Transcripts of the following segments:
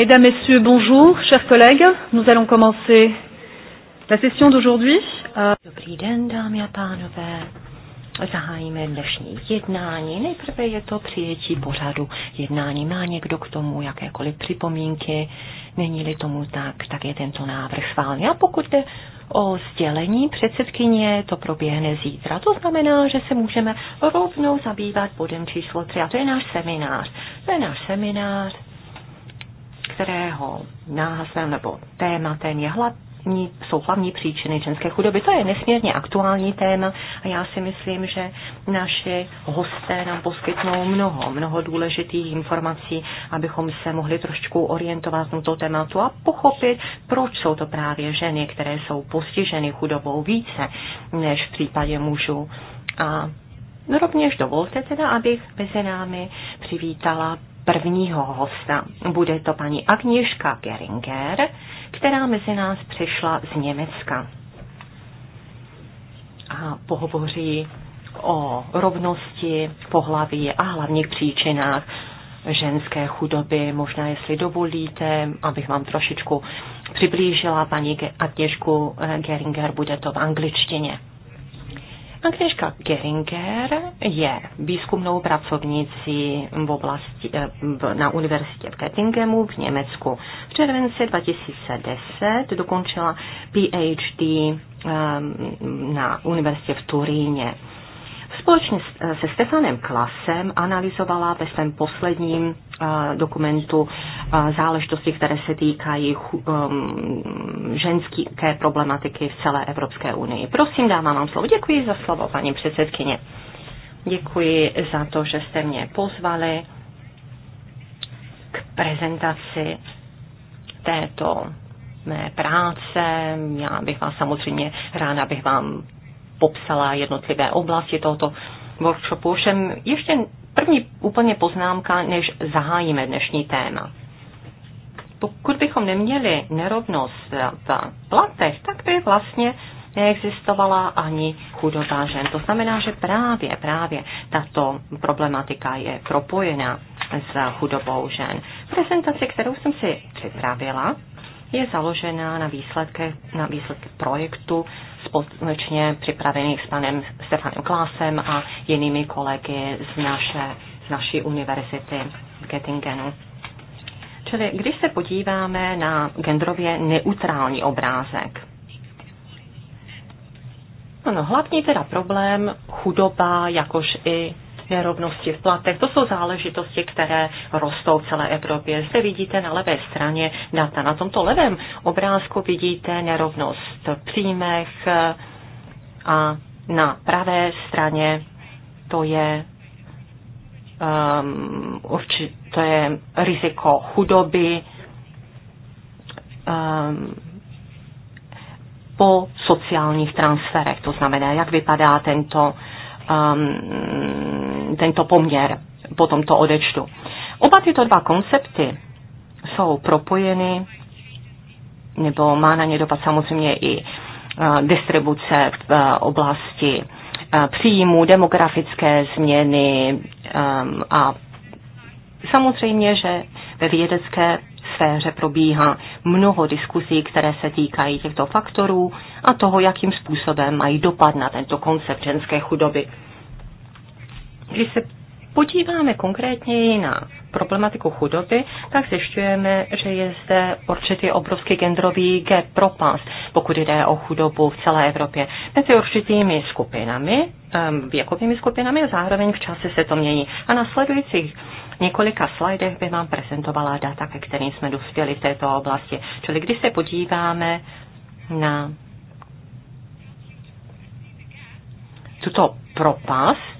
Mesdames, Messieurs, bonjour, chers collègues. Nous allons commencer la session d'aujourd'hui. Euh, Dobrý den, dámy a pánové. Zahájíme dnešní jednání. Nejprve je to přijetí pořadu jednání. Má někdo k tomu jakékoliv připomínky? Není-li tomu tak, tak je tento návrh schválen. A pokud jde o sdělení předsedkyně, to proběhne zítra. To znamená, že se můžeme rovnou zabývat bodem číslo 3, a to je náš seminář. To je náš seminář kterého názvem nebo tématem je hlavní, jsou hlavní příčiny ženské chudoby. To je nesmírně aktuální téma a já si myslím, že naši hosté nám poskytnou mnoho, mnoho důležitých informací, abychom se mohli trošku orientovat na tomto tématu a pochopit, proč jsou to právě ženy, které jsou postiženy chudobou více než v případě mužů. A Rovněž dovolte teda, abych mezi námi přivítala prvního hosta. Bude to paní Agnieszka Geringer, která mezi nás přišla z Německa. A pohovoří o rovnosti pohlaví a hlavních příčinách ženské chudoby. Možná, jestli dovolíte, abych vám trošičku přiblížila paní Agněšku Geringer, bude to v angličtině. Agnieszka Geringer je výzkumnou pracovnicí v oblasti, eh, na univerzitě v Göttingenu v Německu. V červenci 2010 dokončila PhD eh, na univerzitě v Turíně. Společně eh, se Stefanem Klasem analyzovala ve svém posledním eh, dokumentu eh, záležitosti, které se týkají ehm, ženské problematiky v celé Evropské unii. Prosím, dávám vám slovo. Děkuji za slovo, paní předsedkyně. Děkuji za to, že jste mě pozvali k prezentaci této mé práce. Já bych vás samozřejmě ráda bych vám popsala jednotlivé oblasti tohoto workshopu. Ovšem ještě první úplně poznámka, než zahájíme dnešní téma. Pokud bychom neměli nerovnost v platech, tak by vlastně neexistovala ani chudoba žen. To znamená, že právě, právě tato problematika je propojena s chudobou žen. Prezentace, kterou jsem si připravila, je založená na výsledky, na výsledky projektu společně připravených s panem Stefanem Klásem a jinými kolegy z, naše, z naší univerzity v Göttingenu. Čili když se podíváme na genderově neutrální obrázek, Ano, hlavní teda problém chudoba, jakož i nerovnosti v platech. To jsou záležitosti, které rostou v celé Evropě. Zde vidíte na levé straně data. Na tomto levém obrázku vidíte nerovnost v příjmech a na pravé straně to je um, určitě, to je riziko chudoby, um, po sociálních transferech. To znamená, jak vypadá tento um, tento poměr po tomto odečtu. Oba tyto dva koncepty jsou propojeny, nebo má na ně dopad samozřejmě i uh, distribuce v uh, oblasti uh, příjmů, demografické změny um, a samozřejmě, že ve vědecké sféře probíhá mnoho diskusí, které se týkají těchto faktorů a toho, jakým způsobem mají dopad na tento koncept ženské chudoby. Když se podíváme konkrétně na problematiku chudoby, tak zjišťujeme, že je zde určitý obrovský genderový gap propast, pokud jde o chudobu v celé Evropě. Mezi určitými skupinami, věkovými skupinami a zároveň v čase se to mění. A na sledujících několika slajdech bych vám prezentovala data, ke kterým jsme dospěli v této oblasti. Čili když se podíváme na tuto propast,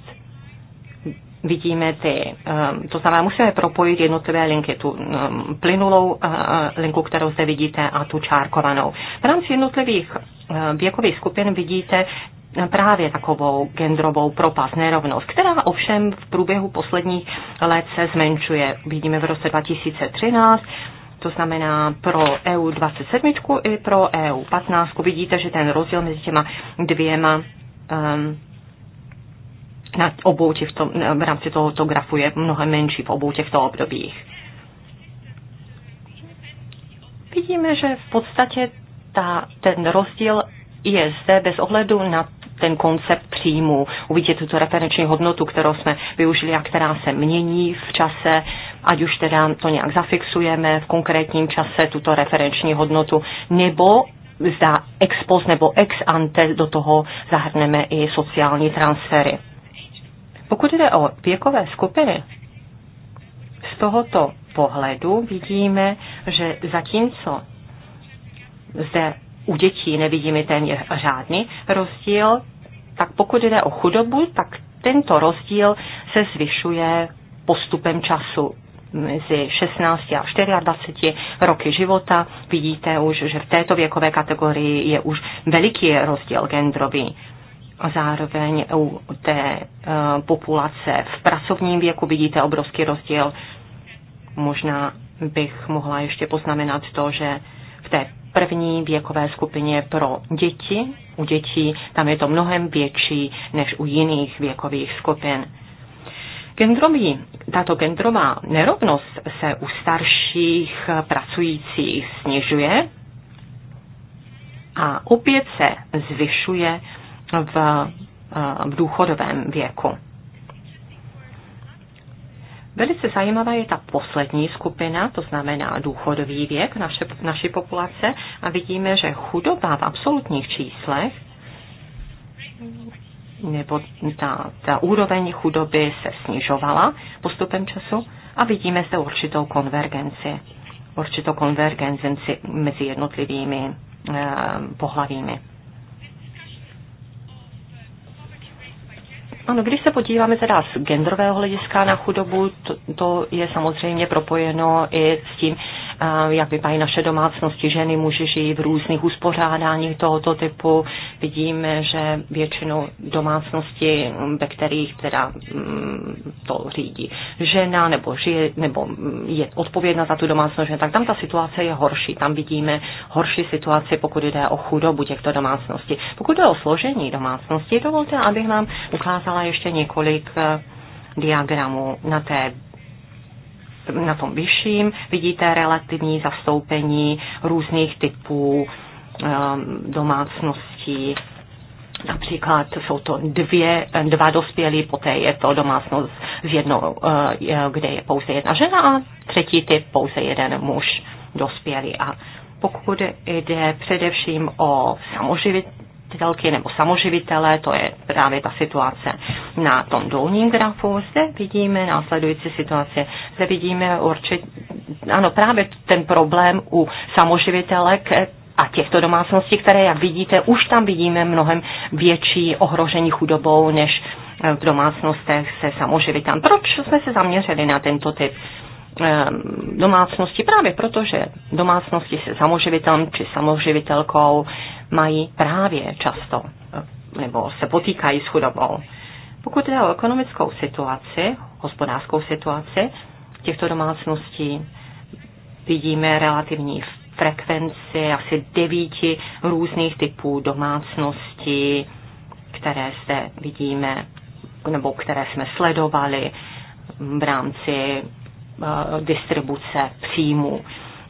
vidíme ty, ehm, to znamená, musíme propojit jednotlivé linky, tu ehm, plynulou eh, eh, linku, kterou zde vidíte, a tu čárkovanou. V rámci jednotlivých ehm, věkových skupin vidíte právě takovou genderovou propast, nerovnost, která ovšem v průběhu posledních let se zmenšuje. Vidíme v roce 2013, to znamená pro EU 27 i pro EU 15. Vidíte, že ten rozdíl mezi těma dvěma um, na obou těchto, v rámci tohoto grafu je mnohem menší v obou těchto obdobích. Vidíme, že v podstatě ta, ten rozdíl je zde bez ohledu na ten koncept příjmu. Uvidíte tuto referenční hodnotu, kterou jsme využili a která se mění v čase, ať už teda to nějak zafixujeme v konkrétním čase, tuto referenční hodnotu, nebo zda ex post nebo ex ante do toho zahrneme i sociální transfery. Pokud jde o věkové skupiny, z tohoto pohledu vidíme, že zatímco zde u dětí nevidíme téměř žádný rozdíl, tak pokud jde o chudobu, tak tento rozdíl se zvyšuje postupem času mezi 16 a 24 roky života. Vidíte už, že v této věkové kategorii je už veliký rozdíl genderový a zároveň u té eh, populace v pracovním věku vidíte obrovský rozdíl. Možná bych mohla ještě poznamenat to, že v té první věkové skupině pro děti, u dětí tam je to mnohem větší než u jiných věkových skupin. Gendrový, tato gendrová nerovnost se u starších pracujících snižuje a opět se zvyšuje v, eh, v důchodovém věku. Velice zajímavá je ta poslední skupina, to znamená důchodový věk naše, naší populace a vidíme, že chudoba v absolutních číslech nebo ta, ta úroveň chudoby se snižovala postupem času a vidíme zde určitou konvergenci, určitou konvergenci mezi jednotlivými eh, pohlavími. Ano, když se podíváme teda z genderového hlediska na chudobu, to, to je samozřejmě propojeno i s tím, jak vypadají naše domácnosti, ženy, muži žijí v různých uspořádáních tohoto typu. Vidíme, že většinou domácnosti, ve kterých teda mm, to řídí žena nebo, žije, nebo je odpovědná za tu domácnost, že tak tam ta situace je horší. Tam vidíme horší situaci, pokud jde o chudobu těchto domácností. Pokud jde o složení domácnosti, dovolte, abych vám ukázala ještě několik eh, diagramů na té na tom vyšším vidíte relativní zastoupení různých typů ehm, domácností. Například jsou to dvě, dva dospělí, poté je to domácnost s jednou, eh, kde je pouze jedna žena a třetí typ pouze jeden muž dospělý. A pokud jde především o samoživit, samoživitelky nebo samoživitelé, to je právě ta situace na tom dolním grafu. Zde vidíme následující situace, Zde vidíme určitě, ano, právě ten problém u samoživitelek, a těchto domácností, které, jak vidíte, už tam vidíme mnohem větší ohrožení chudobou než v domácnostech se samoživitám. Proč jsme se zaměřili na tento typ ehm, domácnosti? Právě proto, že domácnosti se samoživitelem či samoživitelkou mají právě často nebo se potýkají s chudobou. Pokud jde o ekonomickou situaci, hospodářskou situaci těchto domácností, vidíme relativní frekvenci asi devíti různých typů domácností, které se vidíme nebo které jsme sledovali v rámci eh, distribuce příjmů.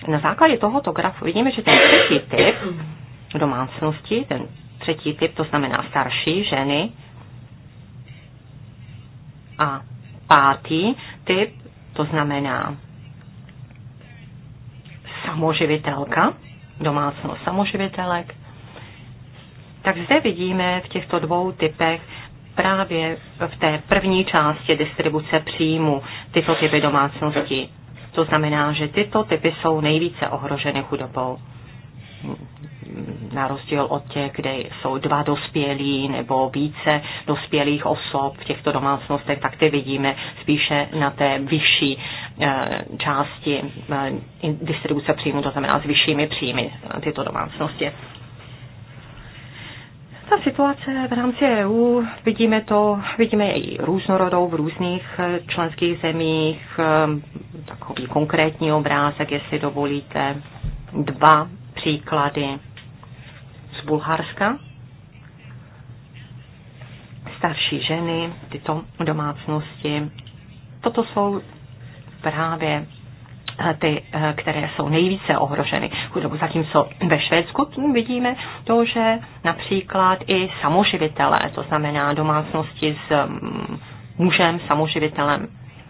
Na základě tohoto grafu vidíme, že ten třetí typ domácnosti, ten třetí typ, to znamená starší ženy. A pátý typ, to znamená samoživitelka, domácnost samoživitelek. Tak zde vidíme v těchto dvou typech právě v té první části distribuce příjmu tyto typy domácností. To znamená, že tyto typy jsou nejvíce ohroženy chudobou na rozdíl od těch, kde jsou dva dospělí nebo více dospělých osob v těchto domácnostech, tak ty vidíme spíše na té vyšší eh, části eh, distribuce příjmu, to znamená s vyššími příjmy tyto domácnosti. Ta situace v rámci EU, vidíme to, vidíme i různorodou v různých eh, členských zemích, takový konkrétní obrázek, jestli dovolíte, dva příklady Bulharska. Starší ženy, tyto domácnosti, toto jsou právě eh, ty, eh, které jsou nejvíce ohroženy chudobou. Zatímco ve Švédsku vidíme to, že například i samoživitelé, to znamená domácnosti s mm, mužem, samoživitelem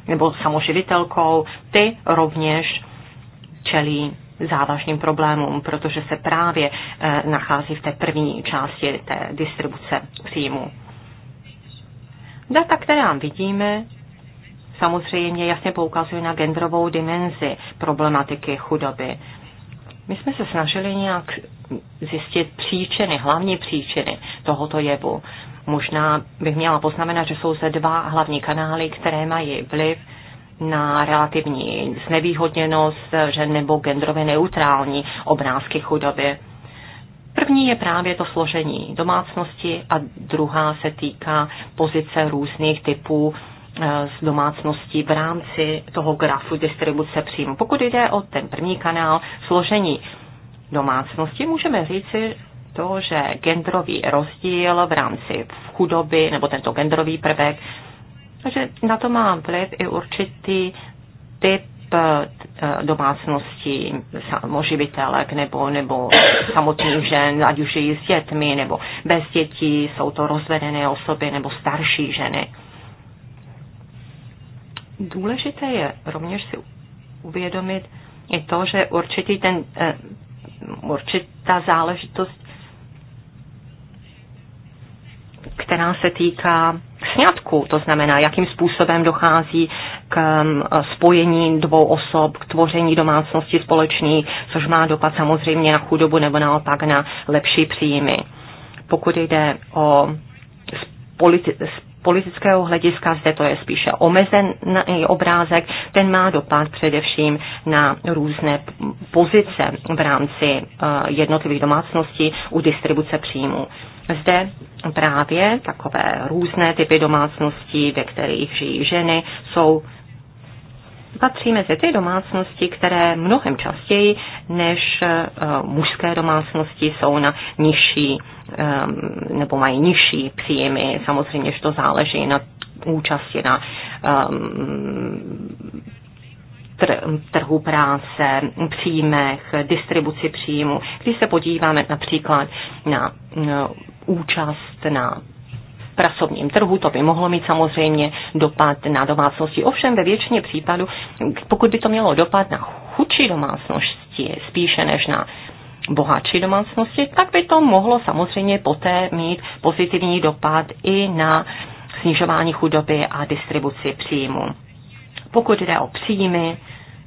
nebo samoživitelkou, ty rovněž čelí závažným problémům, protože se právě eh, nachází v té první části té distribuce příjmů. Data, která vidíme, samozřejmě jasně poukazují na genderovou dimenzi problematiky chudoby. My jsme se snažili nějak zjistit příčiny, hlavní příčiny tohoto jevu. Možná bych měla poznamenat, že jsou zde dva hlavní kanály, které mají vliv na relativní znevýhodněnost žen nebo genderově neutrální obrázky chudoby. První je právě to složení domácnosti a druhá se týká pozice různých typů eh, z domácností v rámci toho grafu distribuce příjmu. Pokud jde o ten první kanál složení domácnosti, můžeme říci, to, že genderový rozdíl v rámci chudoby nebo tento genderový prvek takže na to má vliv i určitý typ eh, domácností, samoživitelek nebo, nebo samotných žen, ať už je s dětmi nebo bez dětí, jsou to rozvedené osoby nebo starší ženy. Důležité je rovněž si uvědomit i to, že určitý ten, eh, určitá záležitost která se týká sňatku, to znamená, jakým způsobem dochází k um, spojení dvou osob, k tvoření domácnosti společných, což má dopad samozřejmě na chudobu nebo naopak na lepší příjmy. Pokud jde o politi- politického hlediska, zde to je spíše omezený obrázek, ten má dopad především na různé pozice v rámci uh, jednotlivých domácností u distribuce příjmů. Zde právě takové různé typy domácností, ve kterých žijí ženy, jsou patří mezi ty domácnosti, které mnohem častěji než eh, mužské domácnosti jsou na nižší ehm, nebo mají nižší příjmy. Samozřejmě, že to záleží na účasti na ehm, trhu práce, příjmech, distribuci příjmu. Když se podíváme například na no, účast na pracovním trhu, to by mohlo mít samozřejmě dopad na domácnosti. Ovšem ve většině případů, pokud by to mělo dopad na chudší domácnosti spíše než na bohatší domácnosti, tak by to mohlo samozřejmě poté mít pozitivní dopad i na snižování chudoby a distribuci příjmu. Pokud jde o příjmy,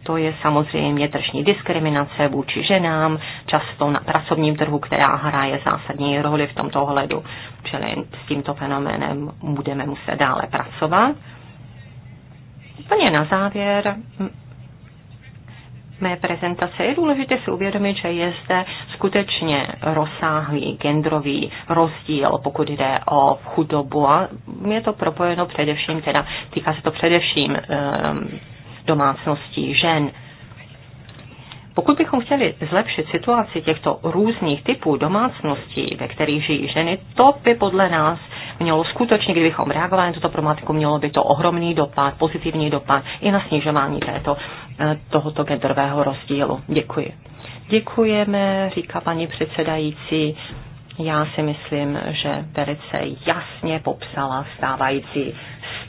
to je samozřejmě tržní diskriminace vůči ženám, často na pracovním trhu, která hraje zásadní roli v tomto ohledu. Čili s tímto fenoménem budeme muset dále pracovat. Úplně na závěr mé prezentace je důležité si uvědomit, že je zde skutečně rozsáhlý genderový rozdíl, pokud jde o chudobu a je to propojeno především, teda týká se to především um, domácností, žen. Pokud bychom chtěli zlepšit situaci těchto různých typů domácností, ve kterých žijí ženy, to by podle nás mělo skutečně, kdybychom reagovali na tuto problematiku, mělo by to ohromný dopad, pozitivní dopad i na snižování této, eh, tohoto genderového rozdílu. Děkuji. Děkujeme, říká paní předsedající. Já si myslím, že velice jasně popsala stávající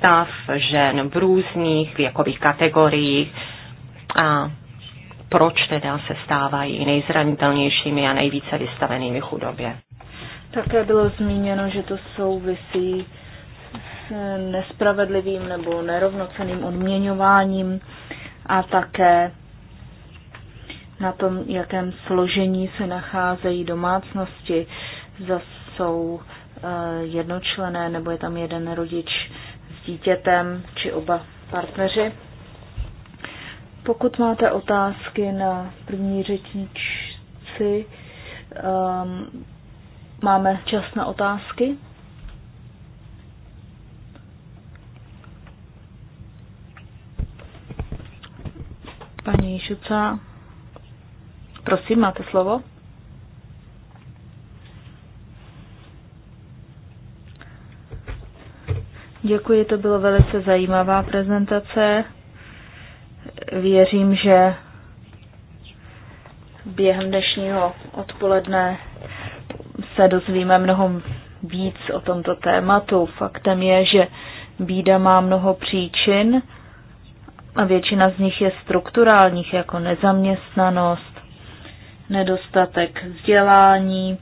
stav žen v různých věkových kategoriích a proč teda se stávají nejzranitelnějšími a nejvíce vystavenými chudobě. Také bylo zmíněno, že to souvisí s nespravedlivým nebo nerovnoceným odměňováním a také na tom, jakém složení se nacházejí domácnosti. Zase jsou eh, jednočlené nebo je tam jeden rodič dítětem či oba partneři. Pokud máte otázky na první řečničci, um, máme čas na otázky. Paní Šuca, prosím, máte slovo. Děkuji, to bylo velice zajímavá prezentace. Věřím, že během dnešního odpoledne se dozvíme mnohem víc o tomto tématu. Faktem je, že bída má mnoho příčin a většina z nich je strukturálních, jako nezaměstnanost, nedostatek vzdělání,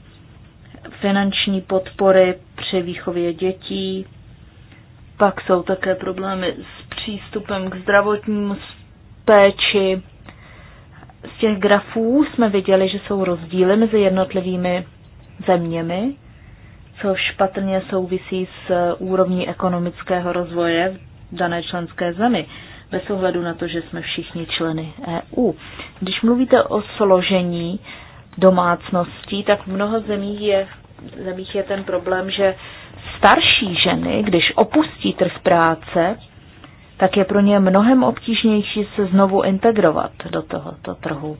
finanční podpory při výchově dětí, pak jsou také problémy s přístupem k zdravotnímu péči. Z těch grafů jsme viděli, že jsou rozdíly mezi jednotlivými zeměmi, což špatně souvisí s úrovní ekonomického rozvoje v dané členské zemi, bez ohledu na to, že jsme všichni členy EU. Když mluvíte o složení domácností, tak v mnoho zemích je, zemích je ten problém, že starší ženy, když opustí trh práce, tak je pro ně mnohem obtížnější se znovu integrovat do tohoto trhu.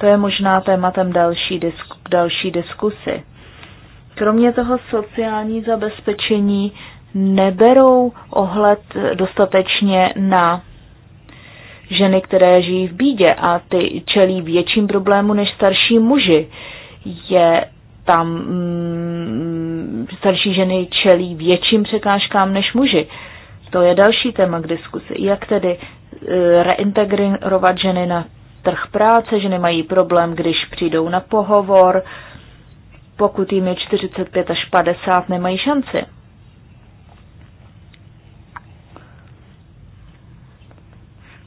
To je možná tématem další, disku, další diskusy. Kromě toho sociální zabezpečení neberou ohled dostatečně na ženy, které žijí v bídě a ty čelí větším problému než starší muži. Je tam mm, starší ženy čelí větším překážkám než muži. To je další téma k diskusi. Jak tedy eh, reintegrovat ženy na trh práce, ženy mají problém, když přijdou na pohovor, pokud jim je 45 až 50, nemají šanci.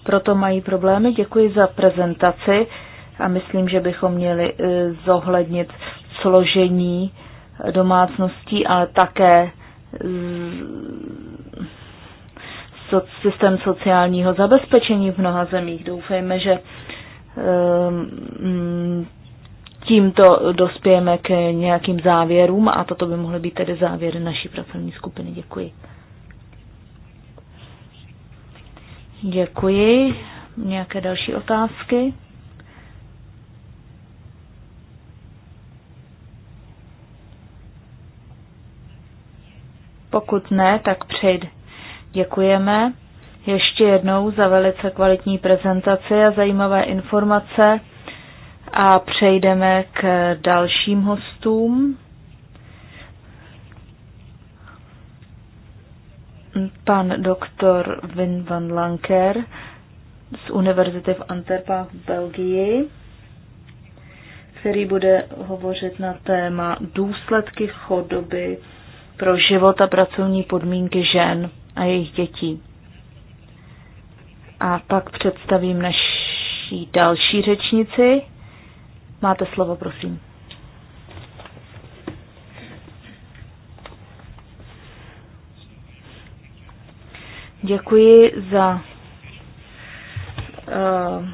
Proto mají problémy. Děkuji za prezentaci a myslím, že bychom měli eh, zohlednit složení domácností, ale také systém sociálního zabezpečení v mnoha zemích. Doufejme, že ehm, mm, tímto dospějeme k nějakým závěrům a toto by mohly být tedy závěry naší pracovní skupiny. Děkuji. Děkuji. Nějaké další otázky? Pokud ne, tak přijď. Děkujeme ještě jednou za velice kvalitní prezentaci a zajímavé informace a přejdeme k dalším hostům. Pan doktor Vin van Lanker z Univerzity v Antwerpách v Belgii, který bude hovořit na téma důsledky chodoby pro život a pracovní podmínky žen a jejich dětí. A pak představím naší další řečnici. Máte slovo, prosím. Děkuji za uh,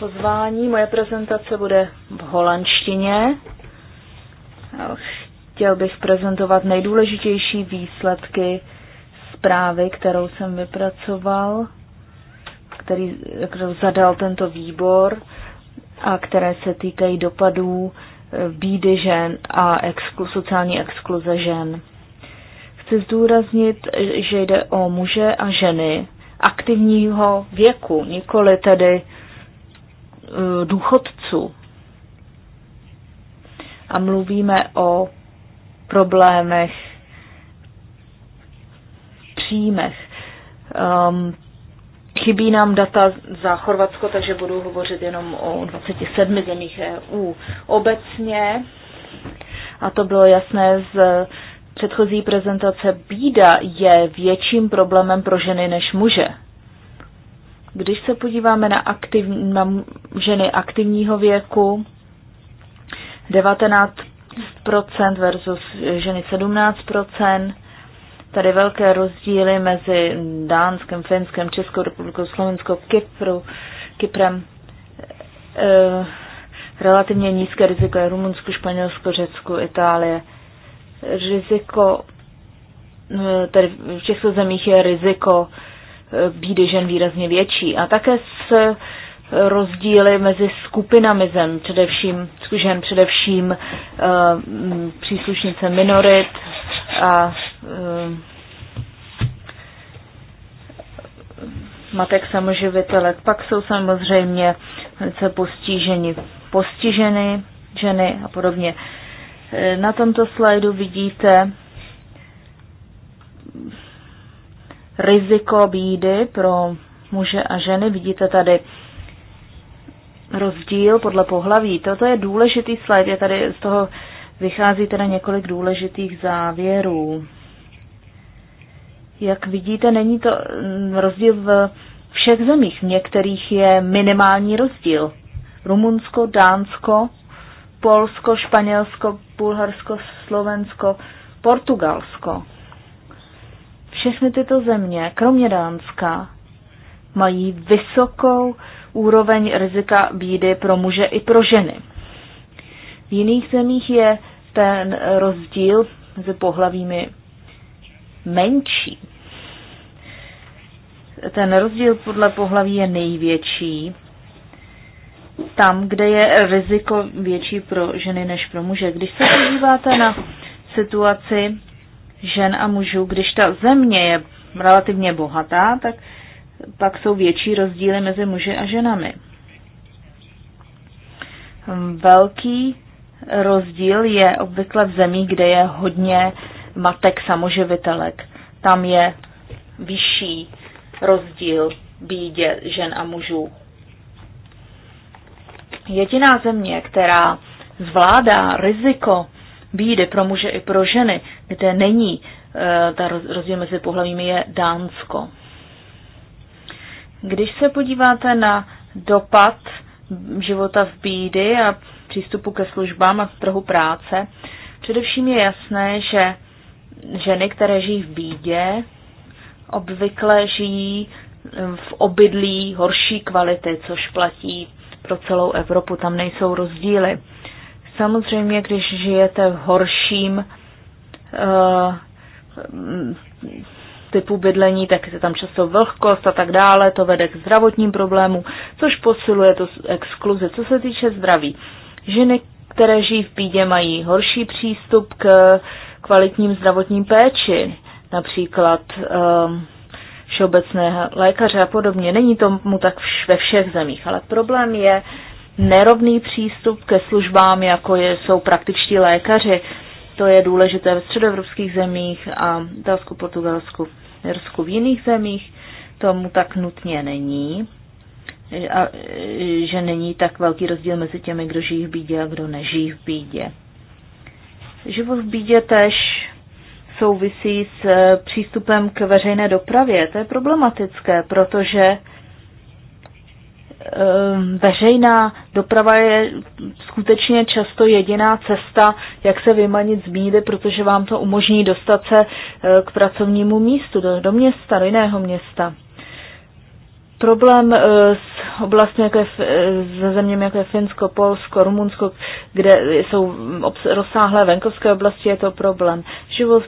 pozvání. Moje prezentace bude v holandštině chtěl bych prezentovat nejdůležitější výsledky zprávy, kterou jsem vypracoval, který, kterou zadal tento výbor a které se týkají dopadů eh, bídy žen a exklu, sociální exkluze žen. Chci zdůraznit, že jde o muže a ženy aktivního věku, nikoli tedy eh, důchodců. A mluvíme o problémech, příjmech. Um, chybí nám data za Chorvatsko, takže budu hovořit jenom o 27 zemích EU. Obecně, a to bylo jasné z předchozí prezentace, bída je větším problémem pro ženy než muže. Když se podíváme na, aktiv, na ženy aktivního věku, 19 versus ženy 17 Tady velké rozdíly mezi Dánskem, Finskem, Českou republikou, Slovenskou, Kypru, Kyprem. E, relativně nízké riziko je Rumunsku, Španělsko, Řecku, Itálie. Riziko, e, tedy v těchto zemích je riziko e, bídy žen výrazně větší. A také s rozdíly mezi skupinami zem, především žen, především eh, příslušnice minorit a eh, matek samoživitelek. Pak jsou samozřejmě velice postiženi, postiženy ženy a podobně. Eh, na tomto slajdu vidíte riziko bídy pro muže a ženy. Vidíte tady rozdíl podle pohlaví. Toto je důležitý slide, je tady z toho vychází teda několik důležitých závěrů. Jak vidíte, není to mm, rozdíl v všech zemích. V některých je minimální rozdíl. Rumunsko, Dánsko, Polsko, Španělsko, Bulharsko, Slovensko, Portugalsko. Všechny tyto země, kromě Dánska, mají vysokou úroveň rizika bídy pro muže i pro ženy. V jiných zemích je ten rozdíl mezi pohlavími menší. Ten rozdíl podle pohlaví je největší tam, kde je riziko větší pro ženy než pro muže. Když se podíváte na situaci žen a mužů, když ta země je relativně bohatá, tak pak jsou větší rozdíly mezi muži a ženami. Velký rozdíl je obvykle v zemí, kde je hodně matek samoživitelek. Tam je vyšší rozdíl bídě žen a mužů. Jediná země, která zvládá riziko bídy pro muže i pro ženy, kde není eh, ta rozdíl mezi pohlavími, je Dánsko. Když se podíváte na dopad života v bídy a přístupu ke službám a trhu práce, především je jasné, že ženy, které žijí v bídě, obvykle žijí v obydlí horší kvality, což platí pro celou Evropu, tam nejsou rozdíly. Samozřejmě, když žijete v horším uh, typu bydlení, tak je tam často vlhkost a tak dále, to vede k zdravotním problémům, což posiluje to exkluze, Co se týče zdraví, ženy, které žijí v bídě, mají horší přístup k kvalitním zdravotním péči, například um, všeobecné lékaře a podobně. Není tomu tak ve všech zemích, ale problém je nerovný přístup ke službám, jako je, jsou praktičtí lékaři. To je důležité ve středoevropských zemích a Dalsku, Portugalsku. Partnersku V jiných zemích tomu tak nutně není, a, že není tak velký rozdíl mezi těmi, kdo žijí v bídě a kdo nežijí v bídě. Život v bídě tež souvisí s přístupem k veřejné dopravě. To je problematické, protože Ehm, veřejná doprava je skutečně často jediná cesta, jak se vymanit z bídy, protože vám to umožní dostat se eh, k pracovnímu místu, do, do města, do jiného města. Problém eh, s oblastmi, jako je, eh, se zeměmi, jako je Finsko, Polsko, Rumunsko, kde jsou mm, rozsáhlé venkovské oblasti, je to problém. Život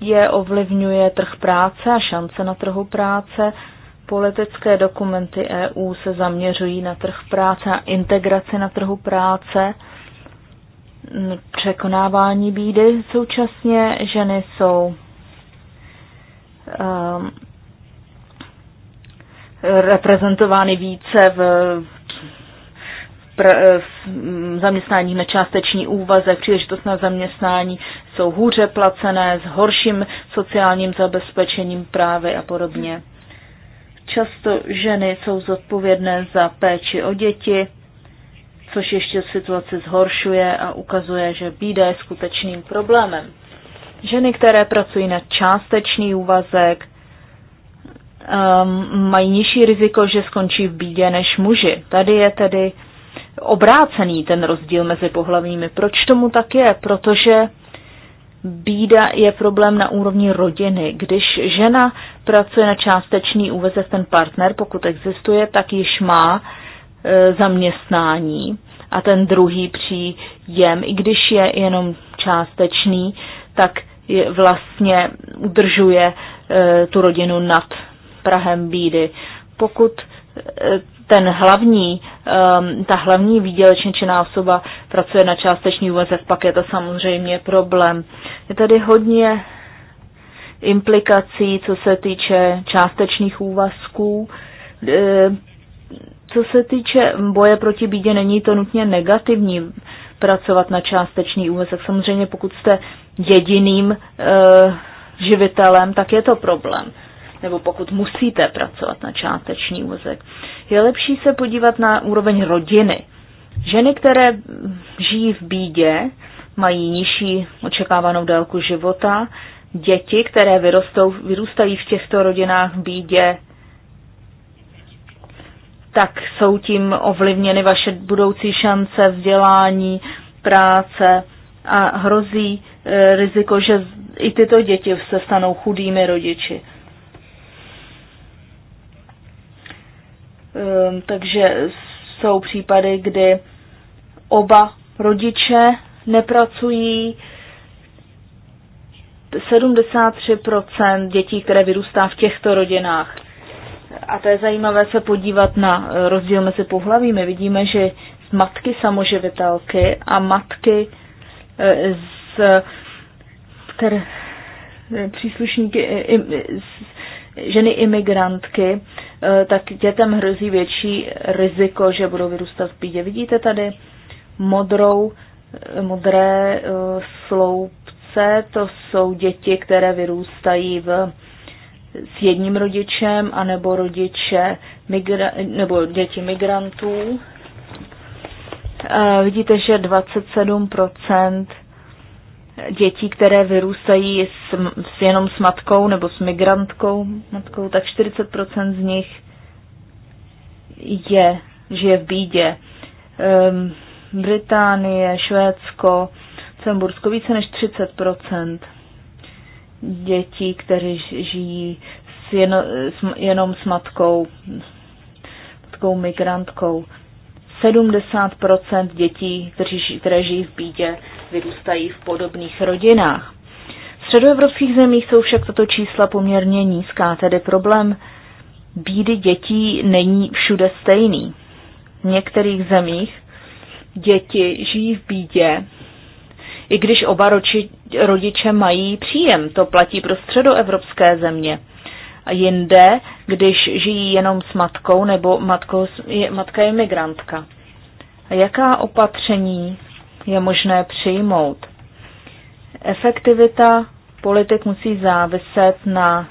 je ovlivňuje trh práce a šance na trhu práce Politické dokumenty EU se zaměřují na trh práce a integraci na trhu práce, překonávání bídy. Současně ženy jsou um, reprezentovány více v, pr- v zaměstnání na částeční úvazek, příležitost na zaměstnání jsou hůře placené, s horším sociálním zabezpečením právy a podobně. Často ženy jsou zodpovědné za péči o děti, což ještě situaci zhoršuje a ukazuje, že bída je skutečným problémem. Ženy, které pracují na částečný úvazek, um, mají nižší riziko, že skončí v bídě než muži. Tady je tedy obrácený ten rozdíl mezi pohlavními. Proč tomu tak je? Protože bída je problém na úrovni rodiny. Když žena pracuje na částečný úvazek ten partner, pokud existuje, tak již má e, zaměstnání a ten druhý příjem, i když je jenom částečný, tak vlastně udržuje e, tu rodinu nad Prahem bídy. Pokud e, ten hlavní, ta hlavní výdělečně činná osoba pracuje na částečný úvazek, pak je to samozřejmě problém. Je tady hodně implikací, co se týče částečných úvazků. E, co se týče boje proti bídě, není to nutně negativní pracovat na částečný úvazek. Samozřejmě pokud jste jediným e, živitelem, tak je to problém nebo pokud musíte pracovat na částečný úvazek. Je lepší se podívat na úroveň rodiny. Ženy, které žijí v bídě, mají nižší očekávanou délku života, děti, které vyrostou, vyrůstají v těchto rodinách v bídě, tak jsou tím ovlivněny vaše budoucí šance vzdělání, práce a hrozí e, riziko, že i tyto děti se stanou chudými rodiči. Ehm, takže jsou případy, kdy oba rodiče nepracují, 73% dětí, které vyrůstá v těchto rodinách. A to je zajímavé se podívat na eh, rozdíl mezi pohlavími. Vidíme, že matky samoživitelky a matky eh, z které, eh, příslušníky z, ženy imigrantky, tak dětem hrozí větší riziko, že budou vyrůstat v bídě. Vidíte tady modrou, modré sloup generace, to jsou děti, které vyrůstají v, s jedním rodičem, anebo rodiče migra, nebo děti migrantů. E, vidíte, že 27 dětí, které vyrůstají s, s jenom s matkou nebo s migrantkou, matkou, tak 40 z nich je, žije v bídě. Um, Británie, Švédsko, Lucembursku více než 30 dětí, které žijí s jeno, s, jenom s matkou, matkou migrantkou. 70 dětí, kteří, které žijí v bídě, vyrůstají v podobných rodinách. V středoevropských zemích jsou však tato čísla poměrně nízká, tedy problém bídy dětí není všude stejný. V některých zemích děti žijí v bídě i když oba roči, rodiče mají příjem. To platí pro středoevropské země. A jinde, když žijí jenom s matkou nebo matkou, je, matka je migrantka. A jaká opatření je možné přijmout? Efektivita politik musí záviset na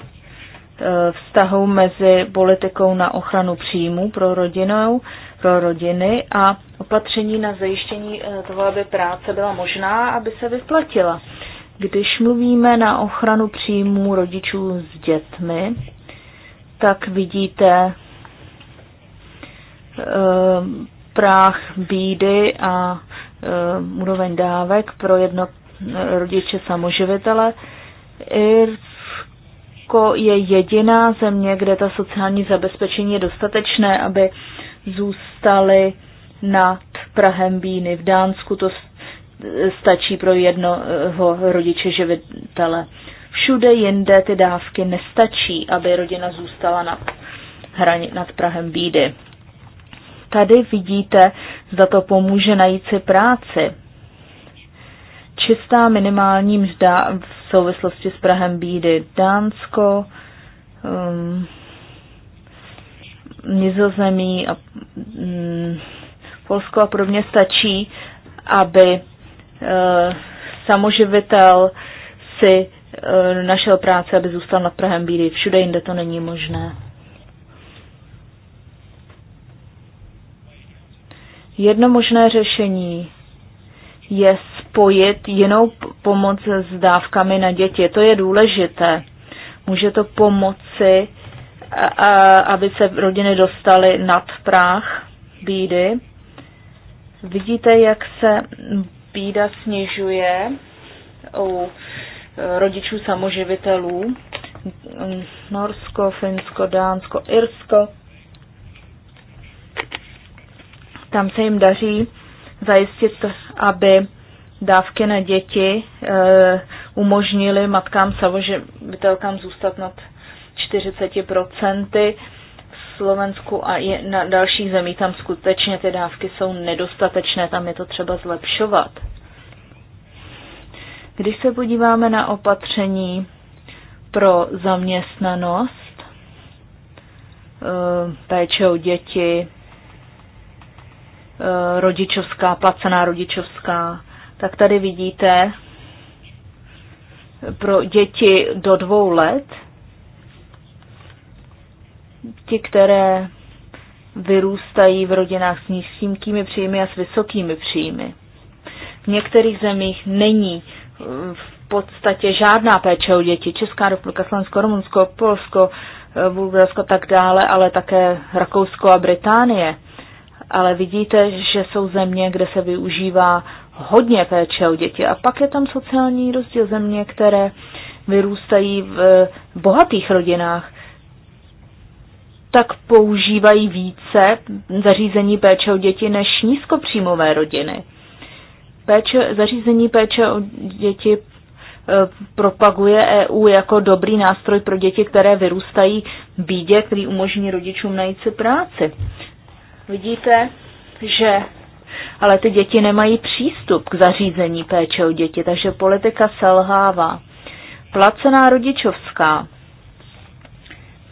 e, vztahu mezi politikou na ochranu příjmů pro rodinou pro rodiny a opatření na zajištění eh, toho, aby práce byla možná, aby se vyplatila. Když mluvíme na ochranu příjmů rodičů s dětmi, tak vidíte eh, práh bídy a eh, úroveň dávek pro jedno rodiče samoživitele. Irsko je jediná země, kde ta sociální zabezpečení je dostatečné, aby zůstaly nad Prahem Bíny. V Dánsku to stačí pro jednoho rodiče živitele. Všude jinde ty dávky nestačí, aby rodina zůstala nad, hraně, nad Prahem bídy. Tady vidíte, zda to pomůže najít si práci. Čistá minimální mzda v souvislosti s Prahem bídy. Dánsko, um, Nizozemí a mm, Polsko a podobně stačí, aby eh, samoživitel si eh, našel práci, aby zůstal nad Prahem bídy. Všude jinde to není možné. Jedno možné řešení je spojit jinou pomoc s dávkami na děti. To je důležité. Může to pomoci a, aby se rodiny dostaly nad práh bídy. Vidíte, jak se bída snižuje u eh, rodičů samoživitelů. Norsko, Finsko, Dánsko, Irsko. Tam se jim daří zajistit, aby dávky na děti e, eh, umožnily matkám samoživitelkám zůstat nad 40%. Slovensku a je, na dalších zemích tam skutečně ty dávky jsou nedostatečné, tam je to třeba zlepšovat. Když se podíváme na opatření pro zaměstnanost, eh, péče o děti, eh, rodičovská, placená rodičovská, tak tady vidíte pro děti do dvou let Ti, které vyrůstají v rodinách s nízkými příjmy a s vysokými příjmy. V některých zemích není eh, v podstatě žádná péče o děti. Česká republika, Slovensko, Rumunsko, Polsko, eh, Bulgarsko tak dále, ale také Rakousko a Británie. Ale vidíte, že jsou země, kde se využívá hodně péče o děti. A pak je tam sociální rozdíl země, které vyrůstají v eh, bohatých rodinách, tak používají více zařízení péče o děti než nízkopříjmové rodiny. Péče, zařízení péče o děti e, propaguje EU jako dobrý nástroj pro děti, které vyrůstají v bídě, který umožní rodičům najít si práci. Vidíte, že ale ty děti nemají přístup k zařízení péče o děti, takže politika selhává. Placená rodičovská.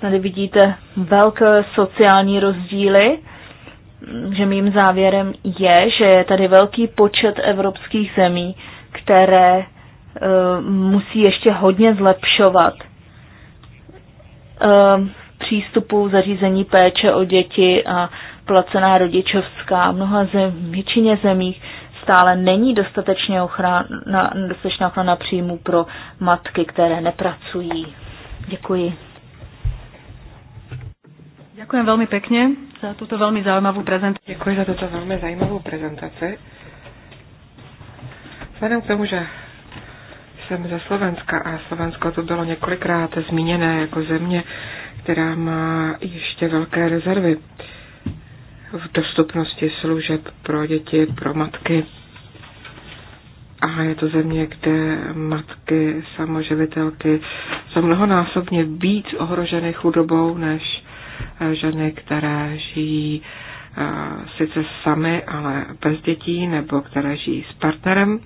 Tady vidíte velké sociální rozdíly, že mým závěrem je, že je tady velký počet evropských zemí, které e, musí ještě hodně zlepšovat e, přístupu zařízení péče o děti a placená rodičovská. Mnoha zem, většině zemích stále není dostatečně ochrana, dostatečná ochrana příjmu pro matky, které nepracují. Děkuji. Ďakujem velmi pekne za tuto velmi zaujímavú prezentaci. Ďakujem za tuto velmi zaujímavú prezentaci. Vzhľadom k tomu, že jsem ze Slovenska a Slovensko to bylo několikrát zmíněné jako země, která má ešte velké rezervy v dostupnosti služeb pro děti, pro matky. A je to země, kde matky, samoživitelky jsou mnohonásobně víc ohroženy chudobou než ženy, které žijí eh, sice sami, ale bez dětí, nebo které žijí s partnerem.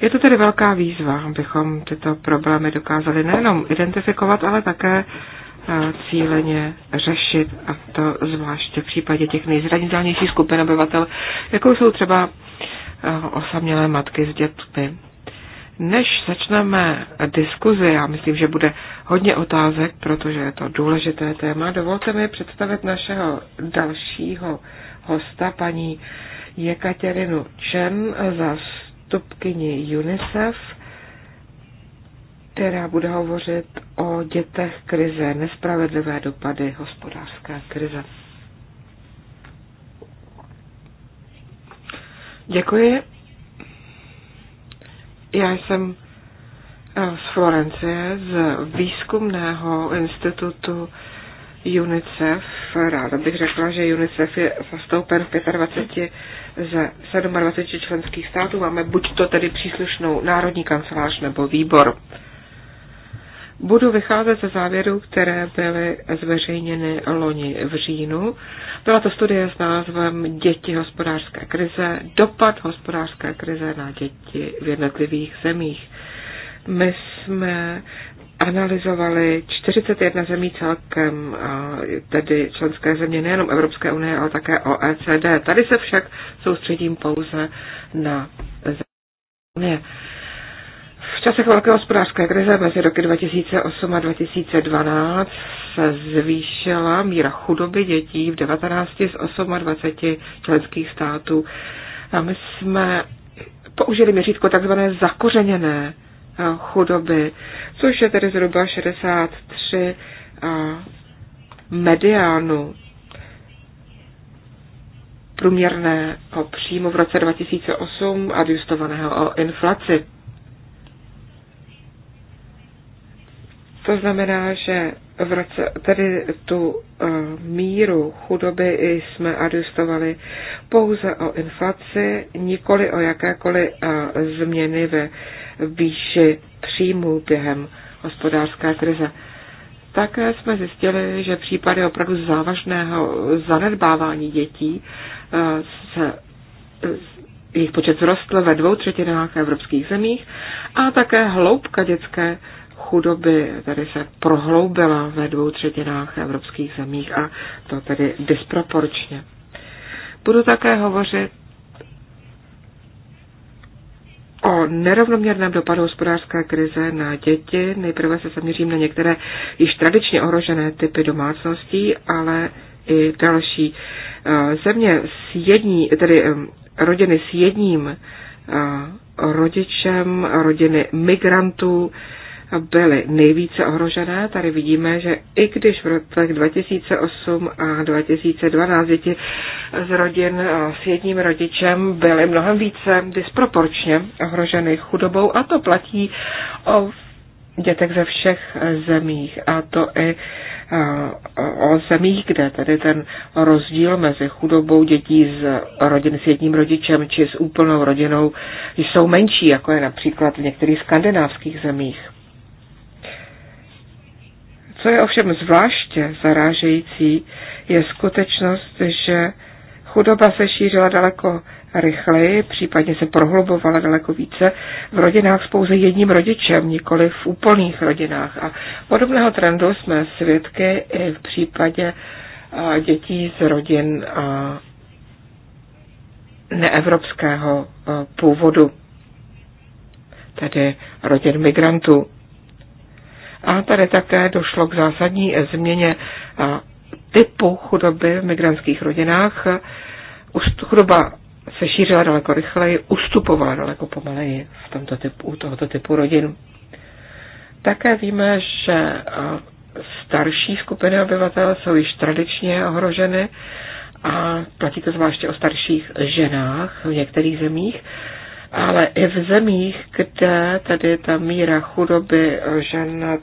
Je to tedy velká výzva, abychom tyto problémy dokázali nejenom identifikovat, ale také eh, cíleně řešit, a to zvláště v případě těch nejzranitelnějších skupin obyvatel, jako jsou třeba eh, osamělé matky s dětmi. Než začneme diskuzi, já myslím, že bude hodně otázek, protože je to důležité téma, dovolte mi představit našeho dalšího hosta, paní Jekaterinu Čen, zastupkyni UNICEF, která bude hovořit o dětech krize, nespravedlivé dopady hospodářské krize. Děkuji. Já jsem eh, z Florencie, z výzkumného institutu UNICEF. Ráda bych řekla, že UNICEF je zastoupen v 25 ze 27 členských států. Máme buď to tedy příslušnou národní kancelář nebo výbor budu vycházet ze závěrů, které byly zveřejněny loni v říjnu. Byla to studie s názvem Děti hospodářské krize, dopad hospodářské krize na děti v jednotlivých zemích. My jsme analyzovali 41 zemí celkem, tedy členské země nejenom Evropské unie, ale také OECD. Tady se však soustředím pouze na země časech velké hospodářské krize mezi roky 2008 a 2012 se zvýšila míra chudoby dětí v 19 z 28 členských států. A my jsme použili měřítko takzvané zakořeněné chudoby, což je tedy zhruba 63 mediánu průměrného příjmu v roce 2008 a adjustovaného o inflaci. To znamená, že v roce, tedy tu eh, míru chudoby jsme adjustovali pouze o inflaci, nikoli o jakékoliv eh, změny ve výši příjmů během hospodářské krize. Také jsme zjistili, že případy opravdu závažného zanedbávání dětí eh, se jejich počet vzrostl ve dvou třetinách evropských zemích a také hloubka dětské chudoby tedy se prohloubila ve dvou třetinách evropských zemích a to tedy disproporčně. Budu také hovořit o nerovnoměrném dopadu hospodářské krize na děti. Nejprve se zaměřím na některé již tradičně ohrožené typy domácností, ale i další. Eh, země s jední, tedy eh, rodiny s jedním eh, rodičem, rodiny migrantů, byly nejvíce ohrožené. Tady vidíme, že i když v letech 2008 a 2012 děti z rodin s jedním rodičem byly mnohem více disproporčně ohroženy chudobou a to platí o dětech ze všech zemích a to i o zemích, kde tedy ten rozdíl mezi chudobou dětí z rodin s jedním rodičem či s úplnou rodinou jsou menší, jako je například v některých skandinávských zemích. Co je ovšem zvláště zarážející, je skutečnost, že chudoba se šířila daleko rychleji, případně se prohlubovala daleko více v rodinách s pouze jedním rodičem, nikoli v úplných rodinách. A podobného trendu jsme svědky i v případě dětí z rodin neevropského původu, tedy rodin migrantů. A tady také došlo k zásadní změně typu chudoby v migrantských rodinách. Chudoba se šířila daleko rychleji, ustupovala daleko pomaleji v tomto typu, u tohoto typu rodin. Také víme, že starší skupiny obyvatel jsou již tradičně ohroženy a platí to zvláště o starších ženách v některých zemích ale i v zemích, kde tady ta míra chudoby žen nad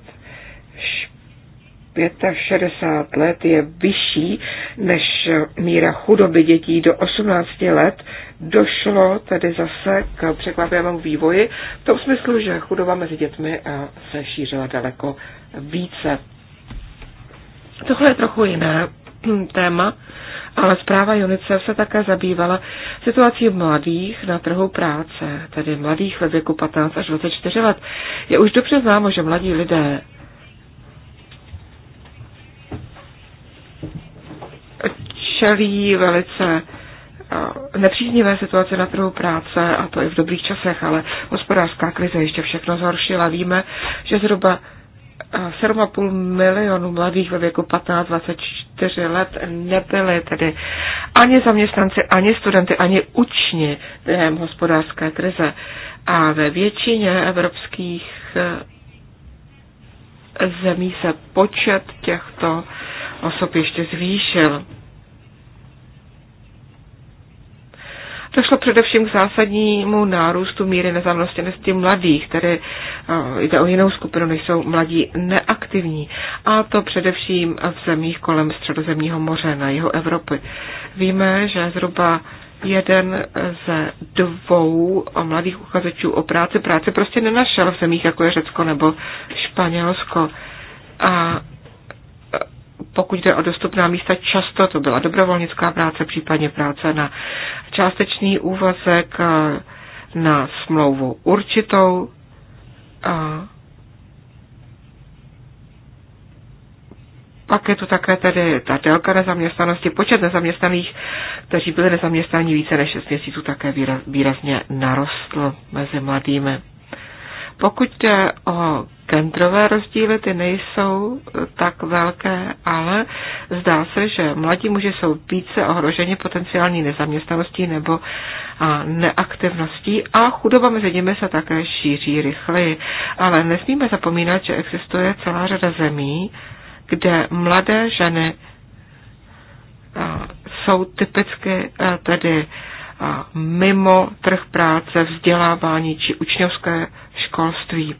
65 let je vyšší než míra chudoby dětí do 18 let, došlo tedy zase k překvapivému vývoji v tom smyslu, že chudoba mezi dětmi se šířila daleko více. Tohle je trochu jiné téma, ale zpráva Junice se také zabývala situací mladých na trhu práce, tedy mladých ve věku 15 až 24 let. Je už dobře známo, že mladí lidé čelí velice nepříznivé situace na trhu práce, a to i v dobrých časech, ale hospodářská krize ještě všechno zhoršila. Víme, že zhruba 7,5 milionu mladých ve věku 15-24 let nebyly tedy ani zaměstnanci, ani studenty, ani učni během hospodářské krize. A ve většině evropských eh, zemí se počet těchto osob ještě zvýšil. Došlo především k zásadnímu nárůstu míry nezaměstnanosti mladých, tedy eh, jde o jinou skupinu, než jsou mladí neaktivní. A to především v zemích kolem Středozemního moře na jihu Evropy. Víme, že zhruba jeden ze dvou mladých uchazečů o práci práci prostě nenašel v zemích, jako je Řecko nebo Španělsko. A pokud jde o dostupná místa, často to byla dobrovolnická práce, případně práce na částečný úvazek, eh, na smlouvu určitou. A pak je tu také tedy ta délka nezaměstnanosti, počet nezaměstnaných, kteří byli nezaměstnaní více než 6 měsíců, také výrazně narostl mezi mladými. Pokud jde o Genderové rozdíly ty nejsou eh, tak velké, ale zdá se, že mladí muži jsou více ohroženi potenciální nezaměstnaností nebo neaktivností a chudoba mezi nimi se také šíří rychleji. Ale nesmíme zapomínat, že existuje celá řada zemí, kde mladé ženy jsou typicky tedy mimo trh práce, vzdělávání či učňovské školství.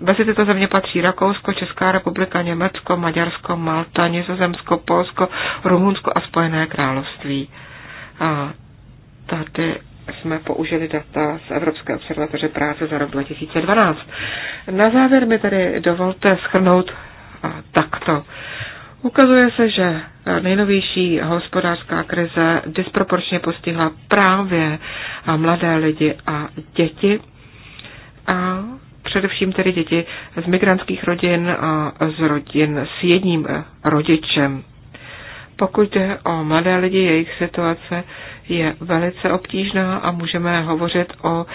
Mezi tyto země patří Rakousko, Česká republika, Německo, Maďarsko, Malta, Nizozemsko, Polsko, Rumunsko a Spojené království. A tady jsme použili data z Evropské observatoře práce za rok 2012. Na závěr mi tedy dovolte schrnout takto. Ukazuje se, že nejnovější hospodářská krize disproporčně postihla právě mladé lidi a děti. A především tedy děti z migrantských rodin a z rodin s jedním eh, rodičem. Pokud jde o mladé lidi, jejich situace je velice obtížná a můžeme hovořit o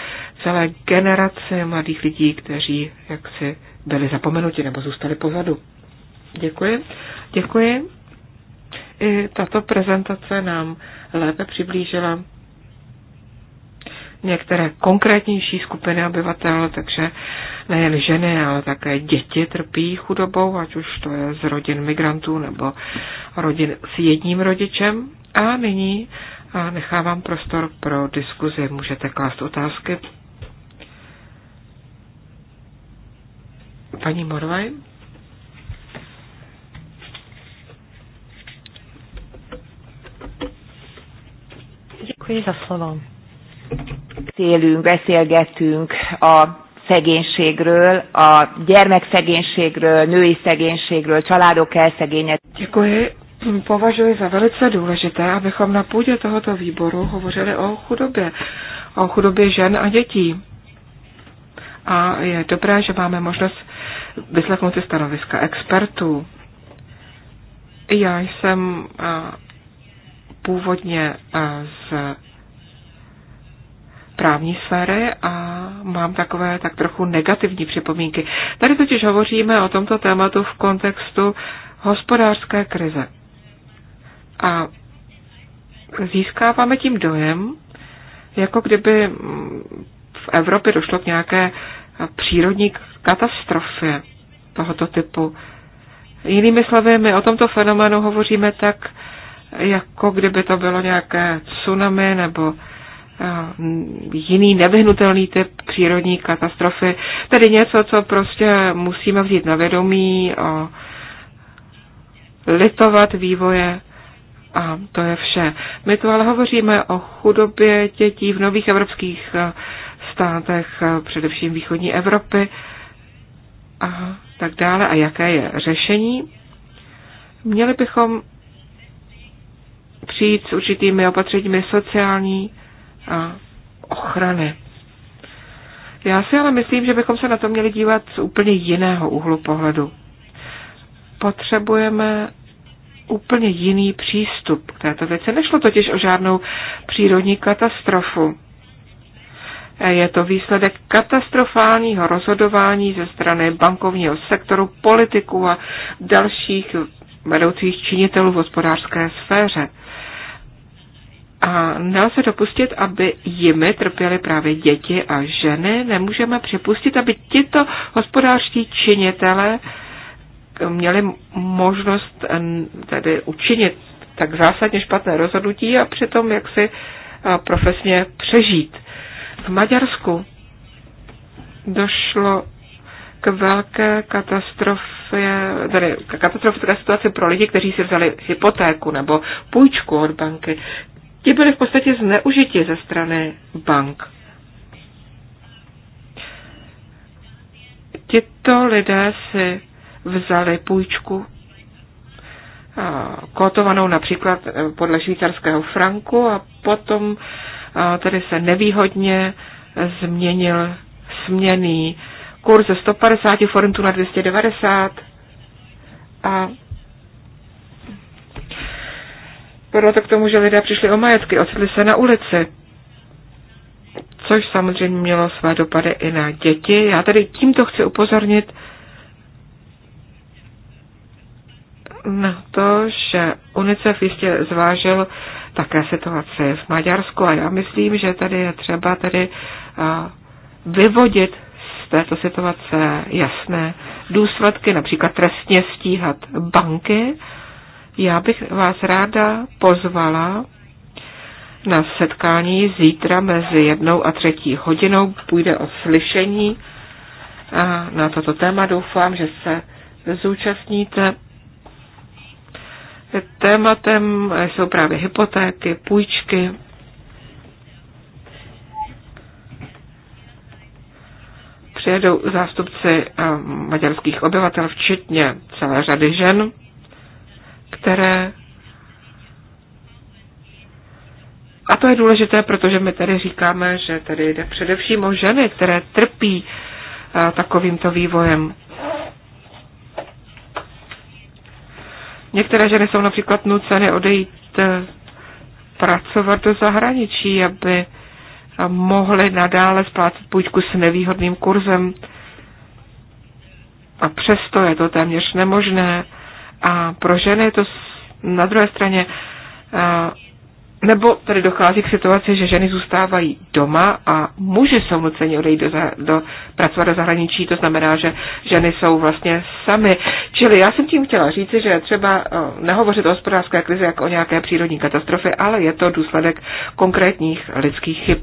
celé generaci mladých lidí, kteří jaksi byli zapomenuti nebo zůstali pozadu. Děkuji. Děkuji. I tato prezentace nám lépe přiblížila některé konkrétnější skupiny obyvatel, takže nejen ženy, ale také děti trpí chudobou, ať už to je z rodin migrantů nebo rodin s jedním rodičem. A nyní nechávám prostor pro diskuzi. Můžete klást otázky. Paní Morvaj? Děkuji za slovo. Beszélünk, beszélgetünk a szegénységről, a gyermekszegénységről, női szegénységről, családok elszegényedéséről. Děkuji. Považuji za velice důležité, abychom na půdě tohoto výboru hovořili o chudobě, o chudobě žen a dětí. A je dobré, že máme možnost vyslechnout si stanoviska expertů. Já jsem původně z právní sféry a mám takové tak trochu negativní připomínky. Tady totiž hovoříme o tomto tématu v kontextu hospodářské krize. A získáváme tím dojem, jako kdyby v Evropě došlo k nějaké přírodní katastrofě tohoto typu. Jinými slovy, my o tomto fenoménu hovoříme tak, jako kdyby to bylo nějaké tsunami nebo Mm, jiný nevyhnutelný typ přírodní katastrofy, tedy něco, co prostě musíme vzít na vědomí, litovat vývoje a to je vše. My tu ale hovoříme o chudobě dětí v nových evropských státech, především východní Evropy a tak dále. A jaké je řešení? Měli bychom přijít s určitými opatřeními sociální a ochrany. Já si ale myslím, že bychom se na to měli dívat z úplně jiného úhlu pohledu. Potřebujeme úplně jiný přístup k této věci. Nešlo totiž o žádnou přírodní katastrofu. Je to výsledek katastrofálního rozhodování ze strany bankovního sektoru, politiků a dalších vedoucích činitelů v hospodářské sféře. A nelze dopustit, aby jimi trpěly právě děti a ženy. Nemůžeme připustit, aby tito hospodářští činitelé měli možnost eh, tedy učinit tak zásadně špatné rozhodnutí a přitom jak si eh, profesně přežít. V Maďarsku došlo k velké katastrofě, tedy katastrofě situaci pro lidi, kteří si vzali hypotéku nebo půjčku od banky ti byli v podstatě zneužiti ze strany bank. Tito lidé si vzali půjčku kotovanou například e, podle švýcarského franku a potom tedy se nevýhodně změnil směný kurz ze 150 forintů na 290 a Vedlo to k tomu, že lidé přišli o majetky, ocitli se na ulici. Což samozřejmě mělo své dopady i na děti. Já tady tímto chci upozornit na to, že UNICEF jistě zvážil také situaci v Maďarsku a já myslím, že tady je třeba tady vyvodit z této situace jasné důsledky, například trestně stíhat banky, já bych vás ráda pozvala na setkání zítra mezi jednou a třetí hodinou. Půjde o slyšení a na toto téma. Doufám, že se zúčastníte. Tématem jsou právě hypotéky, půjčky. Přijedou zástupci maďarských obyvatel, včetně celé řady žen které a to je důležité, protože my tady říkáme, že tady jde především o ženy, které trpí eh, takovýmto vývojem. Některé ženy jsou například nuceny odejít eh, pracovat do zahraničí, aby eh, mohly nadále splácet půjčku s nevýhodným kurzem. A přesto je to téměř nemožné. A pro ženy je to na druhé straně, nebo tady dochází k situaci, že ženy zůstávají doma a muži jsou nuceni odejít do, do, pracovat do zahraničí, to znamená, že ženy jsou vlastně sami. Čili já jsem tím chtěla říci, že třeba e, nehovořit o hospodářské krizi jako o nějaké přírodní katastrofy, ale je to důsledek konkrétních lidských chyb.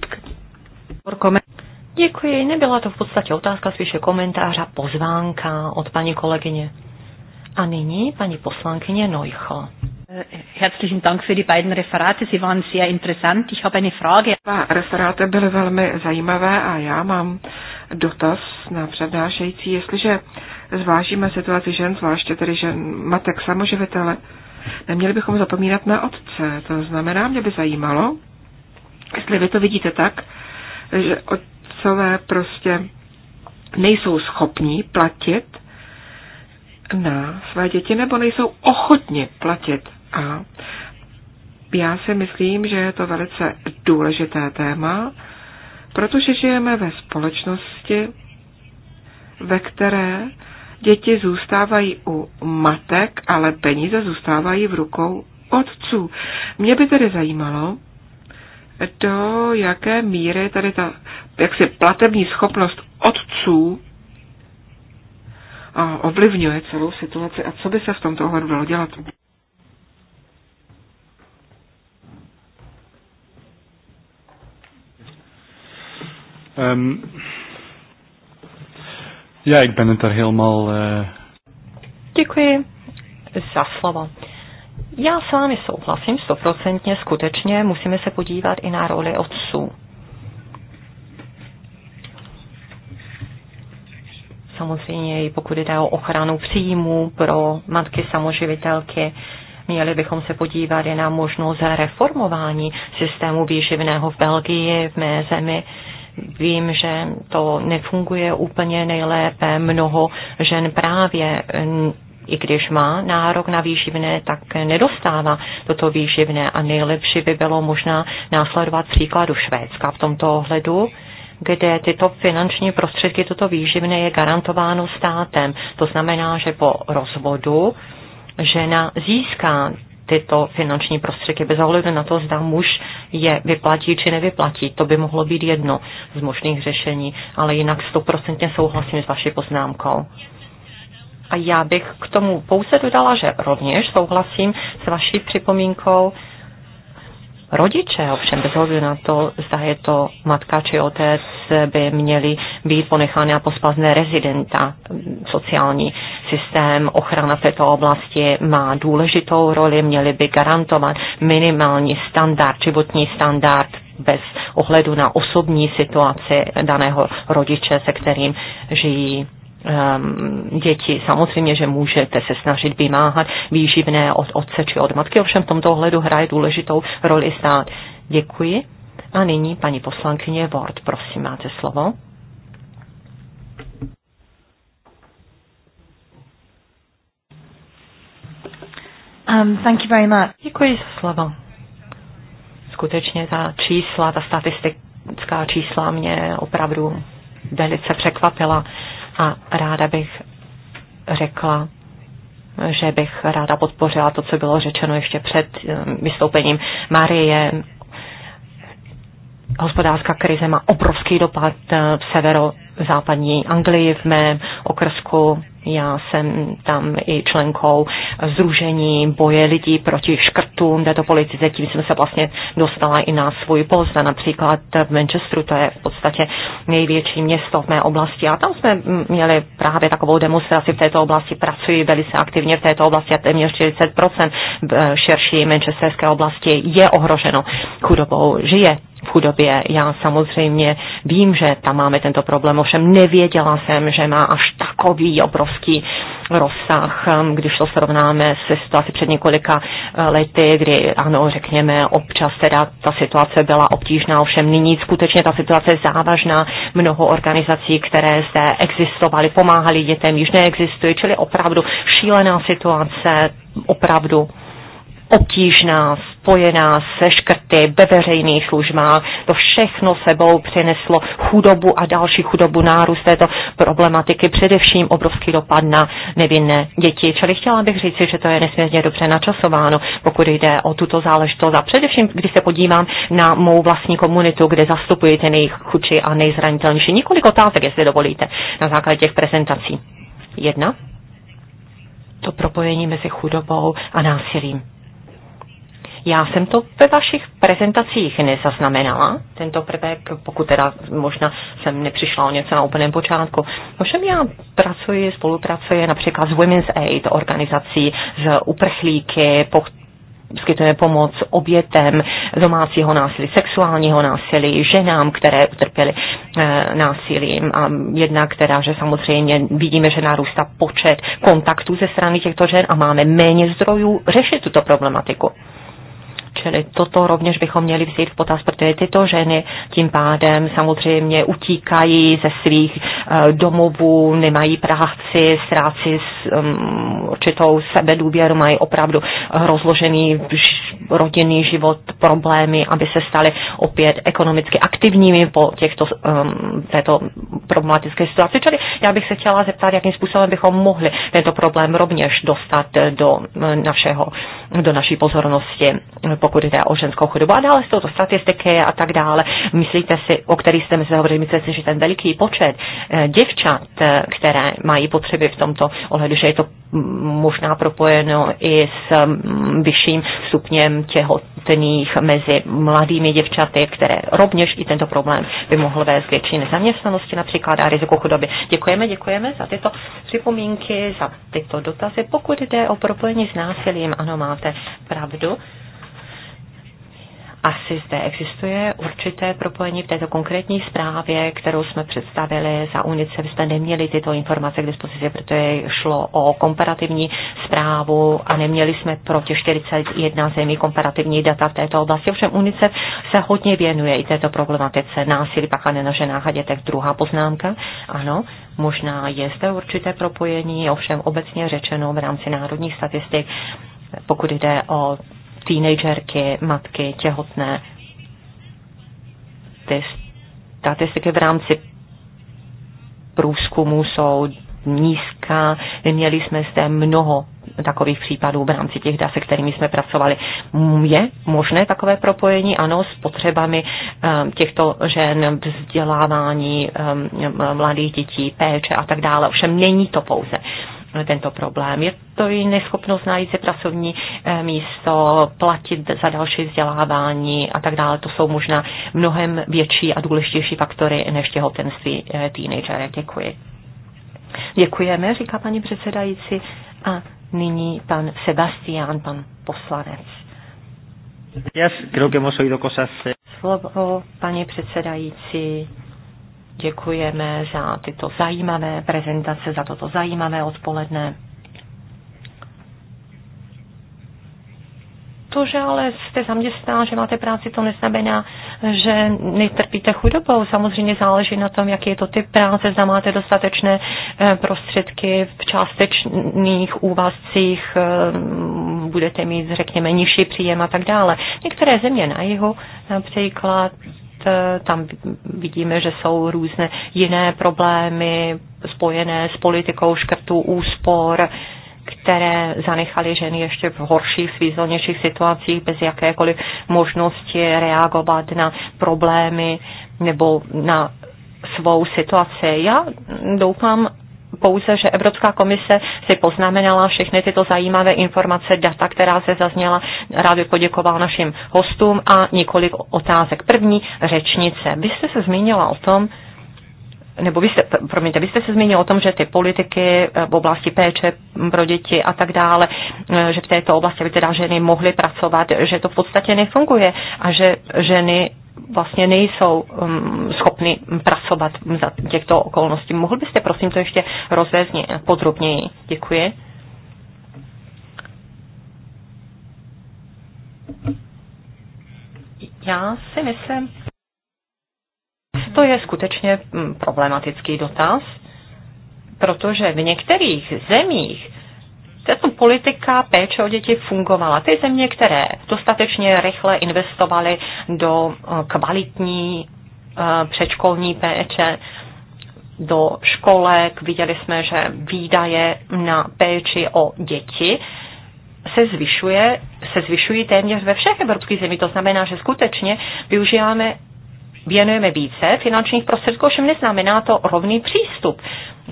Děkuji, nebyla to v podstatě otázka, spíše komentář a pozvánka od paní kolegyně. A nyní paní poslankyně Neuchl. Herzlichen Dank für die beiden Referate. Sie waren sehr interessant. Ich habe eine Frage. Referáty byly velmi zajímavé a já mám dotaz na přednášející. Jestliže zvážíme situaci žen, zvláště tedy žen matek samoživitele, neměli bychom zapomínat na otce. To znamená, mě by zajímalo, jestli vy to vidíte tak, že otcové prostě nejsou schopní platit na své děti nebo nejsou ochotně platit. A já si myslím, že je to velice důležité téma, protože žijeme ve společnosti, ve které děti zůstávají u matek, ale peníze zůstávají v rukou otců. Mě by tedy zajímalo, do jaké míry tady ta jaksi platební schopnost otců ovlivňuje celou situaci a co by se v tomto ohledu dalo dělat. Um, já, jak ben het daar Uh... Eh, Děkuji za slovo. Já s vámi souhlasím stoprocentně, skutečně musíme se podívat i na roli otců. samozřejmě i pokud jde o ochranu příjmů pro matky samoživitelky. Měli bychom se podívat i na možnost reformování systému výživného v Belgii, v mé zemi. Vím, že to nefunguje úplně nejlépe. Mnoho žen právě i když má nárok na výživné, tak nedostává toto výživné a nejlepší by bylo možná následovat příkladu Švédska v tomto ohledu kde tyto finanční prostředky, toto výživné je garantováno státem. To znamená, že po rozvodu žena získá tyto finanční prostředky bez ohledu na to, zda muž je vyplatí či nevyplatí. To by mohlo být jedno z možných řešení, ale jinak stoprocentně souhlasím s vaší poznámkou. A já bych k tomu pouze dodala, že rovněž souhlasím s vaší připomínkou, Rodiče ovšem bez ohledu na to, zda je to matka či otec, by měli být ponechány na pospazné rezidenta. Sociální systém, ochrana v této oblasti má důležitou roli, měli by garantovat minimální standard, životní standard bez ohledu na osobní situaci daného rodiče, se kterým žijí Ehm, děti. Samozřejmě, že můžete se snažit vymáhat výživné od otce či od matky, ovšem v tomto ohledu hraje důležitou roli stát. Děkuji. A nyní paní poslankyně Ward, prosím, máte slovo. Um, thank you very much. Děkuji za slovo. Skutečně ta čísla, ta statistická čísla mě opravdu velice překvapila. Uh, a ráda bych řekla, že bych ráda podpořila to, co bylo řečeno ještě před eh, vystoupením Marie. Hospodářská krize má obrovský dopad eh, v severozápadní Anglii, v mém okrsku já jsem tam i členkou Združení boje lidí proti škrtům této politice. Tím jsem se vlastně dostala i na svůj post. A například v Manchesteru, to je v podstatě největší město v mé oblasti. A tam jsme měli právě takovou demonstraci v této oblasti. Pracuji velice aktivně v této oblasti a téměř 40% v širší manchesterské oblasti je ohroženo chudobou. Žije v chudobě. Já samozřejmě vím, že tam máme tento problém, ovšem nevěděla jsem, že má až takový obrovský rozsah, um, když to srovnáme se situací před několika uh, lety, kdy ano, řekněme, občas teda ta situace byla obtížná, ovšem nyní skutečně ta situace je závažná. Mnoho organizací, které zde existovaly, pomáhali dětem, již neexistují. čili opravdu šílená situace, opravdu obtížná, spojená se škrty ve veřejných službách. To všechno sebou přineslo chudobu a další chudobu nárůst této problematiky, především obrovský dopad na nevinné děti. Čili chtěla bych říci, že to je nesmírně dobře načasováno, pokud jde o tuto záležitost. A především, když se podívám na mou vlastní komunitu, kde zastupuji ty nejchudší a nejzranitelnější. Několik otázek, jestli dovolíte, na základě těch prezentací. Jedna. To propojení mezi chudobou a násilím já jsem to ve vašich prezentacích nezaznamenala, tento prvek, pokud teda možná jsem nepřišla o něco na úplném počátku. Ovšem já pracuji, spolupracuji například s Women's Aid organizací, z uprchlíky, poskytujeme pomoc obětem domácího násilí, sexuálního násilí, ženám, které utrpěly e, násilím. A jedna, která, že samozřejmě vidíme, že narůstá počet kontaktů ze strany těchto žen a máme méně zdrojů řešit tuto problematiku. Čili toto rovněž bychom měli vzít v potaz, protože tyto ženy tím pádem samozřejmě utíkají ze svých eh, domovů, nemají práci, ztrácí mm, určitou sebedůvěru, mají opravdu rozložený rodinný život, problémy, aby se stali opět ekonomicky aktivními po těchto, um, této problematické situaci. Čili já bych se chtěla zeptat, jakým způsobem bychom mohli tento problém rovněž dostat do eh, našeho, do naší pozornosti, pokud jde o ženskou chudobu. A dále z to statistiky a tak dále. Myslíte si, o kterých jste mi hovořili, myslíte si, že ten veliký počet eh, děvčat, eh, které mají potřeby v tomto ohledu, že je to mm, možná propojeno i s mm, vyšším stupněm problém těhotných mezi mladými děvčaty, které rovněž i tento problém by mohl vést k větší nezaměstnanosti například a riziku chudoby. Děkujeme, děkujeme za tyto připomínky, za tyto dotazy. Pokud jde o propojení s násilím, ano, máte pravdu asi zde existuje určité propojení v této konkrétní zprávě, kterou jsme představili za UNICEF. Jsme neměli tyto informace k dispozici, protože šlo o komparativní zprávu a neměli jsme pro těch 41 zemí komparativní data v této oblasti. Ovšem UNICEF se hodně věnuje i této problematice násilí pachané na ženách a dětech. Druhá poznámka, ano, možná je zde určité propojení, ovšem obecně řečeno v rámci národních statistik pokud jde o teenagerky, matky, těhotné. Ty statistiky v rámci průzkumu jsou nízká. Měli jsme zde mnoho takových případů v rámci těch dat, se kterými jsme pracovali. Je možné takové propojení? Ano, s potřebami ehm, těchto žen, vzdělávání ehm, mladých dětí, péče a tak dále. Ovšem není to pouze tento problém. Je to i neschopnost najít si pracovní eh, místo, platit za další vzdělávání a tak dále. To jsou možná mnohem větší a důležitější faktory než těhotenství eh, teenagera. Děkuji. Děkujeme, říká paní předsedající. A nyní pan Sebastián, pan poslanec. Yes, creo que hemos oído cosas... Eh. Slovo, paní předsedající. Děkujeme za tyto zajímavé prezentace, za toto zajímavé odpoledne. To, že ale jste zaměstná, že máte práci, to neznamená, že netrpíte chudobou. Samozřejmě záleží na tom, jaký je to typ práce, zda máte dostatečné eh, prostředky v částečných úvazcích, eh, budete mít, řekněme, nižší příjem a tak dále. Některé země na jihu například Eh, tam vidíme, že jsou různé jiné problémy spojené s politikou škrtů úspor, které zanechaly ženy ještě v horších, svýzelnějších situacích bez jakékoliv možnosti reagovat na problémy nebo na svou situaci. Já doufám, pouze, že Evropská komise si poznamenala všechny tyto zajímavé informace, data, která se zazněla. Rád bych poděkoval našim hostům a několik otázek. První řečnice. Vy jste se zmínila o tom, nebo vy jste, promiňte, vy jste se zmínil o tom, že ty politiky eh, v oblasti péče pro děti a tak dále, eh, že v této oblasti by teda ženy mohly pracovat, že to v podstatě nefunguje a že ženy vlastně nejsou um, schopny pracovat za těchto okolností. Mohl byste prosím to ještě rozvést podrobněji? Děkuji. Já si myslím, to je skutečně mm, problematický dotaz, protože v některých zemích tato politika péče o děti fungovala. Ty země, které dostatečně rychle investovaly do eh, kvalitní eh, předškolní péče, do školek, viděli jsme, že výdaje na péči o děti se zvyšuje, se zvyšují téměř ve všech evropských zemích. To znamená, že skutečně využíváme věnujeme více finančních prostředků, ovšem neznamená to rovný přístup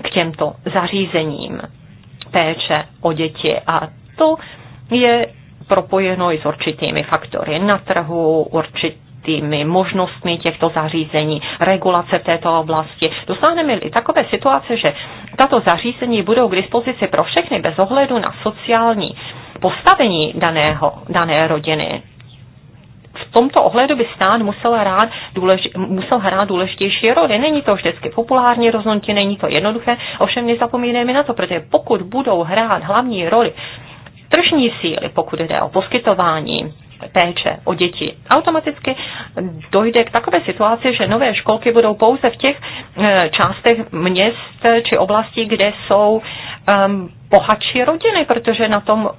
k těmto zařízením péče o děti. A to je propojeno i s určitými faktory na trhu, určitými možnostmi těchto zařízení, regulace v této oblasti. Dosáhneme-li takové situace, že tato zařízení budou k dispozici pro všechny bez ohledu na sociální postavení daného, dané rodiny, v tomto ohledu by stát musel, rád důlež, musel hrát důležitější roli. Není to vždycky populární rozhodnutí, není to jednoduché, ovšem nezapomínejme na to, protože pokud budou hrát hlavní roli tržní síly, pokud jde o poskytování péče o děti. Automaticky dojde k takové situaci, že nové školky budou pouze v těch eh, částech měst či oblastí, kde jsou um, bohatší rodiny, protože na tom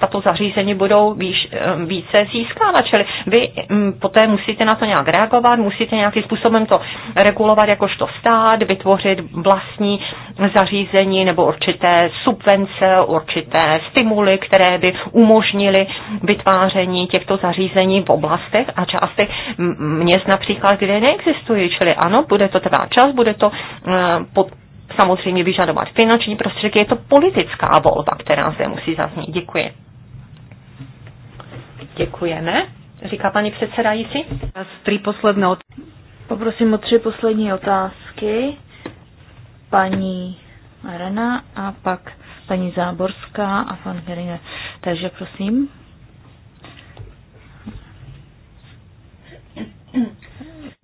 tato zařízení budou víš, eh, více získávat. Čili vy mm, poté musíte na to nějak reagovat, musíte nějakým způsobem to regulovat jakožto stát, vytvořit vlastní zařízení nebo určité subvence, určité stimuly, které by umožnily vytváření těchto zařízení v oblastech a částech měst například, kde neexistují. Čili ano, bude to trvát čas, bude to eh, pod samozřejmě vyžadovat finanční prostředky. Je to politická volba, která zde musí zaznít. Děkuji. Děkujeme, říká paní předsedající. Tři posledné Poprosím o tři poslední otázky. Paní Arena a pak paní Záborská a pan Geringer. Takže prosím.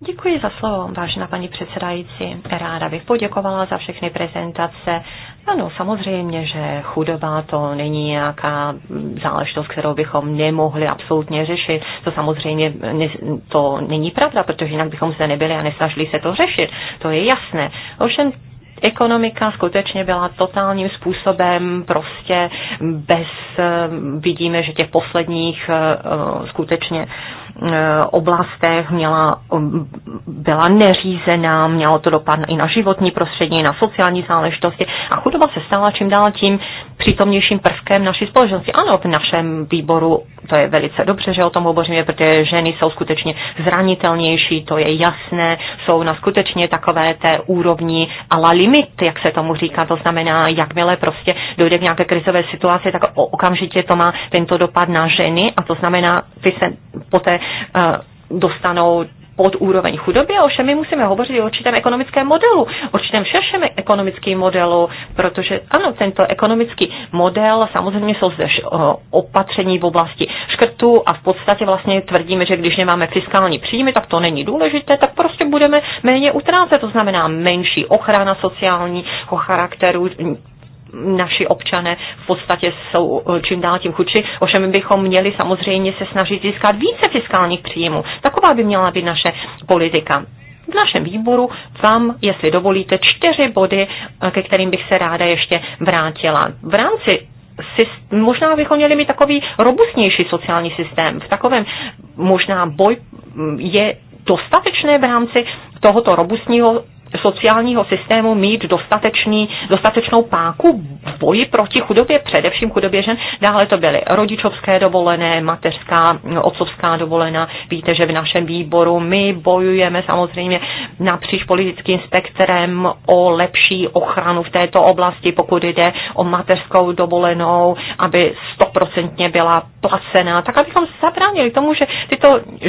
Děkuji za slovo, vážená paní předsedající. Ráda bych poděkovala za všechny prezentace ano, samozřejmě, že chudoba to není nějaká záležitost, kterou bychom nemohli absolutně řešit. To samozřejmě ne, to není pravda, protože jinak bychom zde nebyli a nesnažili se to řešit. To je jasné. Ovšem ekonomika skutečně byla totálním způsobem prostě bez, vidíme, že těch posledních eh, eh, skutečně eh, oblastech měla, mm, byla neřízená, mělo to dopad i na životní prostředí, na sociální záležitosti a chudoba se stala čím dál tím přítomnějším prvkem naší společnosti. Ano, v našem výboru to je velice dobře, že o tom hovoříme, protože ženy jsou skutečně zranitelnější, to je jasné, jsou na skutečně takové té úrovni a la limit, jak se tomu říká, to znamená, jakmile prostě dojde k nějaké krizové situaci, tak okamžitě to má tento dopad na ženy a to znamená, ty se poté uh, dostanou pod úroveň chudoby, ovšem my musíme hovořit o určitém ekonomickém modelu, určitém širším ekonomickém modelu, protože ano, tento ekonomický model, samozřejmě jsou zde opatření v oblasti škrtu a v podstatě vlastně tvrdíme, že když nemáme fiskální příjmy, tak to není důležité, tak prostě budeme méně utrácet, to znamená menší ochrana sociálního charakteru, naši občané v podstatě jsou eh, čím dál tím chudší. Ovšem bychom měli samozřejmě se snažit získat více fiskálních příjmů. Taková by měla být naše politika. V našem výboru vám, jestli dovolíte, čtyři body, eh, ke kterým bych se ráda ještě vrátila. V rámci možná bychom měli mít takový robustnější sociální systém. V takovém možná boj mm, je dostatečné v rámci tohoto robustního sociálního systému mít dostatečný, dostatečnou páku v boji proti chudobě, především chudobě žen. Dále to byly rodičovské dovolené, mateřská, otcovská dovolená. Víte, že v našem výboru my bojujeme samozřejmě napříč politickým spektrem o lepší ochranu v této oblasti, pokud jde o mateřskou dovolenou, aby stoprocentně byla placená, tak abychom zabránili tomu, že tyto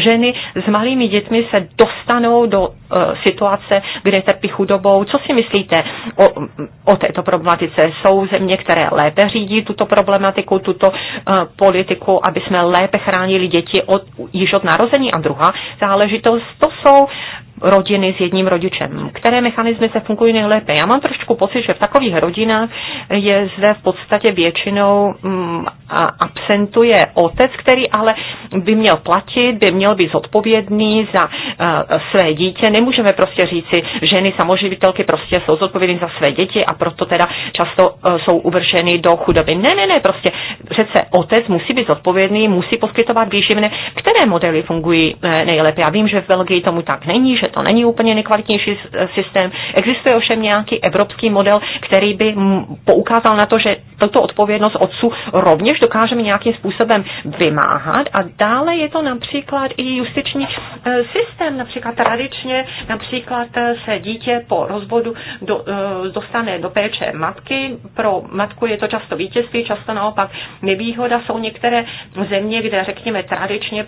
ženy s malými dětmi se dostanou do uh, situace, kde je trpí chudobou. Co si myslíte o, o této problematice? Jsou země, které lépe řídí tuto problematiku, tuto uh, politiku, aby jsme lépe chránili děti od, již od narození? A druhá záležitost, to jsou rodiny s jedním rodičem. Které mechanismy se fungují nejlépe? Já mám trošku pocit, že v takových rodinách je zde v podstatě většinou mm, absentuje otec, který ale by měl platit, by měl být zodpovědný za uh, své dítě. Nemůžeme prostě říci, ženy samoživitelky prostě jsou zodpovědné za své děti a proto teda často uh, jsou uvrženy do chudoby. Ne, ne, ne, prostě přece otec musí být zodpovědný, musí poskytovat výživné. Které modely fungují uh, nejlépe? Já vím, že v Belgii tomu tak není, že že to není úplně nekvalitnější systém. Existuje ovšem nějaký evropský model, který by poukázal na to, že toto odpovědnost otců rovněž dokážeme nějakým způsobem vymáhat a dále je to například i justiční e, systém, například tradičně, například e, se dítě po rozvodu do, e, dostane do péče matky, pro matku je to často vítězství, často naopak nevýhoda, jsou některé země, kde řekněme tradičně,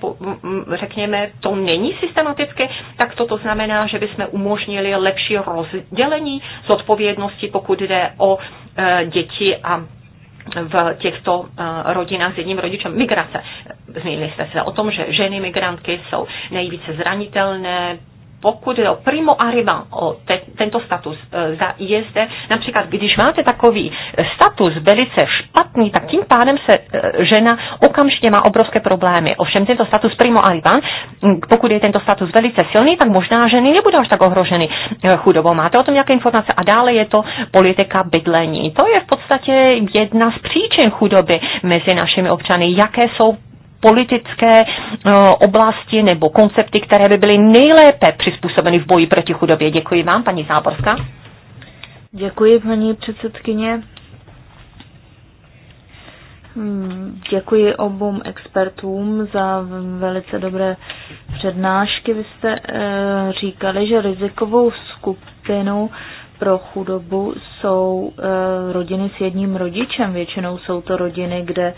řekněme, to není systematické, tak toto znamená, že bychom umožnili lepší rozdělení zodpovědnosti, pokud jde o e, děti a v těchto e, rodinách s jedním rodičem. Migrace. Zmínili jste se o tom, že ženy migrantky jsou nejvíce zranitelné, pokud jde o primo arriba, o te, tento status, e, za, je zde například, když máte takový e, status velice špatný, tak tím pádem se e, žena okamžitě má obrovské problémy. Ovšem tento status primo arriba, pokud je tento status velice silný, tak možná ženy nebudou až tak ohroženy chudobou. Máte o tom nějaké informace? A dále je to politika bydlení. To je v podstatě jedna z příčin chudoby mezi našimi občany. Jaké jsou politické eh, oblasti nebo koncepty, které by byly nejlépe přizpůsobeny v boji proti chudobě. Děkuji vám, paní Záborská. Děkuji, paní předsedkyně. Hmm, děkuji obou expertům za velice dobré přednášky. Vy jste eh, říkali, že rizikovou skupinu pro chudobu jsou eh, rodiny s jedním rodičem. Většinou jsou to rodiny, kde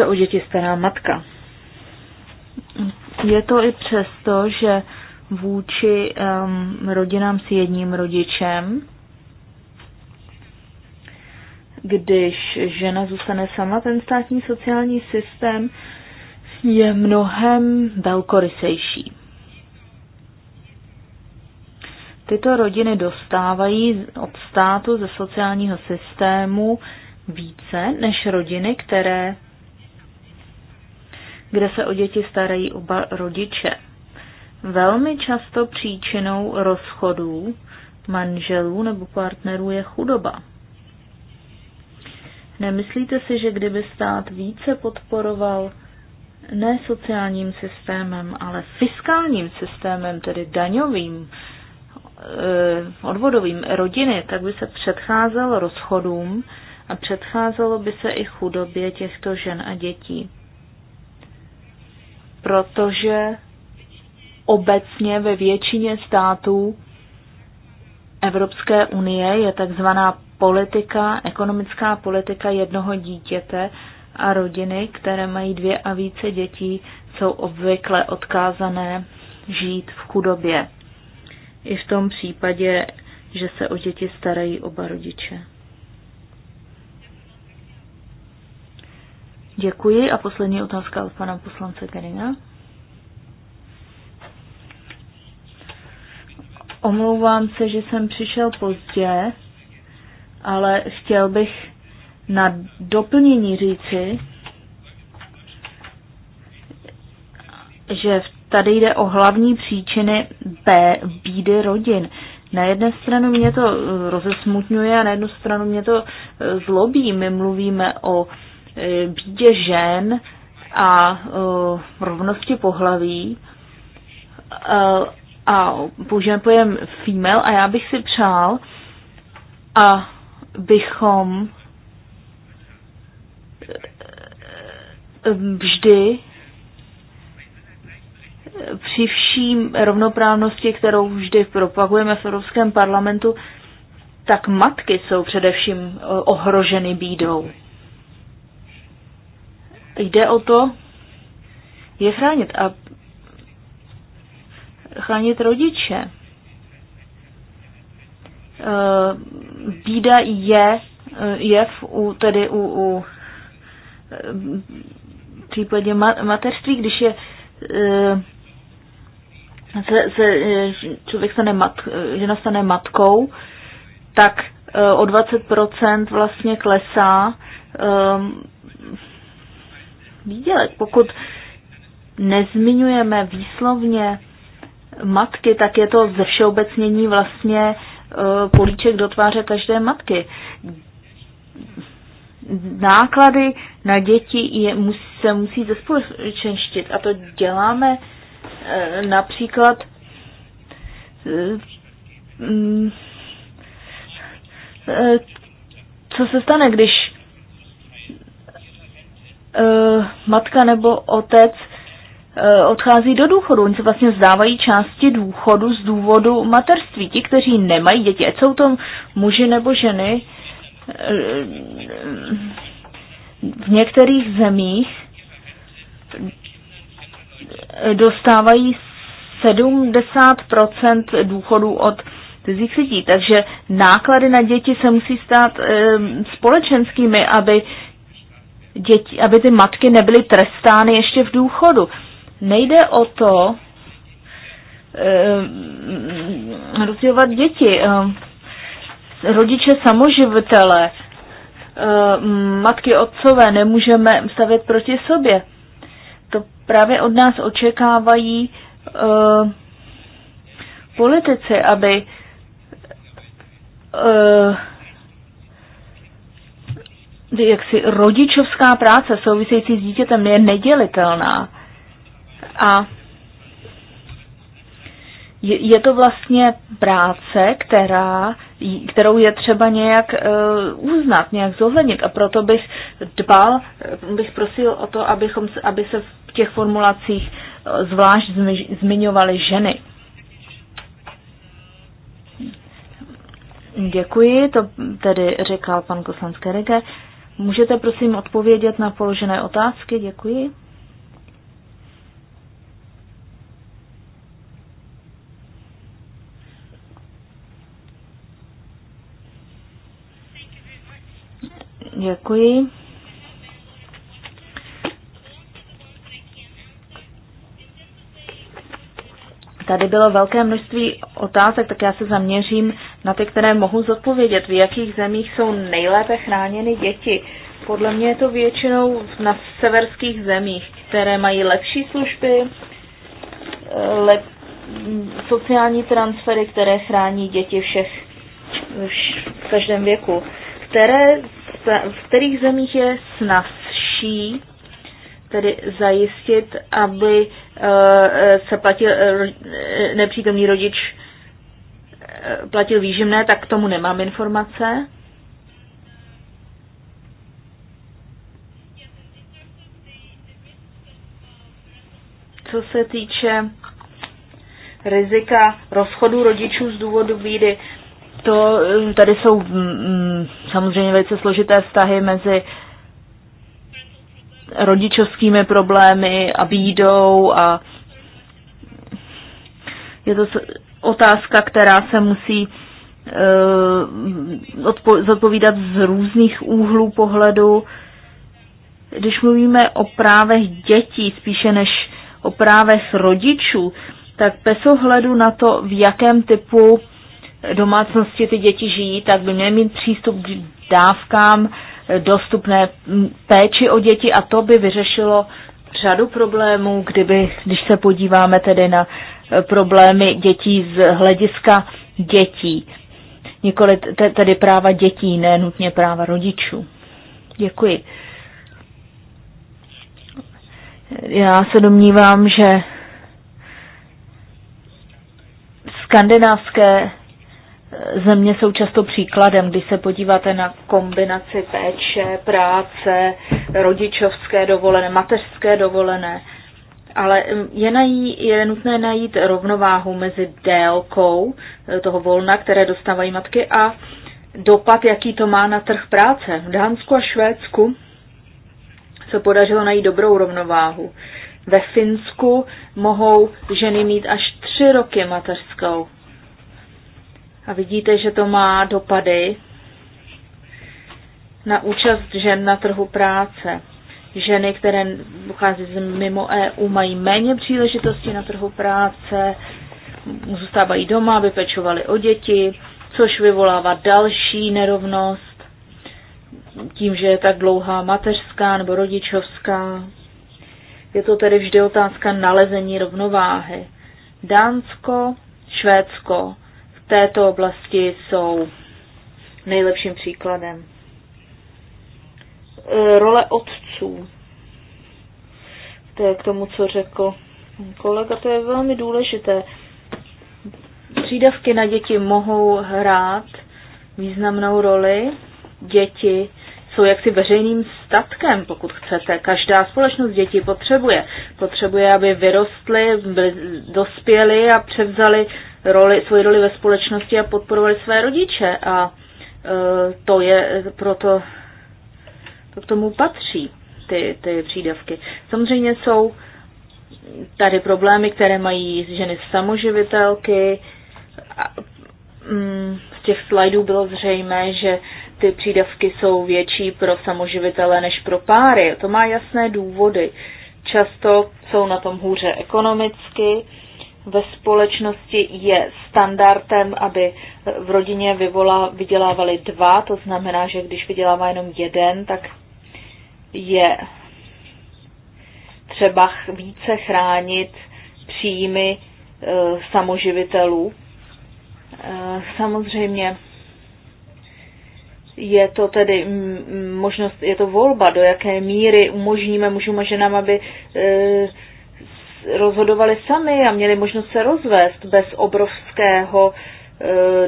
se o děti stará matka. Je to i přesto, že vůči um, rodinám s jedním rodičem, když žena zůstane sama, ten státní sociální systém je mnohem velkorysejší. Tyto rodiny dostávají od státu ze sociálního systému více než rodiny, které kde se o děti starají oba rodiče. Velmi často příčinou rozchodů manželů nebo partnerů je chudoba. Nemyslíte si, že kdyby stát více podporoval ne sociálním systémem, ale fiskálním systémem, tedy daňovým, eh, odvodovým rodiny, tak by se předcházelo rozchodům a předcházelo by se i chudobě těchto žen a dětí protože obecně ve většině států Evropské unie je takzvaná politika, ekonomická politika jednoho dítěte a rodiny, které mají dvě a více dětí, jsou obvykle odkázané žít v chudobě. I v tom případě, že se o děti starají oba rodiče. Děkuji. A poslední otázka od pana poslance Karina. Omlouvám se, že jsem přišel pozdě, ale chtěl bych na doplnění říci, že tady jde o hlavní příčiny B, bídy rodin. Na jedné stranu mě to eh, rozesmutňuje a na jednu stranu mě to eh, zlobí. My mluvíme o E, bídě žen a e, rovnosti pohlaví e, a použijeme pojem female a já bych si přál, a bychom vždy při vším rovnoprávnosti, kterou vždy propagujeme v Evropském parlamentu, tak matky jsou především ohroženy bídou jde o to je chránit a chránit rodiče. E, bída je je u, tedy u, u e, případě mateřství, když je e, se, se, člověk stane mat, žena stane matkou, tak o 20% vlastně klesá výdělek. Pokud nezmiňujeme výslovně matky, tak je to ze všeobecnění vlastně e, políček do tváře každé matky. Náklady na děti je, se musí zespolečenštit a to děláme e, například e, co se stane, když E, matka nebo otec e, odchází do důchodu. Oni se vlastně vzdávají části důchodu z důvodu materství. Ti, kteří nemají děti, ať jsou to muži nebo ženy, e, v některých zemích dostávají 70% důchodu od cizích lidí. Takže náklady na děti se musí stát e, společenskými, aby děti, aby ty matky nebyly trestány ještě v důchodu. Nejde o to e, eh, rozdělovat děti. E, rodiče samoživitele, e, matky otcové nemůžeme stavět proti sobě. To právě od nás očekávají e, politici, aby e, jaksi rodičovská práce související s dítětem je nedělitelná. A je to vlastně práce, která, kterou je třeba nějak eh, uznat, nějak zohlednit. A proto bych dbal, bych prosil o to, abychom, aby se v těch formulacích eh, zvlášť zmiňovaly ženy. Děkuji, to tedy řekl pan poslanec Rege. Můžete prosím odpovědět na položené otázky? Děkuji. Děkuji. Tady bylo velké množství otázek, tak já se zaměřím na ty, které mohu zodpovědět, v jakých zemích jsou nejlépe chráněny děti. Podle mě je to většinou na severských zemích, které mají lepší služby, lep, sociální transfery, které chrání děti všech v každém věku. Které, v kterých zemích je snazší tedy zajistit, aby eh, eh, se platil eh, nepřítomný rodič platil výživné, tak k tomu nemám informace. Co se týče rizika rozchodu rodičů z důvodu výdy, to mm, tady jsou mm, mm, samozřejmě velice složité vztahy mezi rodičovskými problémy a bídou a je to otázka, která se musí e, zodpovídat z různých úhlů pohledu. Když mluvíme o právech dětí spíše než o právech rodičů, tak bez ohledu na to, v jakém typu domácnosti ty děti žijí, tak by měly mít přístup k dávkám, dostupné péči o děti a to by vyřešilo řadu problémů, kdyby, když se podíváme tedy na problémy dětí z hlediska dětí. Nikoli tedy práva dětí, ne nutně práva rodičů. Děkuji. Já se domnívám, že skandinávské země jsou často příkladem, když se podíváte na kombinaci péče, práce, rodičovské dovolené, mateřské dovolené. Ale je, nají, je nutné najít rovnováhu mezi délkou eh, toho volna, které dostávají matky, a dopad, jaký to má na trh práce. V Dánsku a Švédsku se podařilo najít dobrou rovnováhu. Ve Finsku mohou ženy mít až tři roky mateřskou. A vidíte, že to má dopady na účast žen na trhu práce ženy, které pochází z mimo EU, mají méně příležitosti na trhu práce, zůstávají doma, aby pečovali o děti, což vyvolává další nerovnost tím, že je tak dlouhá mateřská nebo rodičovská. Je to tedy vždy otázka nalezení rovnováhy. Dánsko, Švédsko v této oblasti jsou nejlepším příkladem. Eh, role otců. To je k tomu, co řekl kolega, to je velmi důležité. Přídavky na děti mohou hrát významnou roli. Děti jsou jaksi veřejným statkem, pokud chcete. Každá společnost děti potřebuje. Potřebuje, aby vyrostly, dospěly a převzali roli, svoji roli ve společnosti a podporovali své rodiče. A e, to je proto to k tomu patří, ty, ty přídavky. Samozřejmě jsou tady problémy, které mají ženy samoživitelky. Mm, z těch slajdů bylo zřejmé, že ty přídavky jsou větší pro samoživitele než pro páry. To má jasné důvody. Často jsou na tom hůře ekonomicky. Ve společnosti je standardem, aby v rodině vyvolá, vydělávali dva, to znamená, že když vydělává jenom jeden, tak je třeba více chránit příjmy eh, samoživitelů. Eh, samozřejmě je to tedy možnost, je to volba, do jaké míry umožníme mužům a ženám, aby eh, rozhodovali sami a měli možnost se rozvést bez obrovského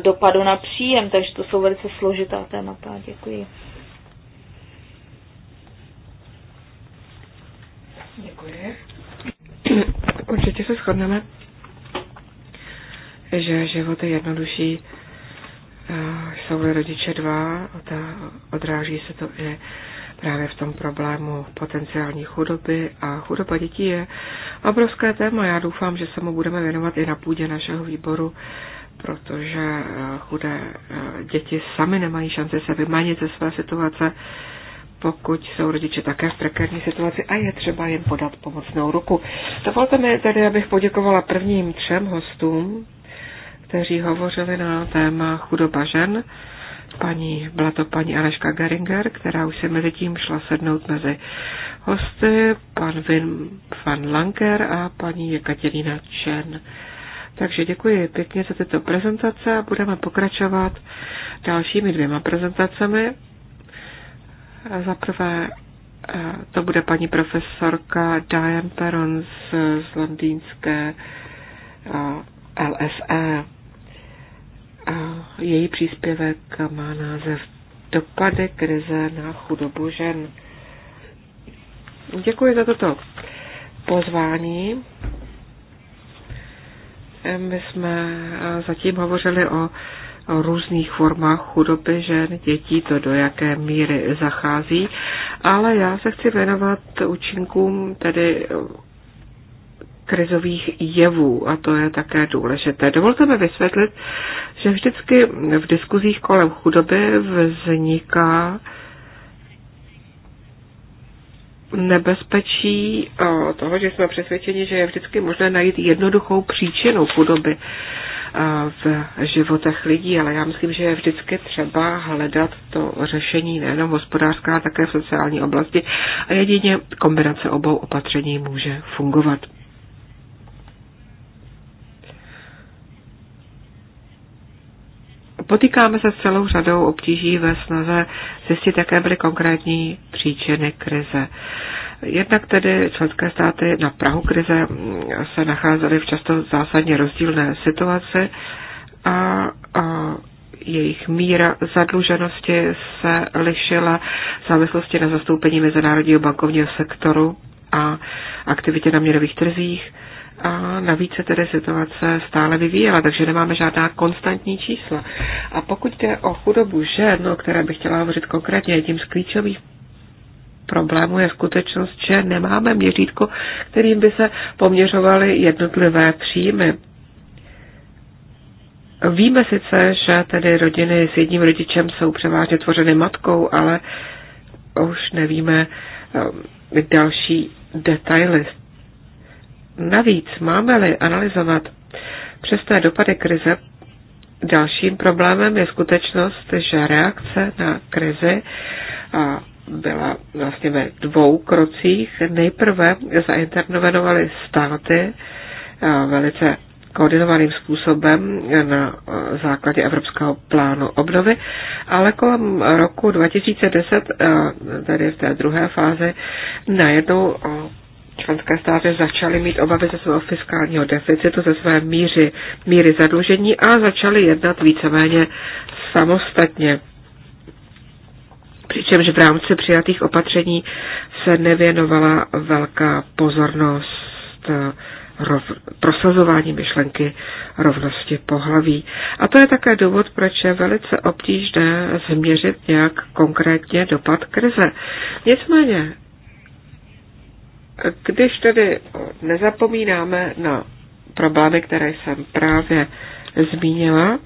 dopadu na příjem, takže to jsou velice složitá témata. Děkuji. Děkuji. Určitě se shodneme, že život je jednodušší. Jsou rodiče dva, odráží se to i právě v tom problému potenciální chudoby a chudoba dětí je obrovské téma. Já doufám, že se mu budeme věnovat i na půdě našeho výboru, protože eh, chudé eh, děti sami nemají šanci se vymanit ze své situace pokud jsou rodiče také v prekérní situaci a je třeba jim podat pomocnou ruku. Dovolte mi tedy, abych poděkovala prvním třem hostům, kteří hovořili na téma chudoba žen. Paní, byla to paní Aleška Geringer, která už se mezi tím šla sednout mezi hosty, pan Vin van Lanker a paní Jekaterina Chen. Takže děkuji pěkně za tyto prezentace a budeme pokračovat dalšími dvěma prezentacemi. Za prvé e, to bude paní profesorka Diane Peron z, z londýnské LSE. E. Její příspěvek má název Dopady krize na chudobu žen. Děkuji za toto pozvání. My jsme e, zatím hovořili o o různých formách chudoby žen, dětí, to do jaké míry zachází, ale já se chci věnovat účinkům tedy eh, krizových jevů a to je také důležité. Dovolte mi vysvětlit, že vždycky v diskuzích kolem chudoby vzniká nebezpečí eh, toho, že jsme přesvědčeni, že je vždycky možné najít jednoduchou příčinu chudoby eh, v životech lidí, ale já myslím, že je vždycky třeba hledat to řešení nejenom hospodářská, také v sociální oblasti a jedině kombinace obou opatření může fungovat. Potýkáme se s celou řadou obtíží ve snaze zjistit, jaké byly konkrétní příčiny krize. Jednak tedy členské státy na Prahu krize se nacházely v často zásadně rozdílné situaci a, a jejich míra zadluženosti se lišila v závislosti na zastoupení mezinárodního bankovního sektoru a aktivitě na měnových trzích a navíc se tedy situace stále vyvíjela, takže nemáme žádná konstantní čísla. A pokud jde o chudobu žen, o které bych chtěla hovořit konkrétně, jedním z klíčových problému je skutečnost, že nemáme měřítko, kterým by se poměřovaly jednotlivé příjmy. Víme sice, že tedy rodiny s jedním rodičem jsou převážně tvořeny matkou, ale už nevíme eh, další detaily. Navíc máme-li analyzovat přesné dopady krize, dalším problémem je skutečnost, že reakce na krizi byla vlastně ve dvou krocích. Nejprve zainternovenovaly státy velice koordinovaným způsobem na základě Evropského plánu obnovy, ale kolem roku 2010, tedy v té druhé fázi, najednou členské státy začaly mít obavy ze svého fiskálního deficitu, ze své míry, míry zadlužení a začaly jednat víceméně samostatně. Přičemž v rámci přijatých opatření se nevěnovala velká pozornost eh, rov, prosazování myšlenky rovnosti pohlaví. A to je také důvod, proč je velice obtížné změřit nějak konkrétně dopad krize. Nicméně když tedy nezapomínáme na problémy, které jsem právě zmínila,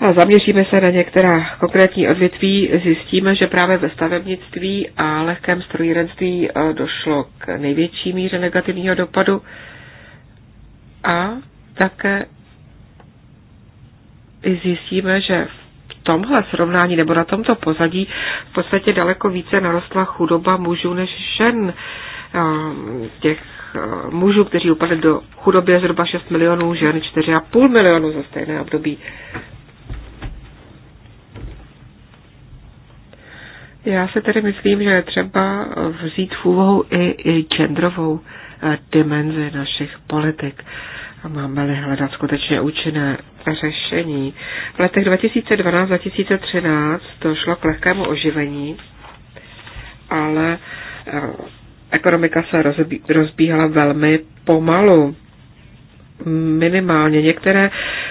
a zaměříme se na některá konkrétní odvětví, zjistíme, že právě ve stavebnictví a lehkém strojírenství eh, došlo k největší míře negativního dopadu a také zjistíme, že tomhle srovnání nebo na tomto pozadí v podstatě daleko více narostla chudoba mužů než žen. Ehm, těch ehm, mužů, kteří upadli do chudoby, je zhruba 6 milionů, žen 4,5 milionů za stejné období. Já se tedy myslím, že je třeba vzít v úvahu i, i genderovou eh, dimenzi našich politik. A máme-li hledat skutečně účinné řešení. V letech 2012-2013 to šlo k lehkému oživení, ale eh, ekonomika se rozbíhala velmi pomalu. Minimálně. Některé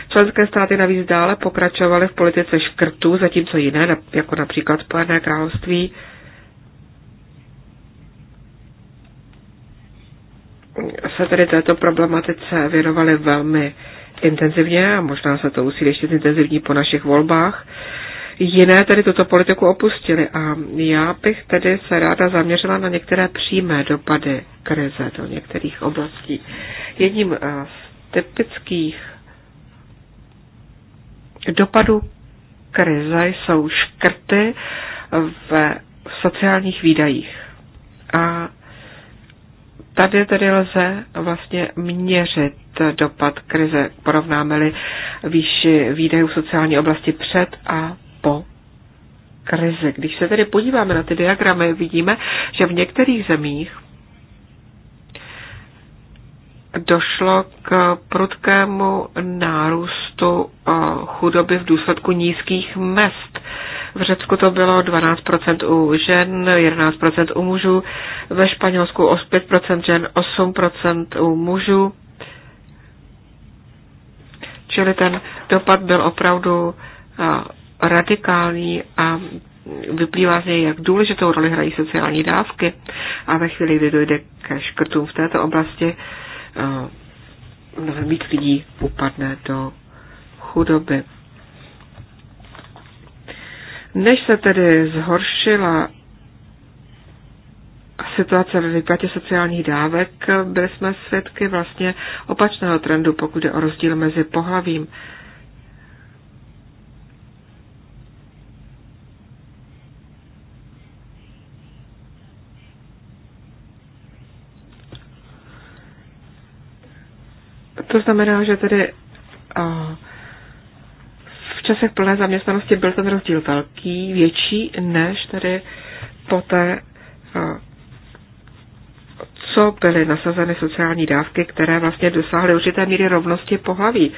členské státy navíc dále pokračovaly v politice škrtů, zatímco jiné, jako například Spojené království, se tedy této problematice věnovaly velmi intenzivně a možná se to musí ještě intenzivní po našich volbách. Jiné tedy tuto politiku opustili a já bych tedy se ráda zaměřila na některé přímé dopady krize do některých oblastí. Jedním eh, z typických dopadů krize jsou škrty v sociálních výdajích. A Tady tedy lze vlastně měřit dopad krize, porovnáme-li výši výdajů v sociální oblasti před a po krizi. Když se tedy podíváme na ty diagramy, vidíme, že v některých zemích došlo k prudkému nárůstu eh, chudoby v důsledku nízkých mest. V Řecku to bylo 12% u žen, 11% u mužů, ve Španělsku 5% žen, 8% u mužů. Čili ten dopad byl opravdu eh, radikální a vyplývá z něj, jak důležitou roli hrají sociální dávky. A ve chvíli, kdy dojde ke škrtům v této oblasti, mnohem víc lidí upadne do chudoby. Než se tedy zhoršila situace ve výplatě sociálních dávek, byli jsme svědky vlastně opačného trendu, pokud je o rozdíl mezi pohlavím. To znamená, že tedy v časech plné zaměstnanosti byl ten rozdíl velký, větší než tedy poté, co byly nasazeny sociální dávky, které vlastně dosáhly určité míry rovnosti pohlaví.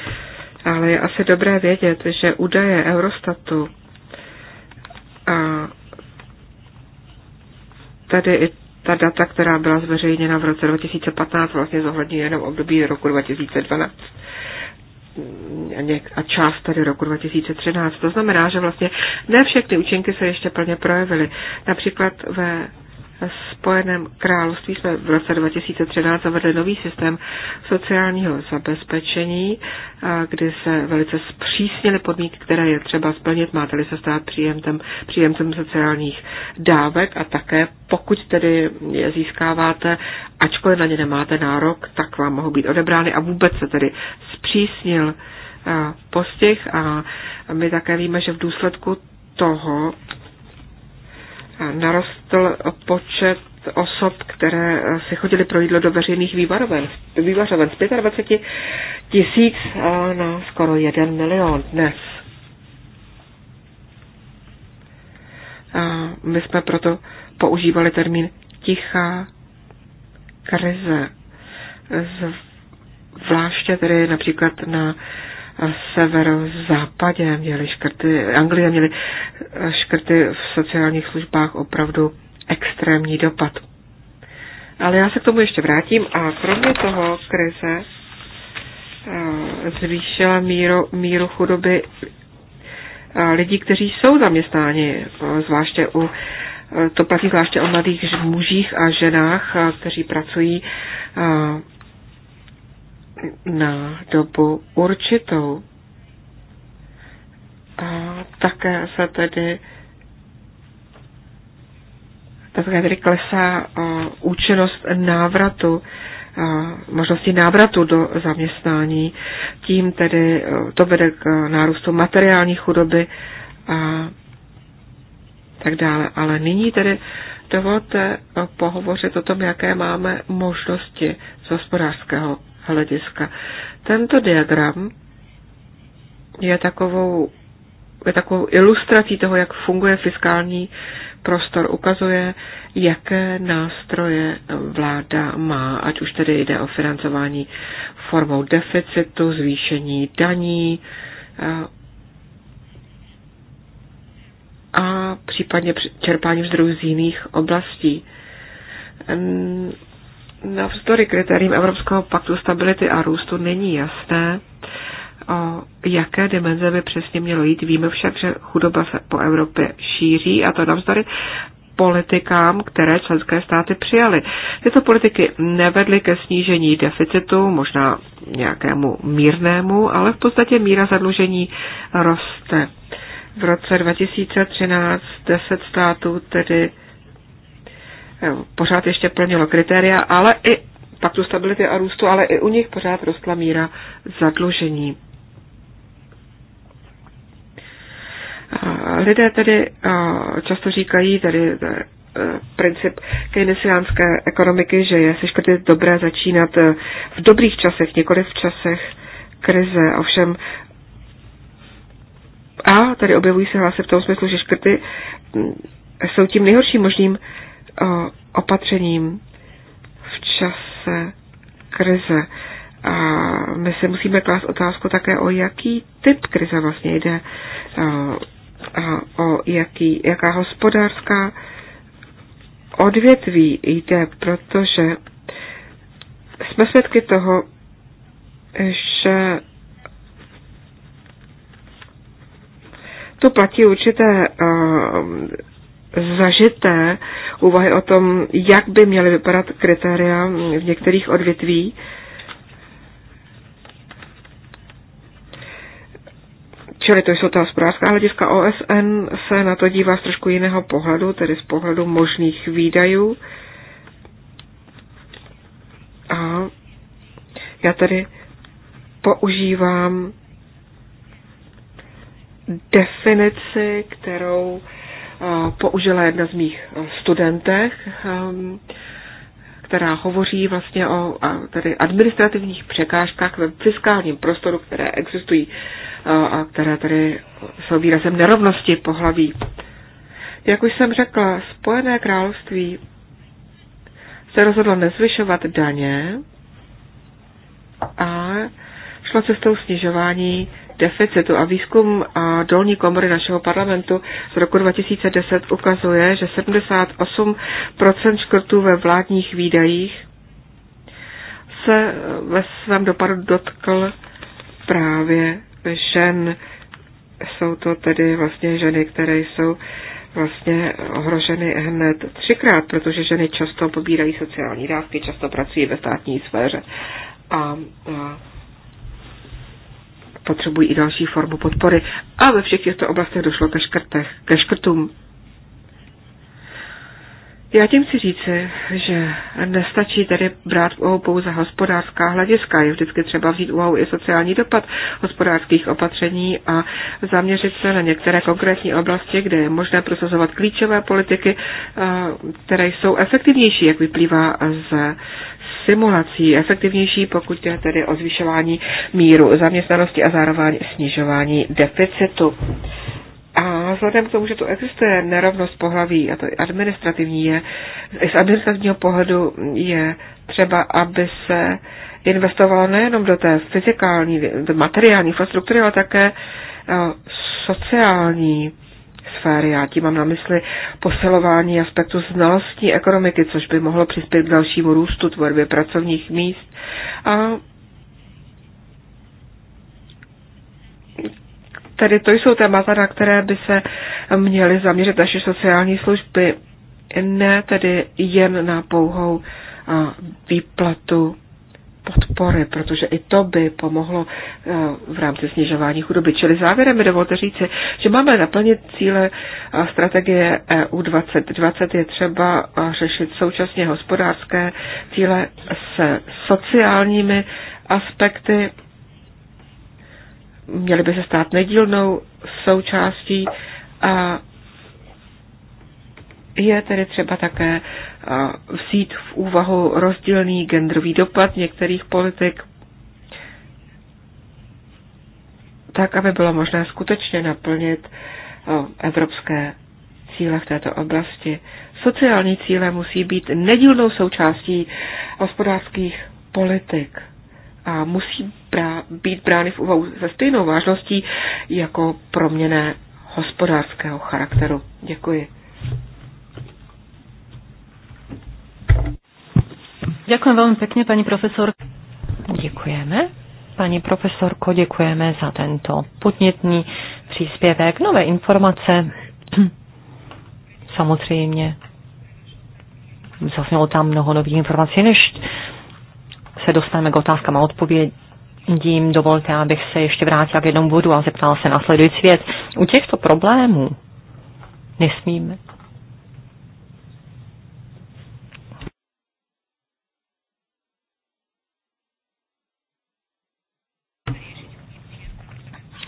Ale je asi dobré vědět, že údaje Eurostatu a tady i ta data, která byla zveřejněna v roce 2015, vlastně zohledňuje jenom období roku 2012 a část tady roku 2013. To znamená, že vlastně ne všechny účinky se ještě plně projevily. Například ve Spojeném království jsme v roce 2013 zavedli nový systém sociálního zabezpečení, kdy se velice zpřísnily podmínky, které je třeba splnit, máte-li se stát příjemcem, příjemcem sociálních dávek a také pokud tedy je získáváte, ačkoliv na ně nemáte nárok, tak vám mohou být odebrány a vůbec se tedy zpřísnil postih a my také víme, že v důsledku toho narostl počet osob, které eh, si chodili pro jídlo do veřejných vývaroven, vývařoven z 25 tisíc eh, na skoro 1 milion dnes. A my jsme proto používali termín tichá krize. Zvláště tedy například na severozápadě měli škrty, Anglie měli e, škrty v sociálních službách opravdu extrémní dopad. Ale já se k tomu ještě vrátím a kromě toho krize e, zvýšila míru, míru chudoby e, lidí, kteří jsou zaměstnáni, zvláště u to platí zvláště o mladých mužích a ženách, kteří pracují na dobu určitou. A také se tedy také tedy klesá účinnost návratu, možnosti návratu do zaměstnání. Tím tedy to vede k nárůstu materiální chudoby a tak dále. Ale nyní tedy dovolte pohovořit o tom, jaké máme možnosti z hospodářského hlediska. Tento diagram je takovou, je takovou ilustrací toho, jak funguje fiskální prostor. Ukazuje, jaké nástroje vláda má, ať už tedy jde o financování formou deficitu, zvýšení daní, a případně čerpání zdrojů z jiných oblastí. Navzdory kritériím Evropského paktu stability a růstu není jasné, o jaké dimenze by přesně mělo jít. Víme však, že chudoba se po Evropě šíří a to navzdory politikám, které členské státy přijaly. Tyto politiky nevedly ke snížení deficitu, možná nějakému mírnému, ale v podstatě míra zadlužení roste. V roce 2013 10 států tedy Eh, pořád ještě plnilo kritéria, ale i paktu stability a růstu, ale i u nich pořád rostla míra zadlužení. Eh, lidé tedy eh, často říkají, tedy princip keynesiánské ekonomiky, že je škrty dobré začínat v dobrých časech, nikoli v časech krize. Ovšem a tady objevují se hlasy v tom smyslu, že škrty mm, jsou tím nejhorším možným opatřením v čase krize. A my si musíme klást otázku také, o jaký typ krize vlastně jde, o jaký, jaká hospodářská odvětví jde, protože jsme svědky toho, že tu platí určité zažité úvahy o tom, jak by měly vypadat kritéria v některých odvětví. Čili to jsou ta hospodářská hlediska OSN, se na to dívá z trošku jiného pohledu, tedy z pohledu možných výdajů. A já tady používám definici, kterou Eh, použila jedna z mých eh, studentek, ehm, která hovoří vlastně o tedy administrativních překážkách ve fiskálním prostoru, které existují eh, a které tedy jsou výrazem nerovnosti pohlaví. Jak už jsem řekla, Spojené království se rozhodlo nezvyšovat daně a šlo cestou snižování deficitu a výzkum a dolní komory našeho parlamentu z roku 2010 ukazuje, že 78% škrtů ve vládních výdajích se ve svém dopadu dotkl právě žen. Jsou to tedy vlastně ženy, které jsou vlastně ohroženy hned třikrát, protože ženy často pobírají sociální dávky, často pracují ve státní sféře. A, a potřebují i další formu podpory. A ve všech těchto oblastech došlo ke, škrtech, ke škrtům. Já tím chci říci, že nestačí tedy brát v úvahu pouze hospodářská hlediska. Je vždycky třeba vzít úhou i sociální dopad hospodářských opatření a zaměřit se na některé konkrétní oblasti, kde je možné prosazovat klíčové politiky, eh, které jsou efektivnější, jak vyplývá z simulací, efektivnější, pokud je tedy o zvyšování míru zaměstnanosti a zároveň snižování deficitu. A vzhledem k tomu, že tu existuje nerovnost pohlaví, a to administrativní je, z administrativního pohledu je třeba, aby se investovalo nejenom do té fyzikální, do materiální infrastruktury, ale také eh, sociální sféry. Já tím mám na mysli posilování aspektu znalostní ekonomiky, což by mohlo přispět k dalšímu růstu tvorby pracovních míst a Tedy to jsou témata, na které by se měly zaměřit naše sociální služby, ne tedy jen na pouhou výplatu podpory, protože i to by pomohlo v rámci snižování chudoby. Čili závěrem mi dovolte říci, že máme naplnit cíle strategie EU 2020. Je třeba řešit současně hospodářské cíle se sociálními aspekty měly by se stát nedílnou součástí a je tedy třeba také vzít v úvahu rozdílný genderový dopad některých politik, tak, aby bylo možné skutečně naplnit evropské cíle v této oblasti. Sociální cíle musí být nedílnou součástí hospodářských politik a musí brá, být brány v úvahu se stejnou vážností jako proměné hospodářského charakteru. Děkuji. Děkujeme velmi pěkně, paní profesor. Děkujeme. Paní profesorko, děkujeme za tento podnětný příspěvek, nové informace. Samozřejmě zaznělo tam mnoho nových informací, než se dostaneme k otázkám a odpovědím, dovolte, abych se ještě vrátila k jednomu bodu a zeptala se následující věc. U těchto problémů nesmíme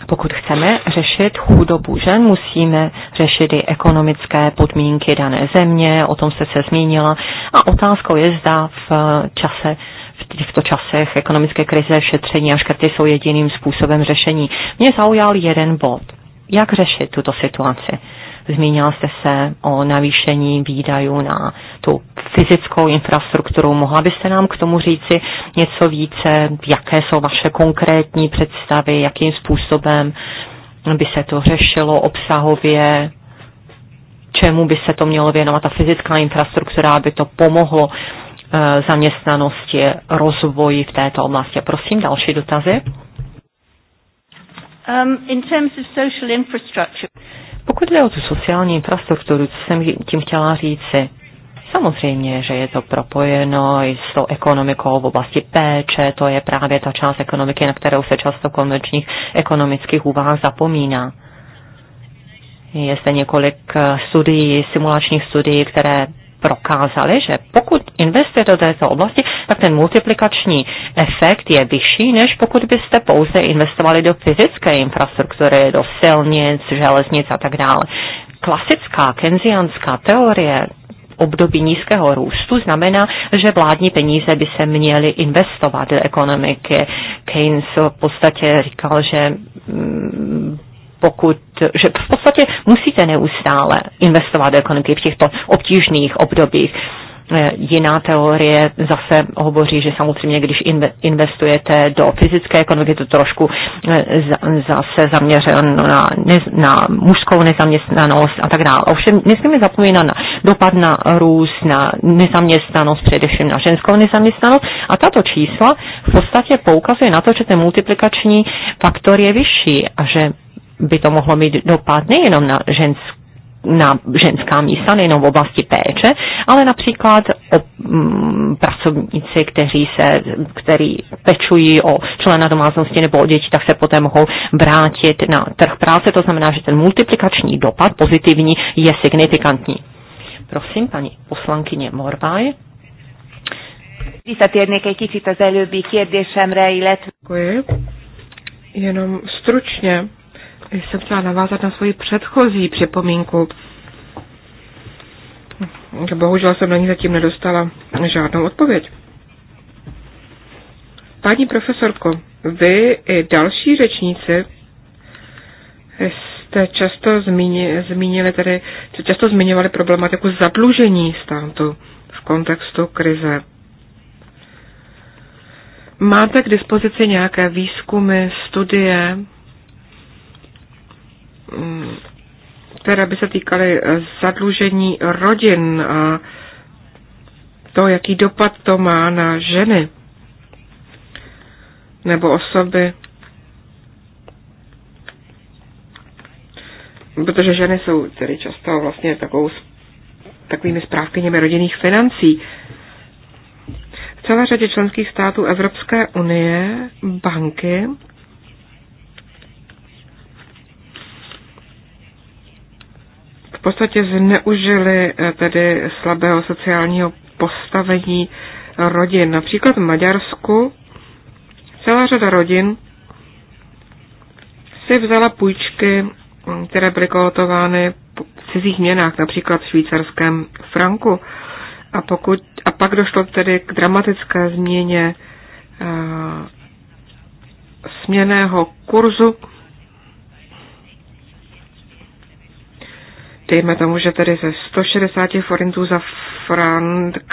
Pokud chceme řešit chudobu žen, musíme řešit i ekonomické podmínky dané země, o tom jste se zmínila. A otázkou je, zda v čase v těchto časech ekonomické krize šetření a škrty jsou jediným způsobem řešení. Mě zaujal jeden bod. Jak řešit tuto situaci? Zmínil jste se o navýšení výdajů na tu fyzickou infrastrukturu. Mohla byste nám k tomu říci něco více? Jaké jsou vaše konkrétní představy? Jakým způsobem by se to řešilo obsahově? Čemu by se to mělo věnovat ta fyzická infrastruktura, aby to pomohlo Eh, zaměstnanosti, rozvoji v této oblasti. Prosím, další dotazy. Um, in terms of social infrastructure. Pokud jde o tu sociální infrastrukturu, co jsem tím chtěla říci, Samozřejmě, že je to propojeno i s tou ekonomikou v oblasti péče, to je právě ta část ekonomiky, na kterou se často konvenčních ekonomických úvahách zapomíná. Je zde několik eh, studií, simulačních studií, které prokázali, že pokud investujete do této oblasti, tak ten multiplikační efekt je vyšší, než pokud byste pouze investovali do fyzické infrastruktury, do silnic, železnic a tak dále. Klasická kenziánská teorie období nízkého růstu znamená, že vládní peníze by se měly investovat do ekonomiky. Keynes v podstatě říkal, že mm, pokud že v podstatě musíte neustále investovat do ekonomiky v těchto obtížných obdobích. Eh, jiná teorie zase hovoří, že samozřejmě, když investujete do fyzické ekonomiky, to trošku eh, zase zaměřeno na, na mužskou nezaměstnanost a tak dále. Ovšem nesmíme zapomínat na dopad na růst, na nezaměstnanost, především na ženskou nezaměstnanost a tato čísla v podstatě poukazuje na to, že ten multiplikační faktor je vyšší a že by to mohlo mít dopad nejenom na ženské na ženská místa, nejenom v oblasti péče, ale například o mm, pracovníci, kteří se, který pečují o člena domácnosti nebo o děti, tak se poté mohou vrátit na trh práce. To znamená, že ten multiplikační dopad pozitivní je signifikantní. Prosím, paní poslankyně Morvaj. Visszatérnék egy kicsit az előbbi kérdésemre, illetve... Jenom stručně jsem chtěla navázat na svoji předchozí připomínku. Bohužel jsem na ní zatím nedostala žádnou odpověď. Paní profesorko, vy i další řečníci jste často zmíni, zmínili tedy, jste často zmiňovali problematiku zadlužení státu v kontextu krize. Máte k dispozici nějaké výzkumy, studie, které by se týkaly eh, zadlužení rodin a to, jaký dopad to má na ženy nebo osoby, protože ženy jsou tedy často vlastně takovou, takovými správkyněmi rodinných financí. V celé řadě členských států Evropské unie banky podstatě zneužili eh, tedy slabého sociálního postavení rodin. Například v Maďarsku celá řada rodin si vzala půjčky, mm, které byly kolotovány v cizích měnách, například v švýcarském franku. A, pokud, a pak došlo tedy k dramatické změně eh, směného kurzu dejme tomu, že tedy ze 160 forintů za frank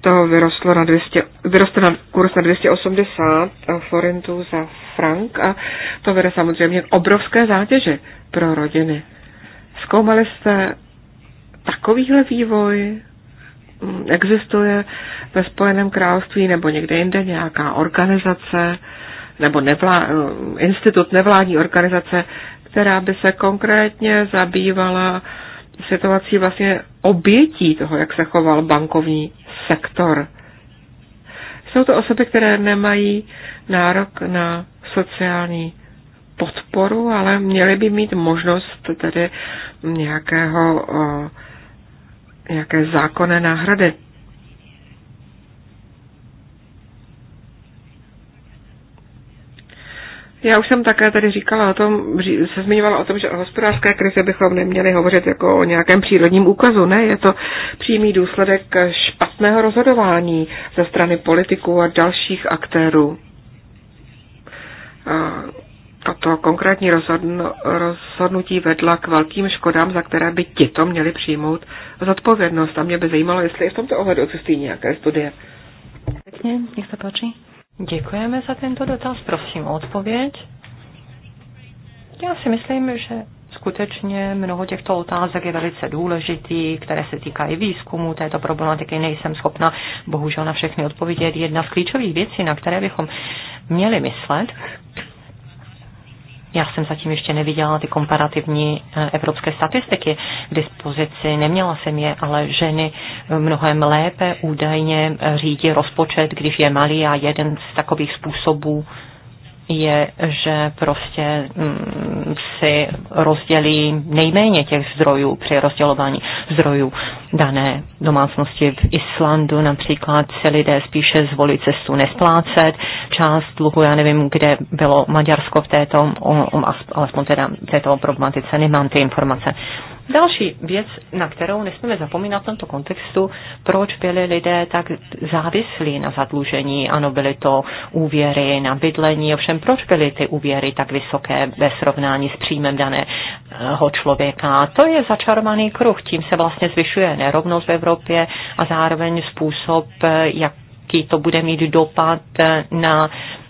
to vyrostlo na 200, vyrostlo na kurz na 280 forintů za frank a to vede samozřejmě obrovské zátěže pro rodiny. Zkoumali jste takovýhle vývoj? Mm, existuje ve Spojeném království nebo někde jinde nějaká organizace nebo nevlá, mm, institut nevládní organizace, která by se konkrétně zabývala situací vlastně obětí toho, jak se choval bankovní sektor. Jsou to osoby, které nemají nárok na sociální podporu, ale měly by mít možnost tedy nějakého, eh, nějaké zákonné náhrady. Já už jsem také tady říkala o tom, se zmiňovala o tom, že o hospodářské krize bychom neměli hovořit jako o nějakém přírodním úkazu. Ne, je to přímý důsledek špatného rozhodování ze strany politiků a dalších aktérů. A tato konkrétní rozhodnutí vedla k velkým škodám, za které by ti to měli přijmout zodpovědnost. A mě by zajímalo, jestli je v tomto ohledu existují nějaké studie. Pěkně, nech se páči. Děkujeme za tento dotaz. Prosím o odpověď. Já si myslím, že skutečně mnoho těchto otázek je velice důležitý, které se týkají výzkumu této problematiky. Nejsem schopna bohužel na všechny odpovědět. Jedna z klíčových věcí, na které bychom měli myslet, já jsem zatím ještě neviděla ty komparativní eh, evropské statistiky k dispozici, neměla jsem je, ale ženy eh, mnohem lépe údajně eh, řídí rozpočet, když je malý a jeden z takových způsobů je, že prostě mm, si rozdělí nejméně těch zdrojů při rozdělování zdrojů dané domácnosti. V Islandu například se lidé spíše zvolí cestu nesplácet část dluhu, já nevím, kde bylo Maďarsko v této, alespoň teda v této problematice, nemám ty informace. Další věc, na kterou nesmíme zapomínat v tomto kontextu, proč byli lidé tak závislí na zadlužení, ano, byly to úvěry na bydlení, ovšem proč byly ty úvěry tak vysoké ve srovnání s příjmem daného člověka. To je začarovaný kruh, tím se vlastně zvyšuje nerovnost v Evropě a zároveň způsob, jak jaký to bude mít dopad na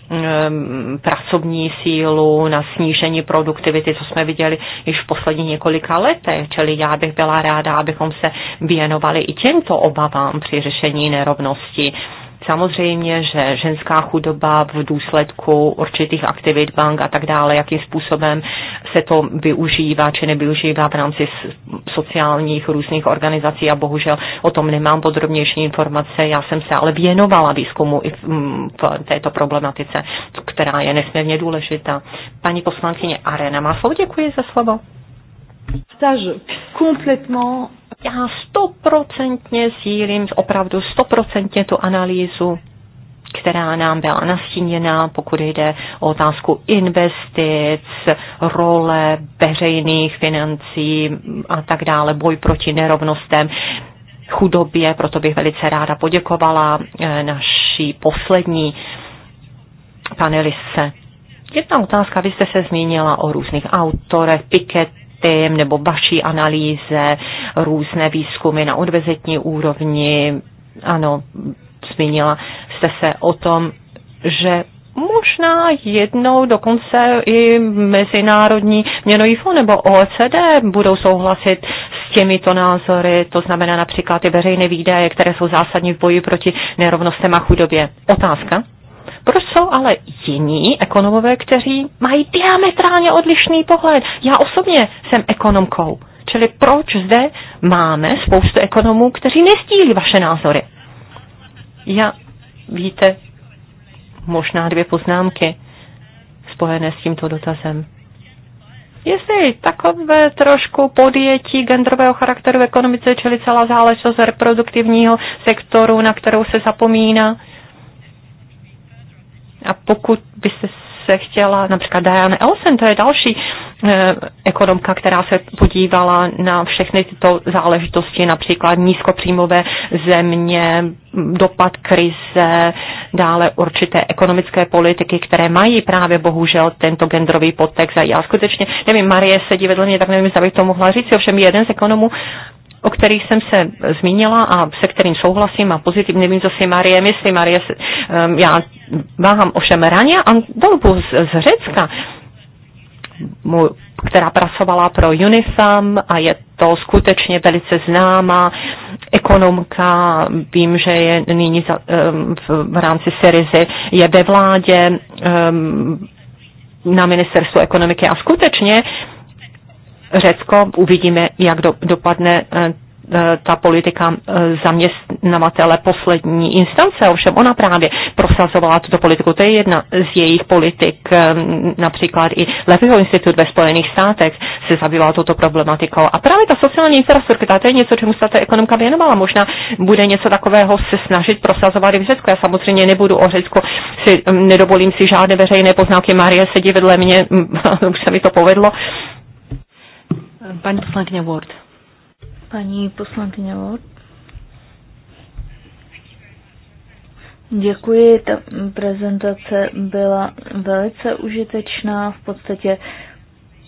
Um, pracovní sílu, na snížení produktivity, co jsme viděli již v posledních několika letech. Čili já bych byla ráda, abychom se věnovali i těmto obavám při řešení nerovnosti Samozřejmě, že ženská chudoba v důsledku určitých aktivit bank a tak dále, jakým způsobem se to využívá či nevyužívá v rámci sociálních různých organizací a bohužel o tom nemám podrobnější informace. Já jsem se ale věnovala výzkumu i v této problematice, která je nesmírně důležitá. Paní poslankyně Arena Maslou, děkuji za slovo. Staž kompletně já stoprocentně sdílím, opravdu stoprocentně tu analýzu která nám byla nastíněna, pokud jde o otázku investic, role veřejných financí a tak dále, boj proti nerovnostem, chudobě, proto bych velice ráda poděkovala eh, naší poslední panelistce. Jedna otázka, vy jste se zmínila o různých autorech, Piketty, tým nebo vaší analýze, různé výzkumy na univerzitní úrovni. Ano, zmínila jste se o tom, že možná jednou dokonce i Mezinárodní měnový fond nebo OECD budou souhlasit s těmito názory, to znamená například i veřejné výdaje, které jsou zásadní v boji proti nerovnostem a chudobě. Otázka? Proč jsou ale jiní ekonomové, kteří mají diametrálně odlišný pohled? Já osobně jsem ekonomkou. Čili proč zde máme spoustu ekonomů, kteří nestílí vaše názory? Já, víte, možná dvě poznámky spojené s tímto dotazem. Jestli takové trošku podjetí genderového charakteru v ekonomice, čili celá záležitost reproduktivního sektoru, na kterou se zapomíná, a pokud by se se chtěla, například Diane Elsen, to je další eh, ekonomka, která se podívala na všechny tyto záležitosti, například nízkopříjmové země, dopad krize, dále určité ekonomické politiky, které mají právě bohužel tento genderový podtext. A já skutečně, nevím, Marie sedí vedle mě, tak nevím, zda bych to mohla říct, ovšem jeden z ekonomů o kterých jsem se zmínila a se kterým souhlasím a pozitivně nevím, co si Marie myslí. Marie, um, já váhám ovšem a dolbu z, z Řecka, která pracovala pro Unifam a je to skutečně velice známá ekonomka. Vím, že je nyní za, um, v, v rámci Syrizy je ve vládě um, na ministerstvu ekonomiky a skutečně um, Řecko. Uvidíme, jak do, dopadne eh, eh, ta politika eh, zaměstnavatele poslední instance. Ovšem ona právě prosazovala tuto politiku. To je jedna z jejich politik. Například i Levyho institut ve Spojených státech se zabýval touto problematikou. A právě ta sociální infrastruktura, to je něco, čemu se ta ekonomika věnovala. Možná bude něco takového se snažit prosazovat i v Řecku. Já samozřejmě nebudu o Řecku, si, mm, nedovolím si žádné veřejné poznámky. Marie sedí vedle mě, už se mi to povedlo. Paní poslankyně Ward. Paní poslankyně Ward. Děkuji, ta prezentace byla velice užitečná, v podstatě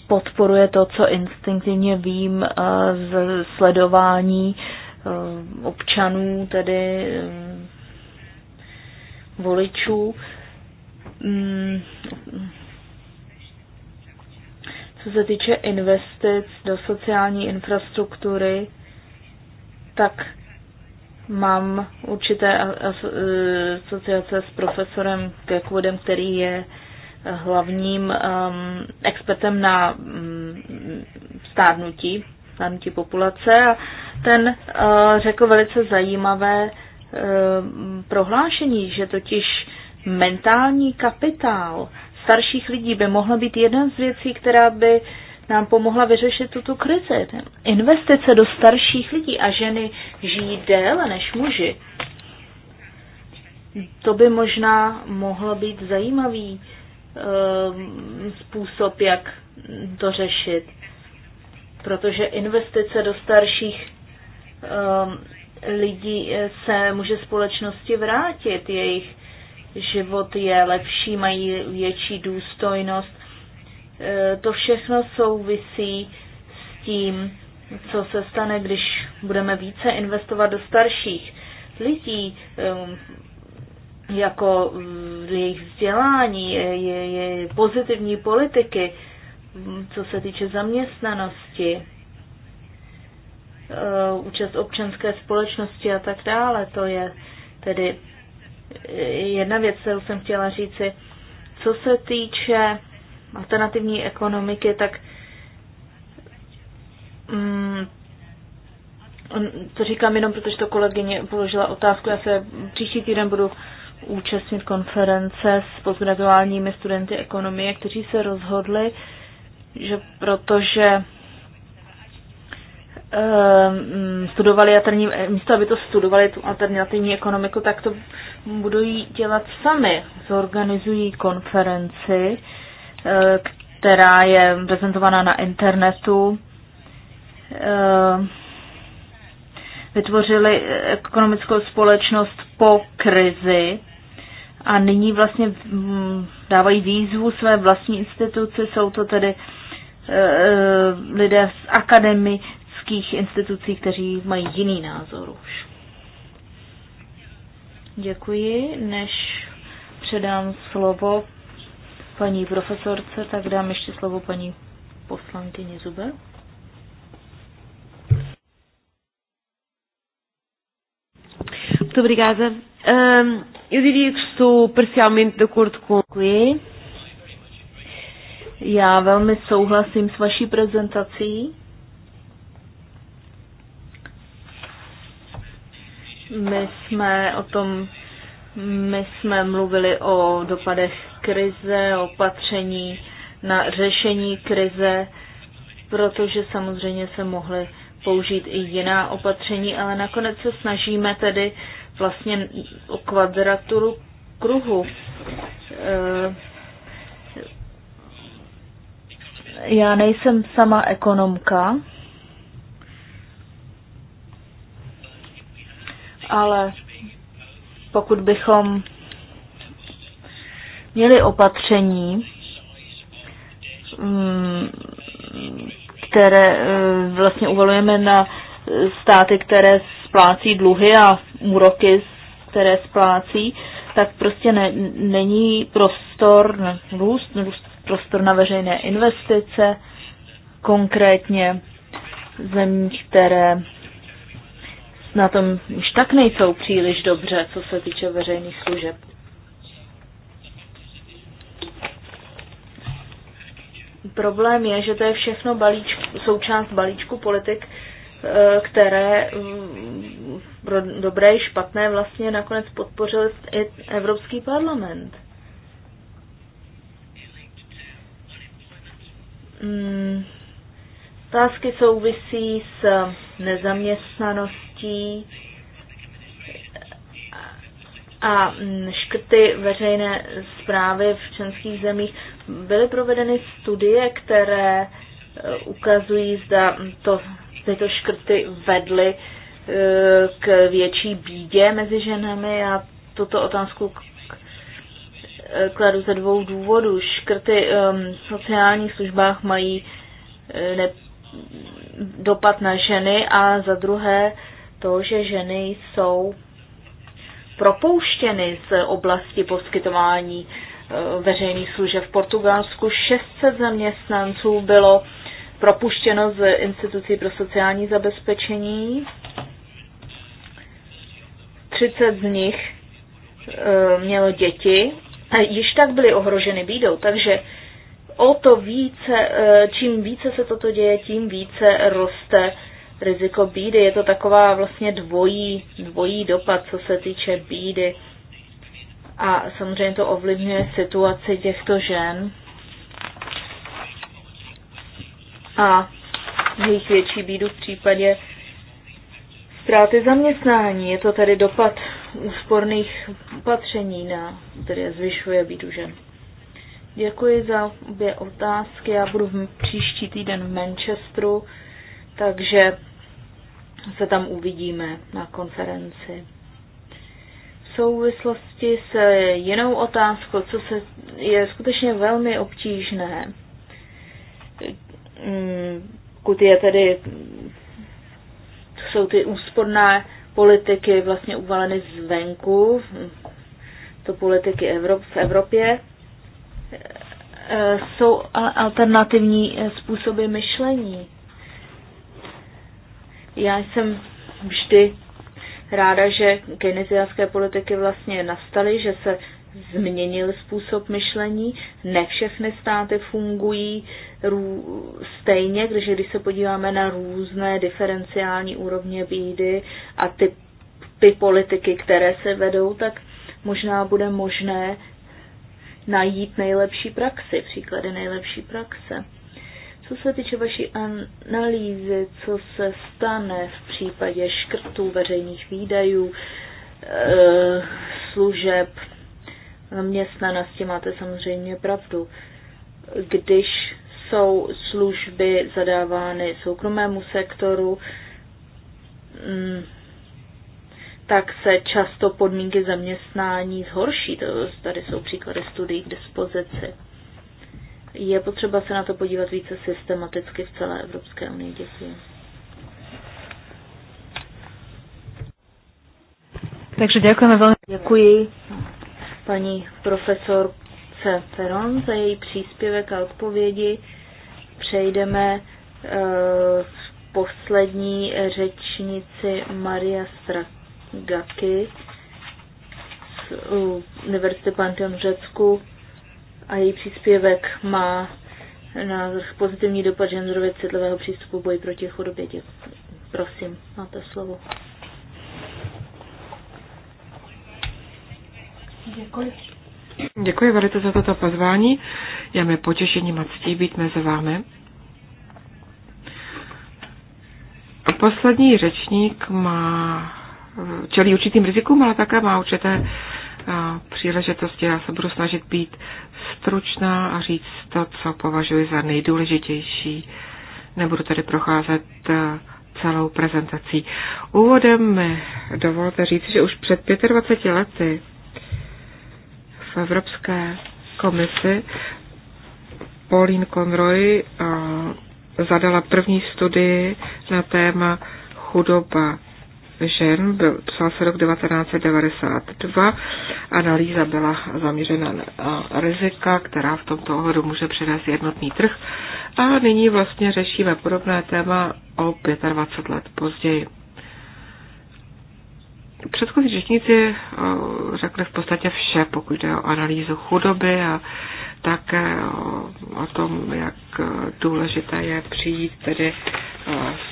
podporuje to, co instinktivně vím z sledování e, občanů, tedy mm, voličů. Mm, co se týče investic do sociální infrastruktury, tak mám určité e, asociace s profesorem Kekvodem, který je hlavním um, expertem na um, stárnutí, stárnutí populace a ten uh, řekl velice zajímavé uh, prohlášení, že totiž mentální kapitál starších lidí by mohla být jedna z věcí, která by nám pomohla vyřešit tuto krizi. Investice do starších lidí a ženy žijí déle než muži. To by možná mohlo být zajímavý e, způsob, jak to řešit. Protože investice do starších e, lidí eh, se může společnosti vrátit, jejich život je lepší, mají větší důstojnost. E, to všechno souvisí s tím, co se stane, když budeme více investovat do starších lidí, um, jako jejich vzdělání, je, je pozitivní politiky, um, co se týče zaměstnanosti, e, účast občanské společnosti a tak dále. To je tedy jedna věc, kterou jsem chtěla říci, co se týče alternativní ekonomiky, tak mm, to říkám jenom, protože to kolegyně položila otázku. Já se příští týden budu účastnit konference s postgraduálními studenty ekonomie, kteří se rozhodli, že protože Ehm, studovali jaterní, místo aby to studovali tu alternativní ekonomiku, tak to budou dělat sami. Zorganizují konferenci, eh, která je prezentovaná na internetu. Ehm, vytvořili ekonomickou společnost po krizi a nyní vlastně hm, dávají výzvu své vlastní instituci, jsou to tedy eh, lidé z akademie, evropských institucí, kteří mají jiný názor už. Děkuji. Než předám slovo paní profesorce, tak dám ještě slovo paní poslankyni Zuber. Muito obrigada. eu diria que estou parcialmente de acordo com. Já velmi souhlasím s vaší prezentací. My jsme o tom, my jsme mluvili o dopadech krize, opatření na řešení krize, protože samozřejmě se mohly použít i jiná opatření, ale nakonec se snažíme tedy vlastně o kvadraturu kruhu. Eh, já nejsem sama ekonomka, ale pokud bychom měli opatření, mm, které eh, vlastně uvalujeme na státy, které splácí dluhy a úroky, které splácí, tak prostě ne, není prostor na růst, prostor na veřejné investice, konkrétně zemí, které na tom už tak nejsou příliš dobře, co se týče veřejných služeb. Problém je, že to je všechno balíčku, součást balíčku politik, e, které pro mm, dobré i špatné vlastně nakonec podpořil i Evropský parlament. Mm, Tásky souvisí s nezaměstnaností škrtí a škrty veřejné zprávy v členských zemích byly provedeny studie, které e, ukazují, zda to, tyto škrty vedly e, k větší bídě mezi ženami. Já tuto otázku e, kladu ze dvou důvodů. Škrty v sociálních službách mají ne, dopad na ženy a za druhé to, že ženy jsou propouštěny z oblasti poskytování eh, veřejných služeb. V Portugalsku 600 zaměstnanců bylo propuštěno z institucí pro sociální zabezpečení. 30 z nich eh, mělo děti a již tak byly ohroženy bídou. Takže o to více, eh, čím více se toto děje, tím více roste riziko bídy. Je to taková vlastně dvojí, dvojí dopad, co se týče bídy. A samozřejmě to ovlivňuje situaci těchto žen a jejich větší bídu v případě ztráty zaměstnání. Je to tedy dopad úsporných opatření, na, které zvyšuje bídu žen. Děkuji za obě otázky. Já budu v příští týden v Manchesteru. Takže se tam uvidíme na konferenci. V souvislosti s jinou otázkou, co se je skutečně velmi obtížné, pokud mm, je tedy, jsou ty úsporné politiky vlastně uvaleny zvenku, to politiky Evrop, v Evropě, e, jsou alternativní způsoby myšlení. Já jsem vždy ráda, že keynesiánské politiky vlastně nastaly, že se změnil způsob myšlení. Ne všechny státy fungují rů, stejně, když, když se podíváme na různé diferenciální úrovně bídy a ty, ty politiky, které se vedou, tak možná bude možné najít nejlepší praxi, příklady nejlepší praxe. Co se týče vaší analýzy, co se stane v případě škrtů veřejných výdajů, eh, služeb, zaměstnanosti, máte samozřejmě pravdu. Když jsou služby zadávány soukromému sektoru, mm, tak se často podmínky zaměstnání zhorší. Tady jsou příklady studií k dispozici je potřeba se na to podívat více systematicky v celé Evropské unii. Děkuji. Takže děkujeme velmi. Děkuji paní profesorce Peron za její příspěvek a odpovědi. Přejdeme eh, k poslední řečnici Maria Stragaky z eh, Univerzity Pantheon v Řecku a její příspěvek má na pozitivní dopad genderově citlivého přístupu boji proti chudobě. Prosím, máte slovo. Děkuji. Děkuji velice za toto pozvání. Já mi potěšení a ctí být mezi vámi. Poslední řečník má, čelí určitým rizikům, ale také má určité příležitosti. Já se budu snažit být stručná a říct to, co považuji za nejdůležitější. Nebudu tady procházet eh, celou prezentací. Úvodem mi dovolte říct, že už před 25 lety v Evropské komisi Pauline Conroy eh, zadala první studii na téma chudoba žen byl, psal se rok 1992. Analýza byla zaměřena na rizika, která v tomto ohledu může přinést jednotný trh. A nyní vlastně řešíme podobné téma o 25 let později. Předchozí řečníci řekli v podstatě vše, pokud jde o analýzu chudoby a také o, o tom, jak důležité je přijít tedy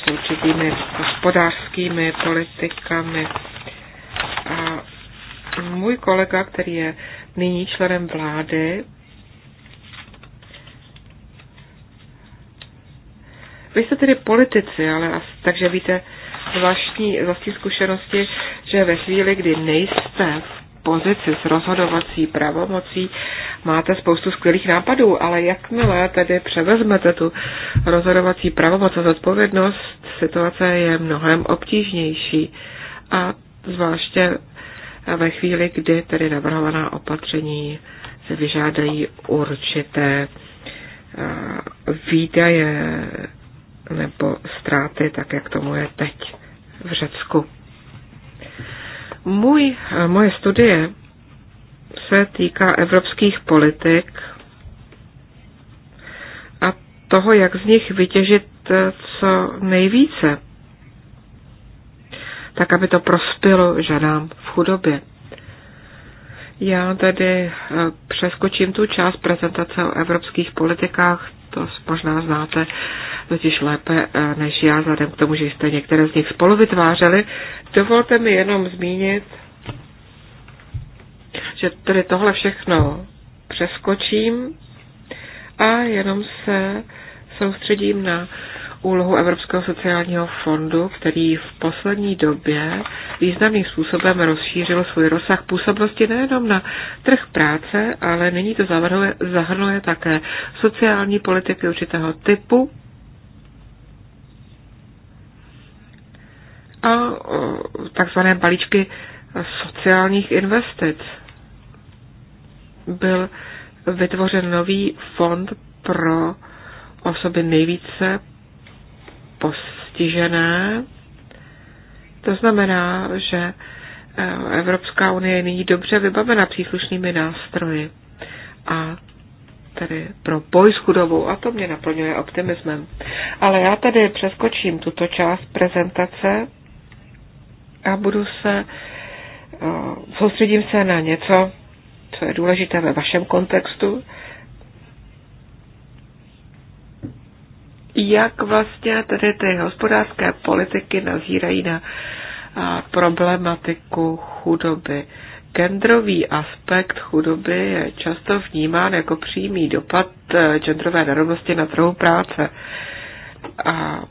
s určitými hospodářskými politikami. A můj kolega, který je nyní členem vlády, Vy jste tedy politici, ale takže víte z vlastní, vlastní zkušenosti, že ve chvíli, kdy nejste v pozici s rozhodovací pravomocí máte spoustu skvělých nápadů, ale jakmile tedy převezmete tu rozhodovací pravomoc a zodpovědnost, situace je mnohem obtížnější. A zvláště ve chvíli, kdy tedy navrhovaná opatření se vyžádají určité eh, výdaje nebo ztráty, tak jak tomu je teď v Řecku. Můj, eh, moje studie se týká evropských politik a toho, jak z nich vytěžit eh, co nejvíce, tak aby to prospělo ženám v chudobě. Já tedy eh, přeskočím tu část prezentace o evropských politikách, to možná znáte totiž lépe eh, než já, vzhledem k tomu, že jste některé z nich spolu vytvářeli. Dovolte mi jenom zmínit, že tedy tohle všechno přeskočím a jenom se soustředím na úlohu Evropského sociálního fondu, který v poslední době významným způsobem rozšířil svůj rozsah působnosti nejenom na trh práce, ale nyní to zahrnuje, zahrnuje také sociální politiky určitého typu a takzvané balíčky sociálních investic. Byl vytvořen nový fond pro osoby nejvíce postižené. To znamená, že eh, Evropská unie je nyní dobře vybavena příslušnými nástroji a tedy pro boj s chudobou a to mě naplňuje optimismem. Ale já tady přeskočím tuto část prezentace a budu se, eh, soustředím se na něco, co je důležité ve vašem kontextu, jak vlastně tedy ty hospodářské politiky nazírají na problematiku chudoby. Gendrový aspekt chudoby je často vnímán jako přímý dopad e, genderové nerovnosti na trhu práce. A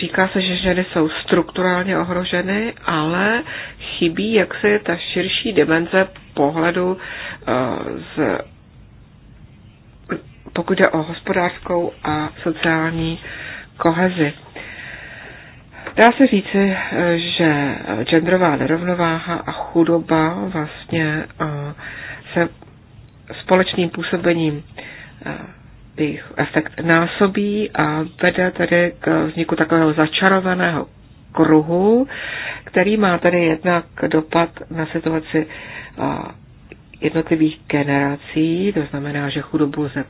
říká se, že ženy jsou strukturálně ohroženy, ale chybí jaksi ta širší dimenze pohledu e, z pokud jde o hospodářskou a sociální kohezi. Dá se říci, že genderová nerovnováha a chudoba vlastně eh, se společným působením eh, jejich efekt násobí a vede tedy k vzniku takového začarovaného kruhu, který má tedy jednak dopad na situaci eh, jednotlivých generací, to znamená, že chudobu se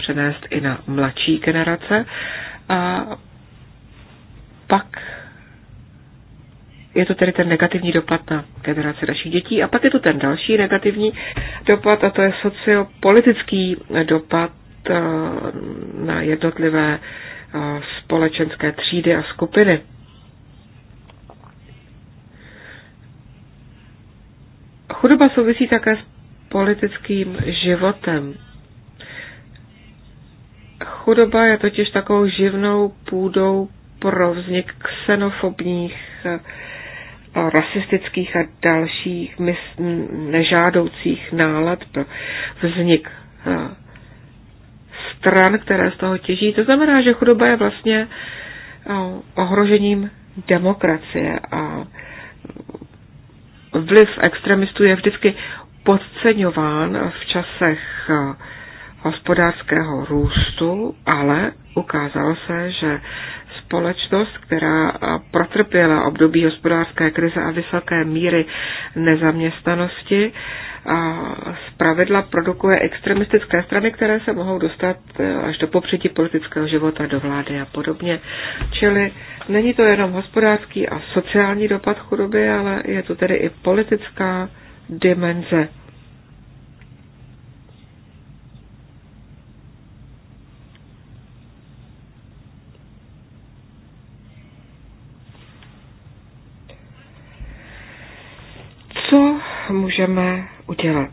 přenést i na mladší generace. A pak je to tedy ten negativní dopad na generace našich dětí. A pak je to ten další negativní dopad, a to je sociopolitický dopad eh, na jednotlivé eh, společenské třídy a skupiny. Chudoba souvisí také s politickým životem. Chudoba je totiž takovou živnou půdou pro vznik ksenofobních, eh, rasistických a dalších nežádoucích nálad, pro vznik eh, stran, které z toho těží. To znamená, že chudoba je vlastně eh, ohrožením demokracie a vliv extremistů je vždycky podceňován v časech hospodářského růstu, ale ukázalo se, že společnost, která protrpěla období hospodářské krize a vysoké míry nezaměstnanosti, zpravidla produkuje extremistické strany, které se mohou dostat e, až do popřetí politického života, do vlády a podobně. Čili není to jenom hospodářský a sociální dopad chudoby, ale je to tedy i politická dimenze Co můžeme udělat?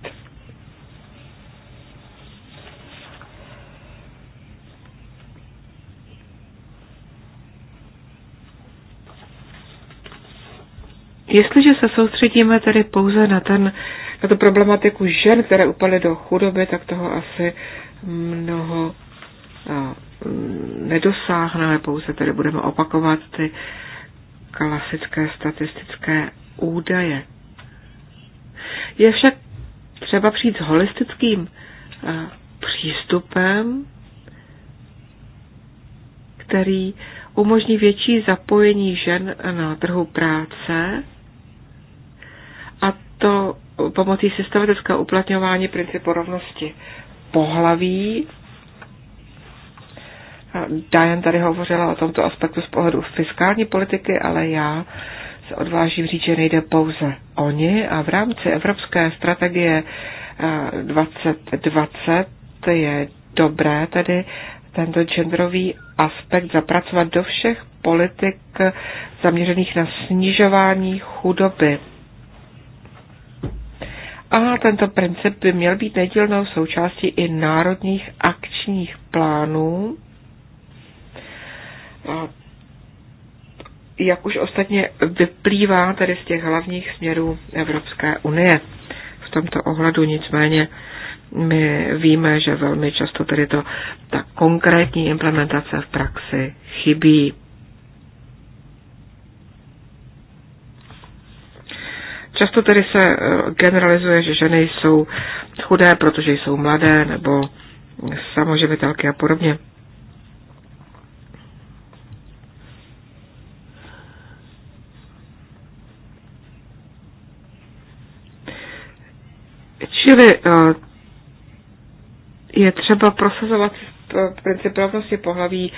Jestliže se soustředíme tedy pouze na, ten, na tu problematiku žen, které upaly do chudoby, tak toho asi mnoho mm, nedosáhneme, pouze tedy budeme opakovat ty klasické statistické údaje. Je však třeba přijít s holistickým eh, přístupem, který umožní větší zapojení žen na trhu práce a to pomocí systematického uplatňování principu rovnosti pohlaví. Diane tady hovořila o tomto aspektu z pohledu fiskální politiky, ale já se odvážím říct, že nejde pouze o ně a v rámci Evropské strategie 2020 eh, je dobré tedy tento genderový aspekt zapracovat do všech politik zaměřených na snižování chudoby. A tento princip by měl být nedílnou součástí i národních akčních plánů jak už ostatně vyplývá tedy z těch hlavních směrů Evropské unie. V tomto ohledu nicméně my víme, že velmi často tedy to, ta konkrétní implementace v praxi chybí. Často tedy se eh, generalizuje, že ženy jsou chudé, protože jsou mladé nebo samoživitelky a podobně. Čili eh, je třeba prosazovat eh, princip rovnosti pohlaví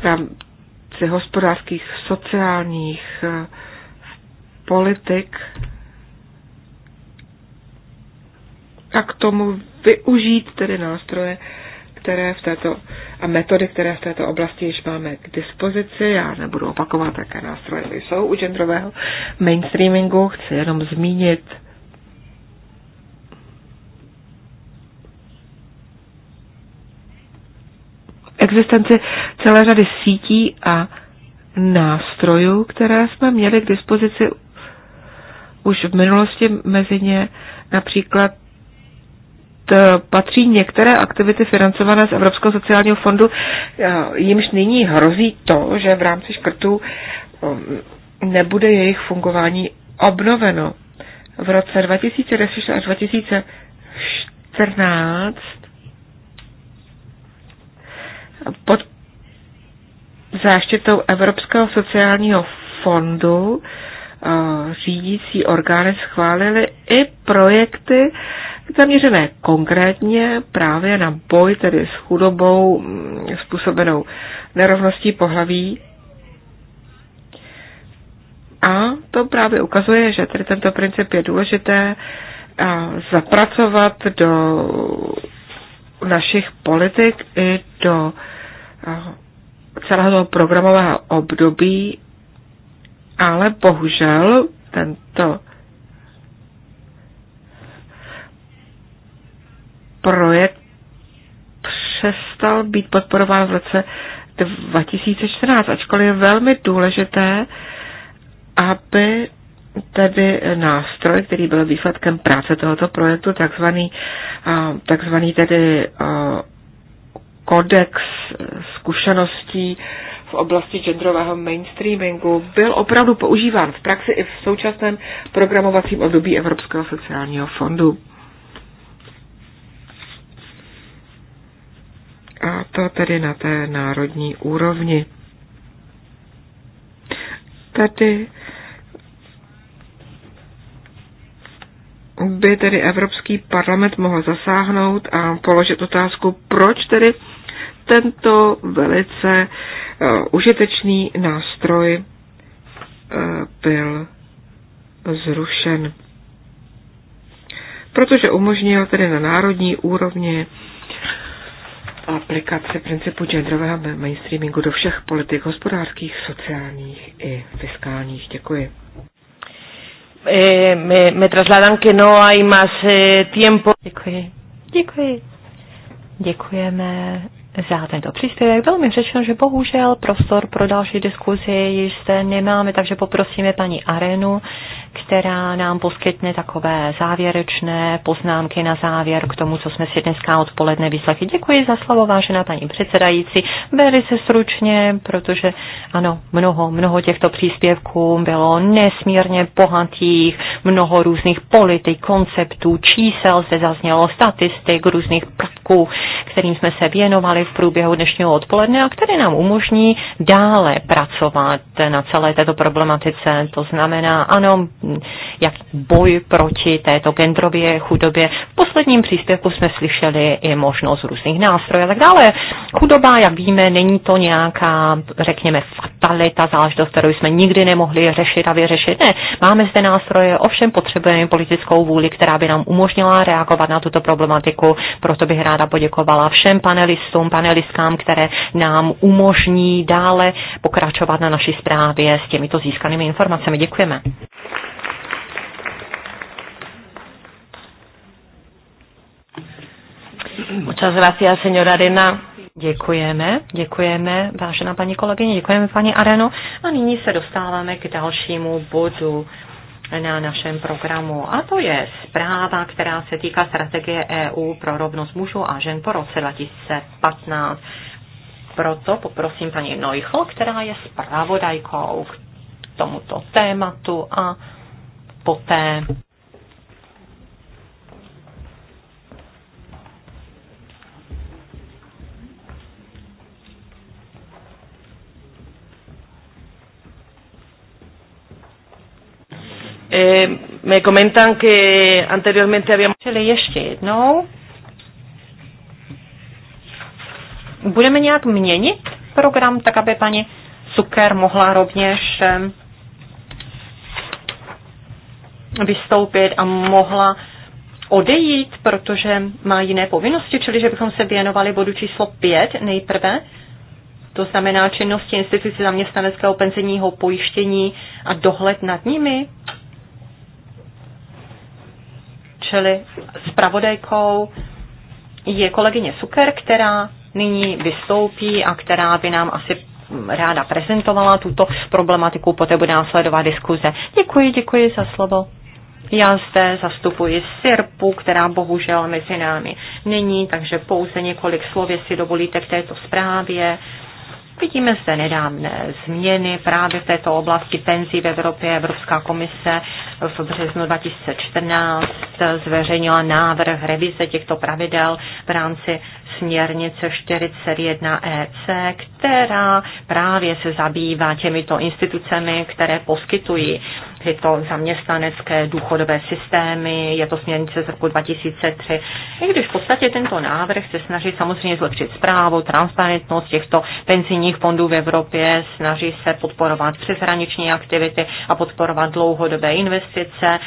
v rámci hospodářských, sociálních eh, politik a k tomu využít tedy nástroje, které v této, a metody, které v této oblasti již máme k dispozici. Já nebudu opakovat, jaké nástroje jsou u genderového mainstreamingu. Chci jenom zmínit existenci celé řady sítí a nástrojů, které jsme měli k dispozici už v minulosti mezi ně například eh, patří některé aktivity financované z Evropského sociálního fondu, eh, jimž nyní hrozí to, že v rámci škrtů mm, nebude jejich fungování obnoveno. V roce 2010 až 2014 pod záštitou Evropského sociálního fondu eh, řídící orgány schválily i projekty zaměřené konkrétně právě na boj tedy s chudobou mm, způsobenou nerovností pohlaví. A to právě ukazuje, že tedy tento princip je důležité eh, zapracovat do našich politik i do Eh, celého toho programového období, ale bohužel tento projekt přestal být podporován v roce 2014, ačkoliv je velmi důležité, aby tedy nástroj, který byl výsledkem práce tohoto projektu, takzvaný, eh, takzvaný tedy eh, kodex zkušeností v oblasti genderového mainstreamingu byl opravdu používán v praxi i v současném programovacím období Evropského sociálního fondu. A to tedy na té národní úrovni. Tady by tedy Evropský parlament mohl zasáhnout a položit otázku, proč tedy tento velice eh, užitečný nástroj eh, byl zrušen. Protože umožnil tedy na národní úrovni aplikace principu genderového mainstreamingu do všech politik hospodářských, sociálních i fiskálních. Děkuji. Eh, me, me trasladan que no hay más eh, tiempo. Děkuji. Děkuji. Děkujeme za tento příspěvek. Bylo mi řečeno, že bohužel prostor pro další diskuzi již zde nemáme, takže poprosíme paní Arenu, která nám poskytne takové závěrečné poznámky na závěr k tomu, co jsme si dneska odpoledne vyslechli. Děkuji za slovo, vážená paní předsedající. Velice stručně, protože ano, mnoho, mnoho těchto příspěvků bylo nesmírně bohatých, mnoho různých politik, konceptů, čísel se zaznělo, statistik, různých prvků, kterým jsme se věnovali v průběhu dnešního odpoledne a které nám umožní dále pracovat na celé této problematice. To znamená, ano, jak boj proti této gendrově chudobě. V posledním příspěvku jsme slyšeli i možnost různých nástrojů a tak dále. Chudoba, jak víme, není to nějaká, řekněme, fatalita záležitost, kterou jsme nikdy nemohli řešit a vyřešit. Ne, máme zde nástroje, ovšem potřebujeme politickou vůli, která by nám umožnila reagovat na tuto problematiku. Proto bych ráda poděkovala všem panelistům, panelistkám, které nám umožní dále pokračovat na naší zprávě s těmito získanými informacemi. Děkujeme. Muchas gracias, señora Arena. Děkujeme, děkujeme, vážená paní kolegyně, děkujeme, paní Areno. A nyní se dostáváme k dalšímu bodu na našem programu. A to je zpráva, která se týká strategie EU pro rovnost mužů a žen po roce 2015. Proto poprosím paní Neuchl, která je zpravodajkou k tomuto tématu a poté Eh, me comentan que anteriormente habíamos... ...se leí ještě jednou. Budeme nějak měnit program, tak aby paní Zucker mohla rovněž vystoupit a mohla odejít, protože má jiné povinnosti, čili že bychom se věnovali bodu číslo 5 nejprve, to znamená činnosti instituce zaměstnaneckého penzijního pojištění a dohled nad nimi s pravodajkou, je kolegyně Suker, která nyní vystoupí a která by nám asi ráda prezentovala tuto problematiku, poté bude následovat diskuze. Děkuji, děkuji za slovo. Já zde zastupuji Sirpu, která bohužel mezi námi není, takže pouze několik slově si dovolíte k této zprávě. Vidíme zde nedávné změny právě v této oblasti penzí v Evropě. Evropská komise v březnu 2014 zveřejnila návrh revize těchto pravidel v rámci směrnice 41EC, e která právě se zabývá těmito institucemi, které poskytují tyto zaměstnanecké důchodové systémy. Je to směrnice z roku 2003. I když v podstatě tento návrh se snaží samozřejmě zlepšit zprávu, transparentnost těchto penzijních fondů v Evropě, snaží se podporovat přeshraniční aktivity a podporovat dlouhodobé investice,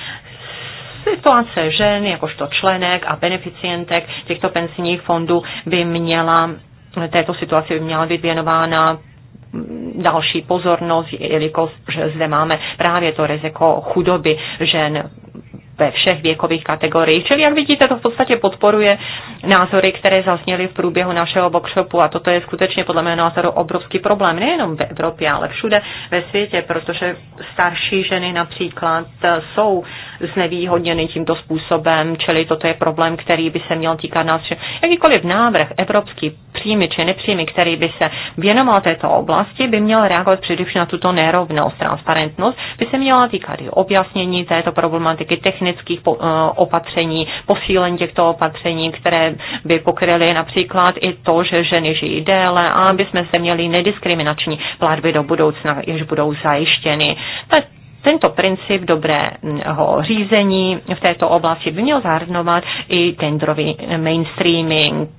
Situace žen jakožto členek a beneficientek těchto penzijních fondů by měla, této situaci by měla být věnována další pozornost, jelikož zde máme právě to riziko chudoby žen ve všech věkových kategoriích. Čili, jak vidíte, to v podstatě podporuje názory, které zazněly v průběhu našeho workshopu a toto je skutečně podle mého názoru obrovský problém, nejenom v Evropě, ale všude ve světě, protože starší ženy například jsou znevýhodněny tímto způsobem, čili toto je problém, který by se měl týkat nás všech. Jakýkoliv návrh evropský příjmy či nepříjmy, který by se věnoval této oblasti, by měl reagovat především na tuto nerovnost. Transparentnost by se měla týkat i objasnění této problematiky, technických eh, opatření, posílení těchto opatření, které by pokryly například i to, že ženy žijí déle a aby jsme se měli nediskriminační platby do budoucna, jež budou zajištěny. Tak tento princip dobrého řízení v této oblasti by měl zahrnovat i tendrový mainstreaming.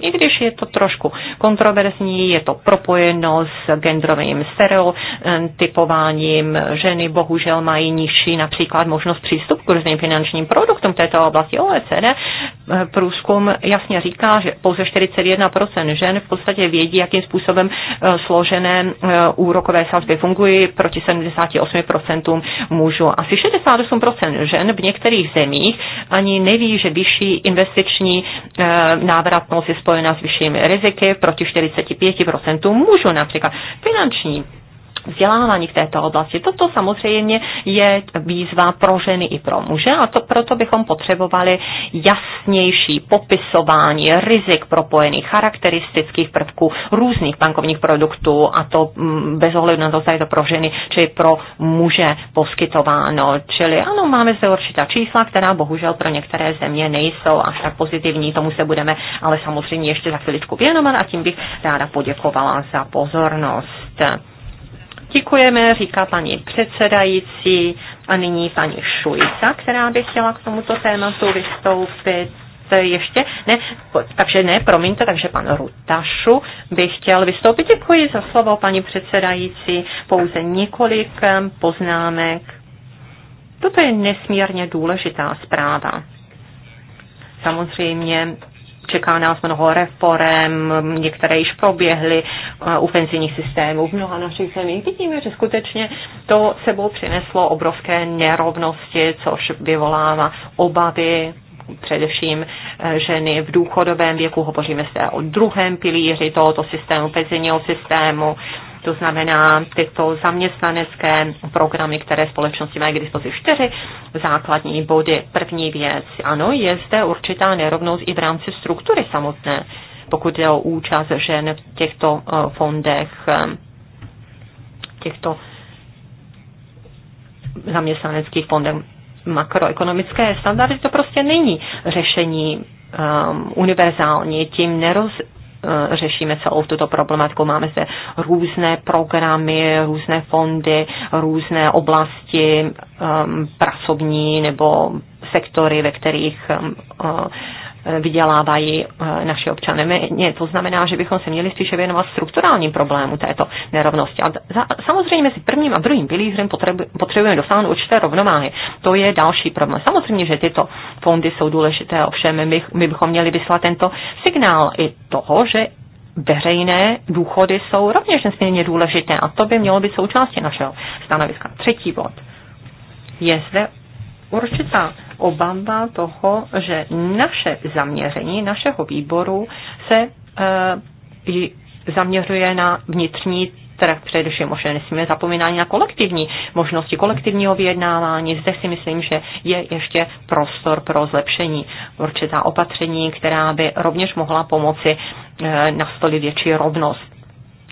I když je to trošku kontroverzní, je to propojeno s genderovým stereotypováním. Ženy bohužel mají nižší například možnost přístup k různým finančním produktům této oblasti OECD. Průzkum jasně říká, že pouze 41% žen v podstatě vědí, jakým způsobem složené úrokové sazby fungují proti 78% procentům mužů. Asi 68% žen v některých zemích ani neví, že vyšší investiční eh, návratnost je spojena s vyššími riziky proti 45% mužů například. Finanční vzdělávání v této oblasti. Toto samozřejmě je výzva pro ženy i pro muže a to proto bychom potřebovali jasnější popisování rizik propojených charakteristických prvků různých bankovních produktů a to mm, bez ohledu na to, zda je to pro ženy či pro muže poskytováno. Čili ano, máme zde určitá čísla, která bohužel pro některé země nejsou až tak pozitivní, tomu se budeme ale samozřejmě ještě za chviličku věnovat a tím bych ráda poděkovala za pozornost. Děkujeme, říká paní předsedající. A nyní paní Šujca, která by chtěla k tomuto tématu vystoupit ještě, ne, takže ne, promiňte, takže pan Rutašu by chtěl vystoupit. Děkuji za slovo, paní předsedající. Pouze několik poznámek. Toto je nesmírně důležitá zpráva. Samozřejmě čeká nás mnoho reform, některé již proběhly u eh, penzijních systémů v mnoha našich zemích. Vidíme, že skutečně to sebou přineslo obrovské nerovnosti, což vyvolává obavy především eh, ženy v důchodovém věku, hovoříme se o druhém pilíři tohoto systému, penzijního systému, to znamená tyto zaměstnanecké programy, které společnosti mají k dispozici. Čtyři základní body. První věc, ano, je zde určitá nerovnost i v rámci struktury samotné, pokud je o účast žen v těchto eh, fondech, eh, těchto zaměstnaneckých fondech makroekonomické standardy, to prostě není řešení um, univerzální, tím neroz, E, řešíme celou tuto problematiku. Máme zde různé programy, různé fondy, různé oblasti e, pracovní nebo sektory, ve kterých e, vydělávají eh, naše občany méně. To znamená, že bychom se měli spíše věnovat strukturálním problému této nerovnosti. A za, samozřejmě mezi prvním a druhým pilířem potřebujeme dosáhnout určité rovnováhy. To je další problém. Samozřejmě, že tyto fondy jsou důležité, ovšem my, my bychom měli vyslat tento signál i toho, že veřejné důchody jsou rovněž nesmírně důležité a to by mělo být součástí našeho stanoviska. Třetí bod. Je zde určitá obava toho, že naše zaměření našeho výboru se e, zaměřuje na vnitřní trh, především možná nesmíme zapomínání na kolektivní možnosti kolektivního vyjednávání. Zde si myslím, že je ještě prostor pro zlepšení určitá opatření, která by rovněž mohla pomoci eh, nastolit větší rovnost.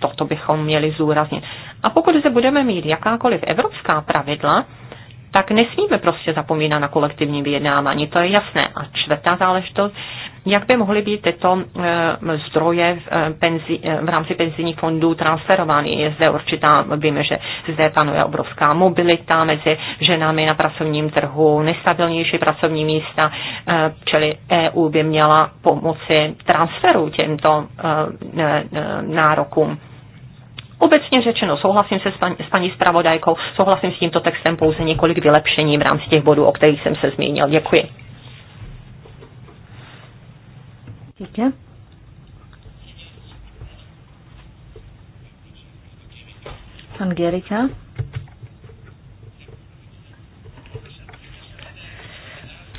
Toto bychom měli zúraznit. A pokud se budeme mít jakákoliv evropská pravidla, tak nesmíme prostě zapomínat na kolektivní vyjednávání, to je jasné. A čtvrtá záležitost, jak by mohly být tyto eh, zdroje v, eh, penzi, eh, v rámci penzijních fondů transferovány. Je zde určitá, víme, že zde panuje obrovská mobilita mezi ženami na pracovním trhu, nestabilnější pracovní místa, čili EU by měla pomoci transferu těmto nárokům. Obecně řečeno, souhlasím se s, s paní zpravodajkou, souhlasím s tímto textem pouze několik vylepšení v rámci těch bodů, o kterých jsem se zmínil. Děkuji. Pan Gerica.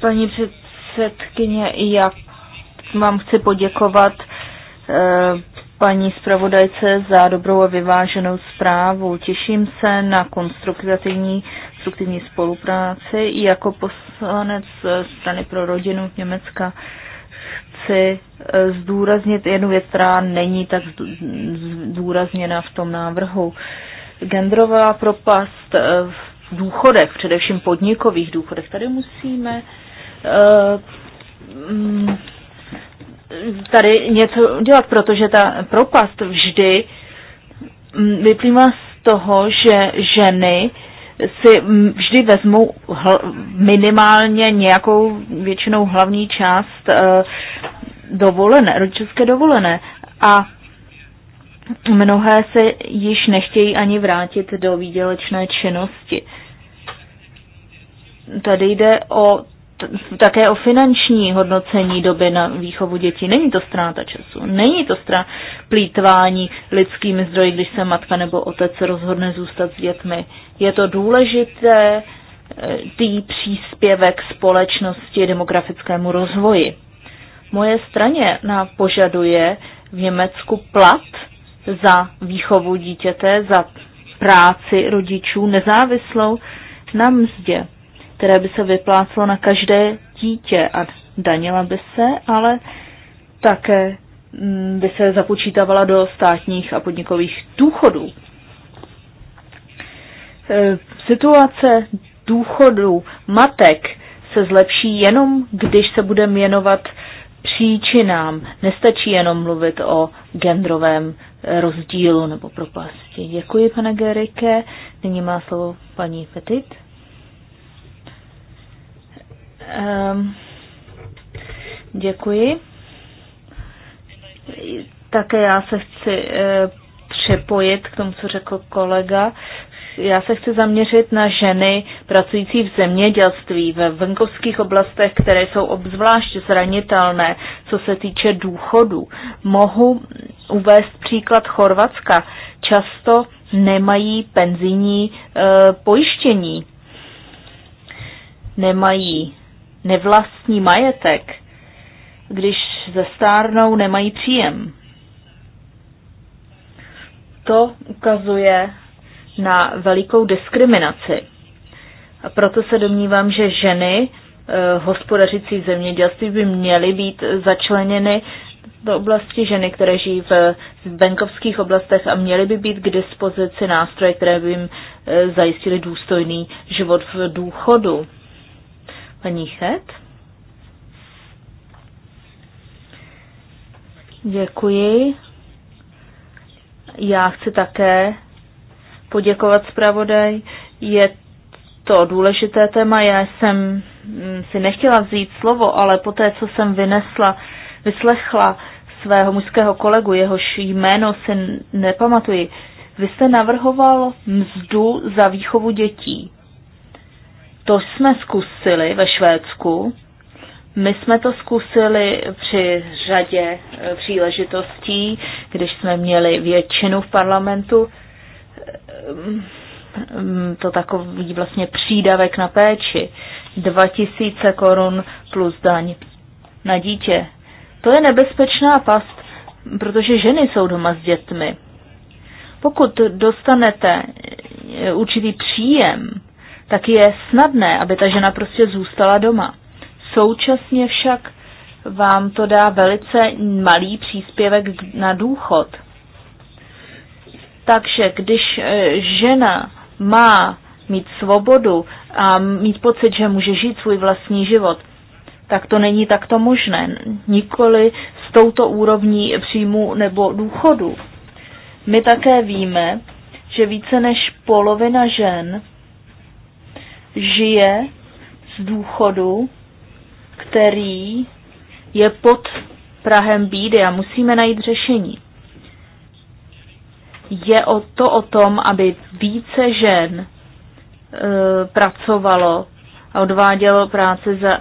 Paní předsedkyně, já vám chci poděkovat eh, paní zpravodajce za dobrou a vyváženou zprávu. Těším se na konstruktivní, struktivní spolupráci. I jako poslanec strany pro rodinu Německa chci eh, zdůraznit jednu věc, která není tak zdůrazněna v tom návrhu. Gendrová propast eh, v důchodech, především podnikových důchodech. Tady musíme uh, tady něco dělat, protože ta propast vždy mm, vyplývá z toho, že ženy si mm, vždy vezmou minimálně nějakou většinou hlavní část eh, dovolené, rodičovské dovolené. A mnohé se již nechtějí ani vrátit do výdělečné činnosti. Tady jde o také o finanční hodnocení doby na výchovu dětí. Není to ztráta času, není to ztráta plítvání lidskými zdroji, když se matka nebo otec rozhodne zůstat s dětmi. Je to důležité e, tý příspěvek společnosti demografickému rozvoji. Moje straně nám požaduje v Německu plat za výchovu dítěte, za práci rodičů nezávislou na mzdě které by se vyplácelo na každé dítě a danila by se, ale také mm, by se započítávala do státních a podnikových důchodů. E, situace důchodů matek se zlepší jenom, když se budeme věnovat příčinám. Nestačí jenom mluvit o genderovém rozdílu nebo propasti. Děkuji, pane Gerike. Nyní má slovo paní Petit. Um, děkuji. Také já se chci uh, e, přepojit k tomu, co řekl kolega. Já se chci zaměřit na ženy pracující v zemědělství, ve venkovských oblastech, které jsou obzvlášť zranitelné, co se týče důchodu. Mohu uvést příklad Chorvatska. Často nemají penzijní e, pojištění, nemají nevlastní majetek, když zestárnou, nemají příjem. To ukazuje na velikou diskriminaci. A proto se domnívám, že ženy eh, hospodařící v zemědělství by měly být začleněny do oblasti ženy, které žijí v, v venkovských oblastech a měly by být k dispozici nástroje, které by jim eh, zajistily důstojný život v důchodu. Paní Děkuji. Já chci také poděkovat zpravodaj. Je to důležité téma. Já jsem mm, si nechtěla vzít slovo, ale po té, co jsem vynesla, vyslechla svého mužského kolegu, jehož jméno si nepamatuji, vy jste navrhoval mzdu za výchovu dětí. To jsme zkusili ve Švédsku. My jsme to zkusili při řadě eh, příležitostí, když jsme měli většinu v parlamentu. Ehm, to takový vlastně přídavek na péči. 2000 korun plus daň na dítě. To je nebezpečná past, protože ženy jsou doma s dětmi. Pokud dostanete eh, určitý příjem, tak je snadné, aby ta žena prostě zůstala doma. Současně však vám to dá velice malý příspěvek na důchod. Takže když e, žena má mít svobodu a mít pocit, že může žít svůj vlastní život, tak to není takto možné. Nikoli s touto úrovní příjmu nebo důchodu. My také víme, že více než polovina žen žije z důchodu, který je pod Prahem bídy a musíme najít řešení. Je o to o tom, aby více žen e, pracovalo a odvádělo práci za,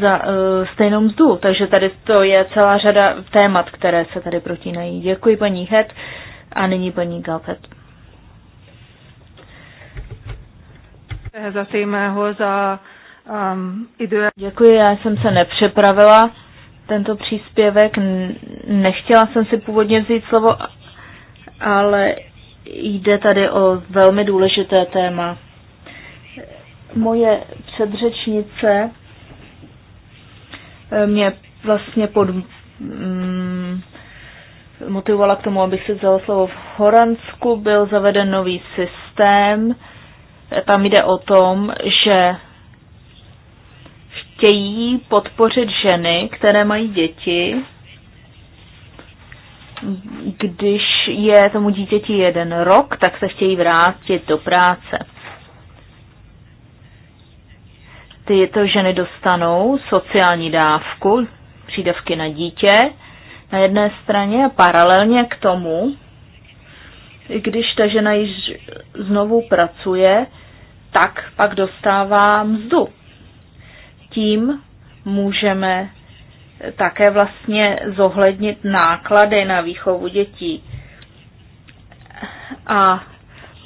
za e, stejnou mzdu. Takže tady to je celá řada témat, které se tady protínají. Děkuji paní Het a nyní paní Galpet. za um, Děkuji, já jsem se nepřepravila tento příspěvek. Nechtěla jsem si původně vzít slovo, ale jde tady o velmi důležité téma. Moje předřečnice eh, mě vlastně pod, mm, motivovala k tomu, abych si vzala slovo. V Horansku byl zaveden nový systém, tam jde o tom, že chtějí podpořit ženy, které mají děti, když je tomu dítěti jeden rok, tak se chtějí vrátit do práce. Tyto ženy dostanou sociální dávku, přídavky na dítě na jedné straně a paralelně k tomu, když ta žena již znovu pracuje, tak pak dostává mzdu. Tím můžeme také vlastně zohlednit náklady na výchovu dětí a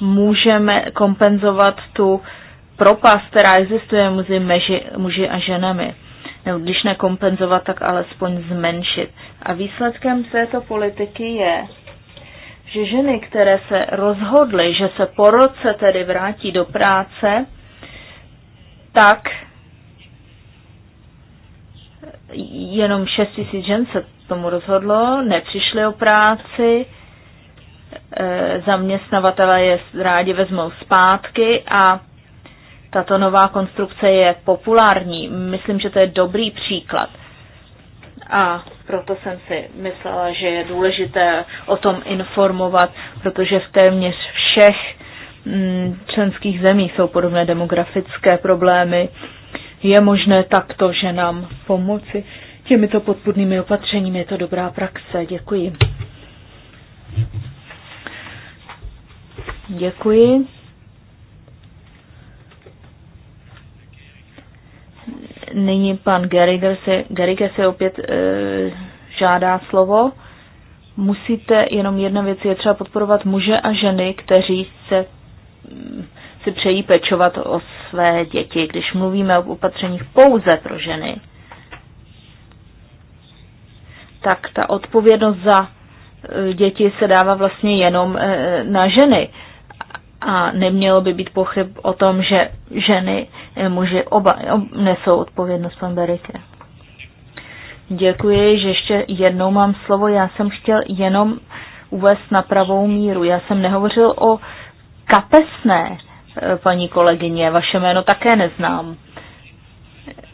můžeme kompenzovat tu propast, která existuje mezi muži a ženami. Nebo když nekompenzovat, tak alespoň zmenšit. A výsledkem této politiky je že ženy, které se rozhodly, že se po roce tedy vrátí do práce, tak jenom 6 tisíc žen se tomu rozhodlo, nepřišly o práci, eh, zaměstnavatele je rádi vezmou zpátky a tato nová konstrukce je populární. Myslím, že to je dobrý příklad. A proto jsem si myslela, že je důležité o tom informovat, protože v téměř všech mm, členských zemí jsou podobné demografické problémy. Je možné takto že nám pomoci. Těmito podpůrnými opatřeními je to dobrá praxe. Děkuji. Děkuji. nyní pan Geriger se Geriger se opět e, žádá slovo. Musíte, jenom jedna věc, je třeba podporovat muže a ženy, kteří se, mm, si přejí pečovat o své děti, když mluvíme o opatřeních pouze pro ženy. Tak ta odpovědnost za eh, děti se dává vlastně jenom eh, na ženy. E, a nemělo by být pochyb o tom, že ženy, eh, muži oba nesou odpovědnost pan Berike. Děkuji, že ještě jednou mám slovo. Já jsem chtěl jenom uvést na pravou míru. Já jsem nehovořil o kapesné, eh, paní kolegyně, vaše jméno také neznám.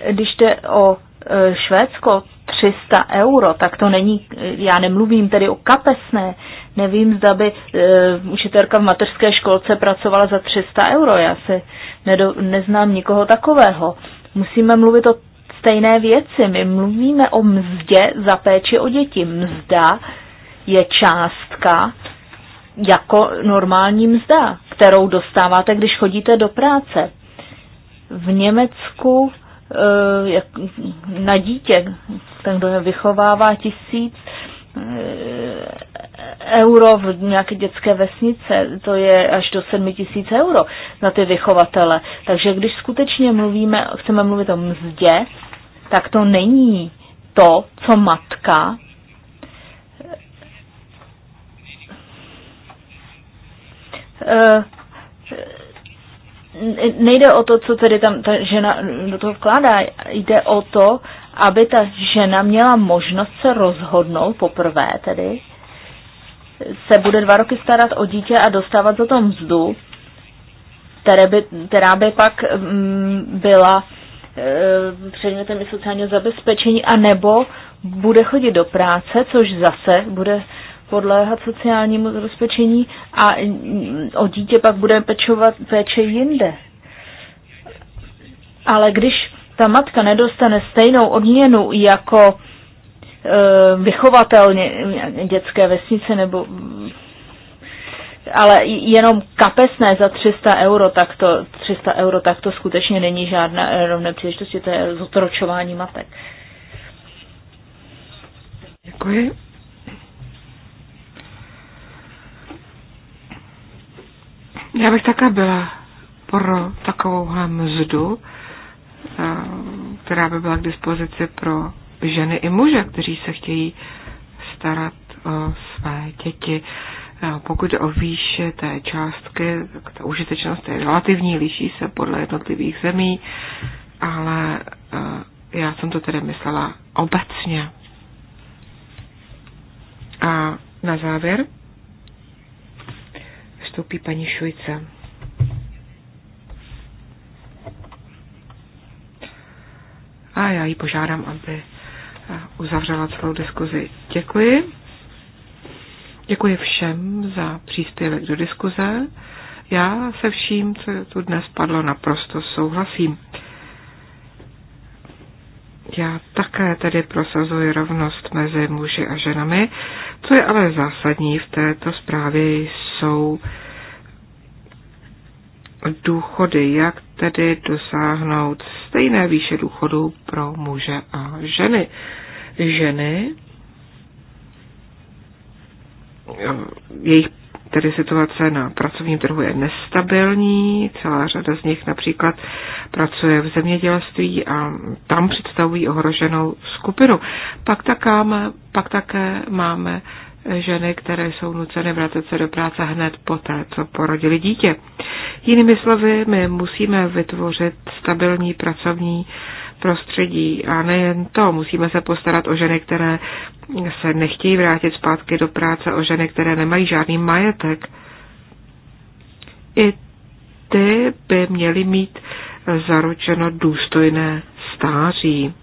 Když jde o E, Švédsko 300 euro, tak to není, já nemluvím tedy o kapesné, nevím, zda by uh, učitelka v mateřské školce pracovala za 300 euro, já se nedo, neznám nikoho takového. Musíme mluvit o stejné věci, my mluvíme o mzdě za péči o děti. Mzda je částka jako normální mzda, kterou dostáváte, když chodíte do práce. V Německu Eh, jak, na dítě, ten, kdo je vychovává tisíc eh, euro v nějaké dětské vesnice, to je až do sedmi tisíc euro na ty vychovatele. Takže když skutečně mluvíme, chceme mluvit o mzdě, tak to není to, co matka eh, nejde o to, co tedy tam ta žena do toho vkládá, jde o to, aby ta žena měla možnost se rozhodnout poprvé tedy, se bude dva roky starat o dítě a dostávat za to mzdu, které by, která by pak mm, byla e, předmětem i sociálního zabezpečení, anebo bude chodit do práce, což zase bude podléhat sociálnímu zabezpečení a o dítě pak budeme pečovat péče jinde. Ale když ta matka nedostane stejnou odměnu jako e, vychovatel dětské vesnice nebo ale jenom kapesné za 300 euro, tak to, 300 euro, tak to skutečně není žádná rovné příležitosti, to je zotročování matek. Děkuji. Já bych také byla pro takovouhle mzdu, eh, která by byla k dispozici pro ženy i muže, kteří se chtějí starat o své děti. Eh, pokud o výše té částky, tak ta užitečnost je relativní, liší se podle jednotlivých zemí, ale eh, já jsem to tedy myslela obecně. A na závěr vystoupí paní Šujce. A já ji požádám, aby eh, uzavřela celou diskuzi. Děkuji. Děkuji všem za příspěvek do diskuze. Já se vším, co tu dnes padlo, naprosto souhlasím. Já také tedy prosazuji rovnost mezi muži a ženami. Co je ale zásadní v této zprávě, jsou důchody, jak tedy dosáhnout stejné výše důchodu pro muže a ženy. Ženy, jejich tedy situace na pracovním trhu je nestabilní, celá řada z nich například pracuje v zemědělství a tam představují ohroženou skupinu. Pak také, pak také máme ženy, které jsou nuceny vrátit se do práce hned poté, co porodili dítě. Jinými slovy, my musíme vytvořit stabilní pracovní prostředí a nejen to, musíme se postarat o ženy, které se nechtějí vrátit zpátky do práce, o ženy, které nemají žádný majetek. I ty by měly mít zaručeno důstojné stáří.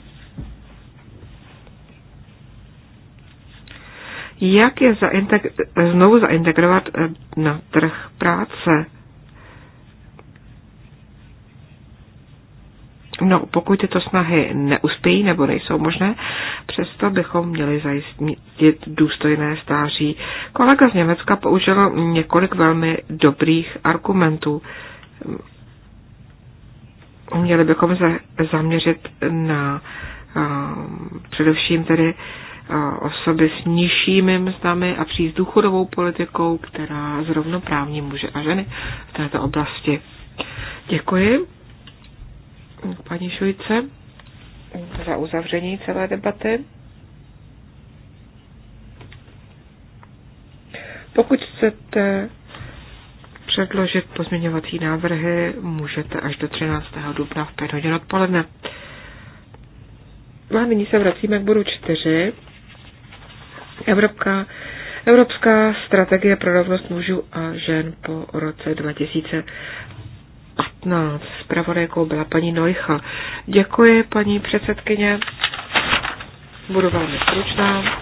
jak je znovu zaintegrovat eh, na trh práce. No, pokud tyto snahy neuspějí nebo nejsou možné, přesto bychom měli zajistit důstojné stáří. Kolega z Německa použil několik velmi dobrých argumentů. Měli bychom se zaměřit na eh, především tedy osoby s nižšími mzdami a přijít s důchodovou politikou, která zrovnoprávní muže a ženy v této oblasti. Děkuji paní Šujce za uzavření celé debaty. Pokud chcete předložit pozměňovací návrhy, můžete až do 13. dubna v 5 hodin odpoledne. No a nyní se vracíme k bodu 4. Evropská, Evropská strategie pro rovnost mužů a žen po roce 2015. Spravodajkou byla paní Nojcha. Děkuji, paní předsedkyně. Budu velmi stručná.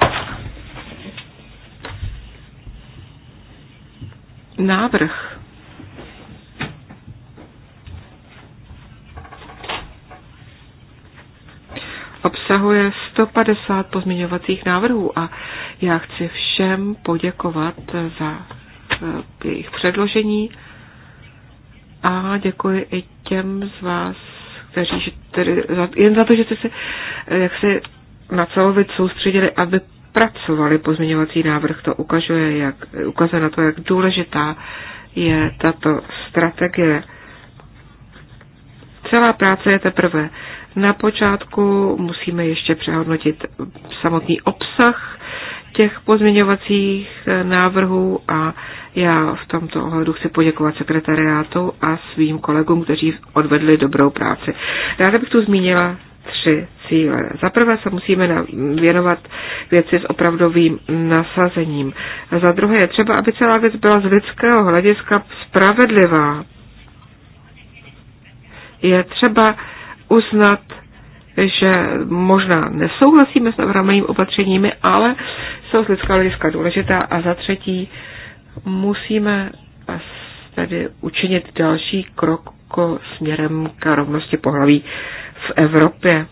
Návrh obsahuje 150 pozměňovacích návrhů a já chci všem poděkovat za eh, jejich předložení a děkuji i těm z vás, kteří tedy, jen za to, že jste se eh, jak se na celou věc soustředili, aby pracovali pozměňovací návrh, to ukazuje, jak, ukazuje na to, jak důležitá je tato strategie. Celá práce je teprve na počátku, musíme ještě přehodnotit samotný obsah těch pozměňovacích eh, návrhů a já v tomto ohledu chci poděkovat sekretariátu a svým kolegům, kteří odvedli dobrou práci. Ráda bych tu zmínila tři cíle. Za prvé se musíme věnovat věci s opravdovým nasazením. Za druhé je třeba, aby celá věc byla z lidského hlediska spravedlivá. Je třeba uznat že možná nesouhlasíme s navrhovanými opatřeními, ale jsou z lidského hlediska důležitá. A za třetí, musíme tedy učinit další krok ko směrem k rovnosti pohlaví v Evropě.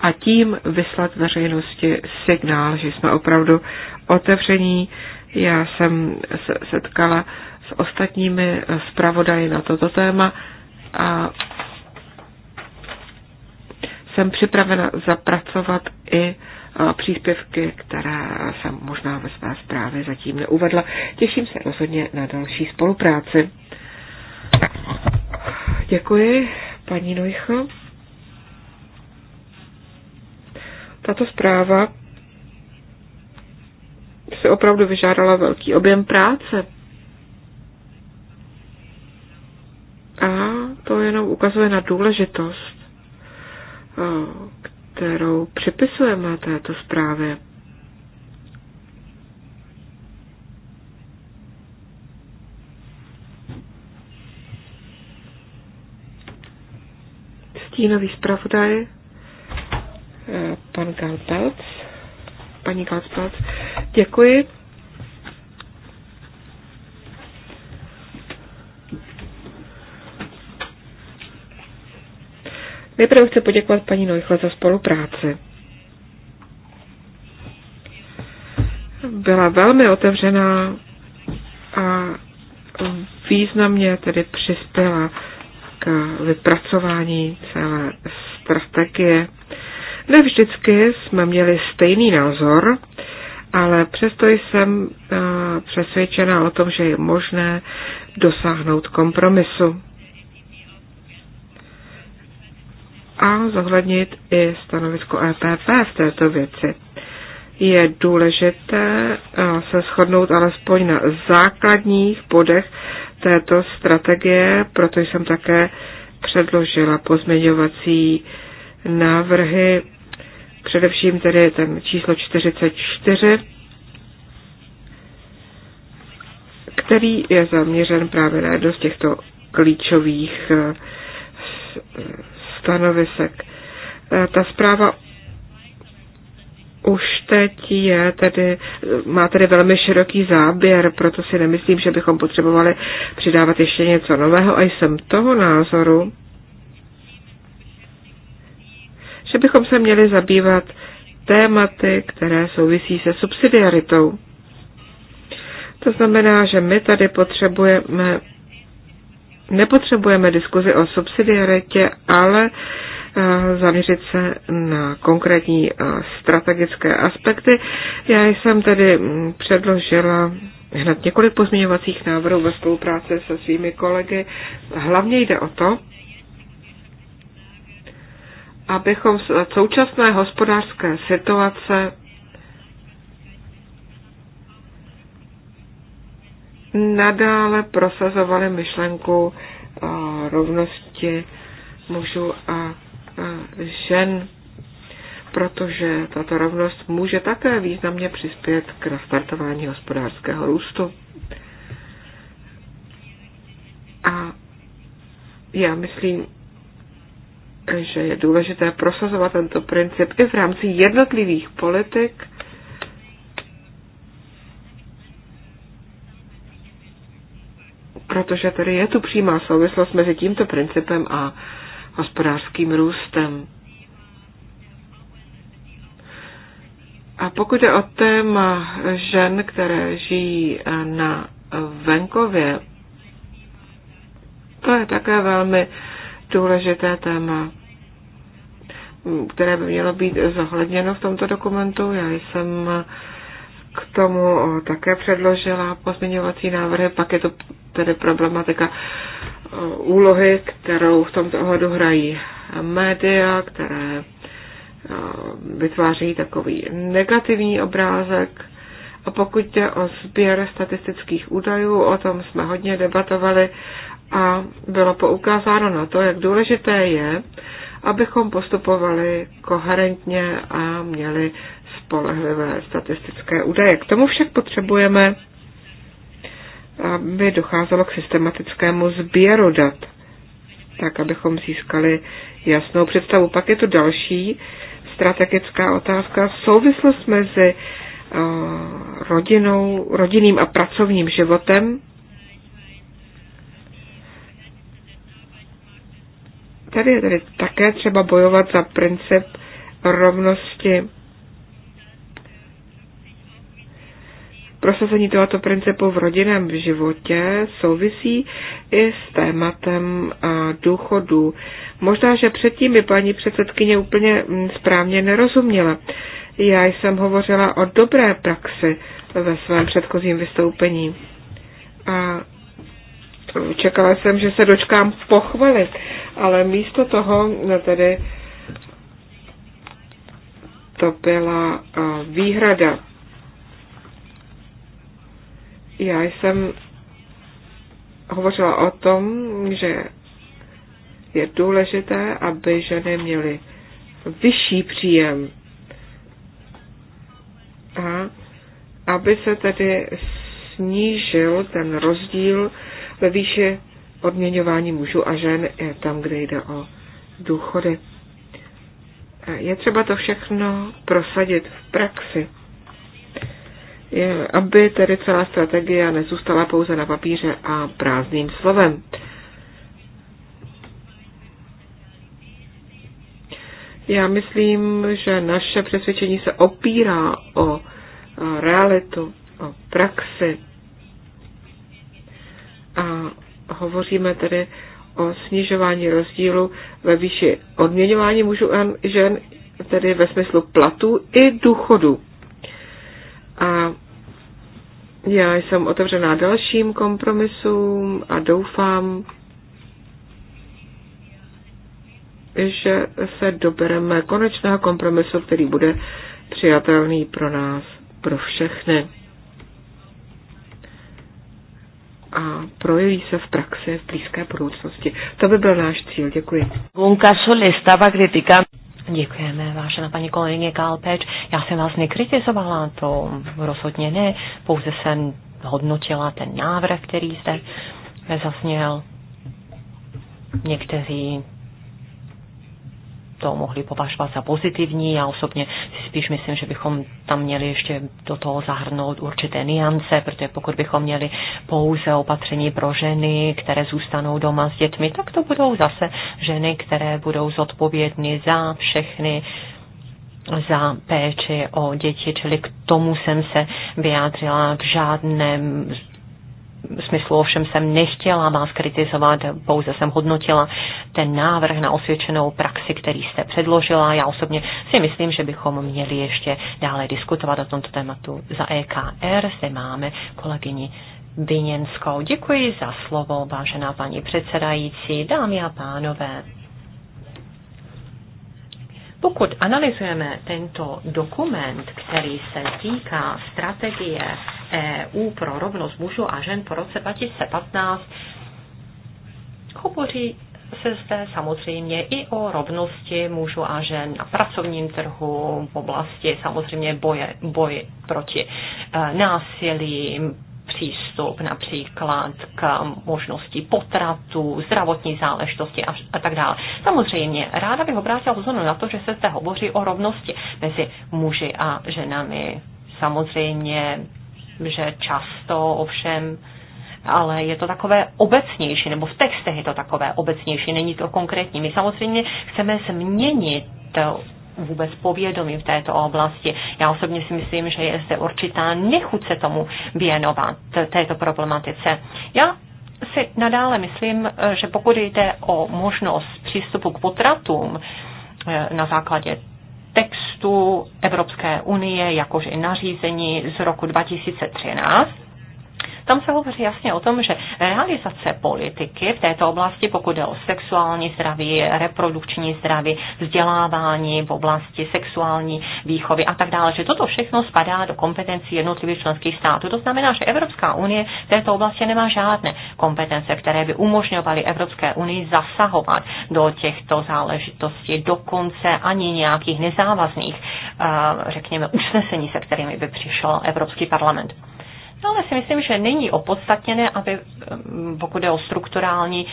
A tím vyslat veřejnosti signál, že jsme opravdu otevření. Já jsem se setkala s ostatními zpravodaji na toto téma a jsem připravena zapracovat i e, příspěvky, které jsem možná ve své zprávě zatím neuvedla. Těším se rozhodně na další spolupráci. Děkuji, paní Nojcho. Tato zpráva se opravdu vyžádala velký objem práce. A to jenom ukazuje na důležitost kterou připisujeme této zprávě. Stínový zpravodaj, e, pan Galpelc, paní Galpelc, děkuji. Nejprve chci poděkovat paní Neuchle za spolupráci. Byla velmi otevřená a významně tedy přispěla k vypracování celé strategie. Ne vždycky jsme měli stejný názor, ale přesto jsem eh, přesvědčena o tom, že je možné dosáhnout kompromisu. a zohlednit i stanovisko EPP v této věci. Je důležité eh, se shodnout alespoň na základních bodech této strategie, proto jsem také předložila pozměňovací návrhy, především tedy ten číslo 44, který je zaměřen právě na jedno z těchto klíčových eh, stanovisek. E, ta zpráva už teď je tedy, má tedy velmi široký záběr, proto si nemyslím, že bychom potřebovali přidávat ještě něco nového a jsem toho názoru, že bychom se měli zabývat tématy, které souvisí se subsidiaritou. To znamená, že my tady potřebujeme nepotřebujeme diskuzi o subsidiaritě, ale eh, zaměřit se na konkrétní eh, strategické aspekty. Já jsem tedy mm, předložila hned několik pozměňovacích návrhů ve spolupráci se svými kolegy. Hlavně jde o to, abychom z současné hospodářské situace nadále prosazovali myšlenku eh, rovnosti mužů a žen, protože tato rovnost může také významně přispět k nastartování hospodářského růstu. A já myslím, že je důležité prosazovat tento princip i v rámci jednotlivých politik, protože tady je tu přímá souvislost mezi tímto principem a hospodářským růstem. A pokud je o téma žen, které žijí eh, na venkově, to je také velmi důležité téma, které by mělo být zohledněno v tomto dokumentu. Já jsem eh, k tomu eh, také předložila pozměňovací návrhy, pak je to tedy problematika eh, úlohy, kterou v tomto ohledu hrají média, které eh, vytváří takový negativní obrázek. A pokud jde o sběr statistických údajů, o tom jsme hodně debatovali a bylo poukázáno na to, jak důležité je, abychom postupovali koherentně a měli spolehlivé statistické údaje. K tomu však potřebujeme, aby docházelo k systematickému sběru dat, tak abychom získali jasnou představu. Pak je tu další strategická otázka, souvislost mezi eh, rodinou, rodinným a pracovním životem. Tady je tedy také třeba bojovat za princip rovnosti Prosazení tohoto principu v rodinném životě souvisí i s tématem eh, důchodu. Možná, že předtím by paní předsedkyně úplně mm, správně nerozuměla. Já jsem hovořila o dobré praxi ve svém předchozím vystoupení. A čekala jsem, že se dočkám pochvaly, ale místo toho eh, tedy to byla eh, výhrada já jsem hovořila o tom, že je důležité, aby ženy měly vyšší příjem a aby se tedy snížil ten rozdíl ve výši odměňování mužů a žen tam, kde jde o důchody. Je třeba to všechno prosadit v praxi je, aby tedy celá strategie nezůstala pouze na papíře a prázdným slovem. Já myslím, že naše přesvědčení se opírá o realitu, o praxi. A hovoříme tedy o snižování rozdílu ve výši odměňování mužů a žen, tedy ve smyslu platů i důchodů. A já jsem otevřená dalším kompromisům a doufám, že se dobereme konečného kompromisu, který bude přijatelný pro nás, pro všechny. a projeví se v praxi v blízké budoucnosti. To by byl náš cíl. Děkuji. Un caso le estaba criticando. Děkujeme, vážená paní kolegyně Kalpeč. Já jsem vás nekritizovala, to rozhodně ne, pouze jsem hodnotila ten návrh, který zde zazněl. Někteří to mohli považovat za pozitivní. Já osobně si spíš myslím, že bychom tam měli ještě do toho zahrnout určité niance, protože pokud bychom měli pouze opatření pro ženy, které zůstanou doma s dětmi, tak to budou zase ženy, které budou zodpovědny za všechny za péči o děti, čili k tomu jsem se vyjádřila v žádném smyslu ovšem jsem nechtěla vás kritizovat, pouze jsem hodnotila ten návrh na osvědčenou praxi, který jste předložila. Já osobně si myslím, že bychom měli ještě dále diskutovat o tomto tématu. Za EKR zde máme kolegyni Biněnskou. Děkuji za slovo, vážená paní předsedající, dámy a pánové. Pokud analyzujeme tento dokument, který se týká strategie EU pro rovnost mužů a žen po roce 2015 hovoří se zde samozřejmě i o rovnosti mužů a žen na pracovním trhu, v oblasti samozřejmě boje, boje proti e, násilí, přístup například k možnosti potratu, zdravotní záležitosti a, a tak dále. Samozřejmě, ráda bych obrátila pozornost na to, že se zde hovoří o rovnosti mezi muži a ženami. Samozřejmě že často ovšem ale je to takové obecnější, nebo v textech je to takové obecnější, není to konkrétní. My samozřejmě chceme změnit vůbec povědomí v této oblasti. Já osobně si myslím, že je zde určitá nechuť se tomu věnovat, této problematice. Já si nadále myslím, že pokud jde o možnost přístupu k potratům eh, na základě textu Evropské unie, jakož i nařízení z roku 2013 tam se hovoří jasně o tom, že realizace politiky v této oblasti, pokud jde o sexuální zdraví, reprodukční zdraví, vzdělávání v oblasti sexuální výchovy a tak dále, že toto všechno spadá do kompetencí jednotlivých členských států. To znamená, že Evropská unie v této oblasti nemá žádné kompetence, které by umožňovaly Evropské unii zasahovat do těchto záležitostí, dokonce ani nějakých nezávazných, eh, řekněme, usnesení, se kterými by přišel Evropský parlament. No, ale si myslím, že není opodstatněné, aby mm, pokud je o strukturální,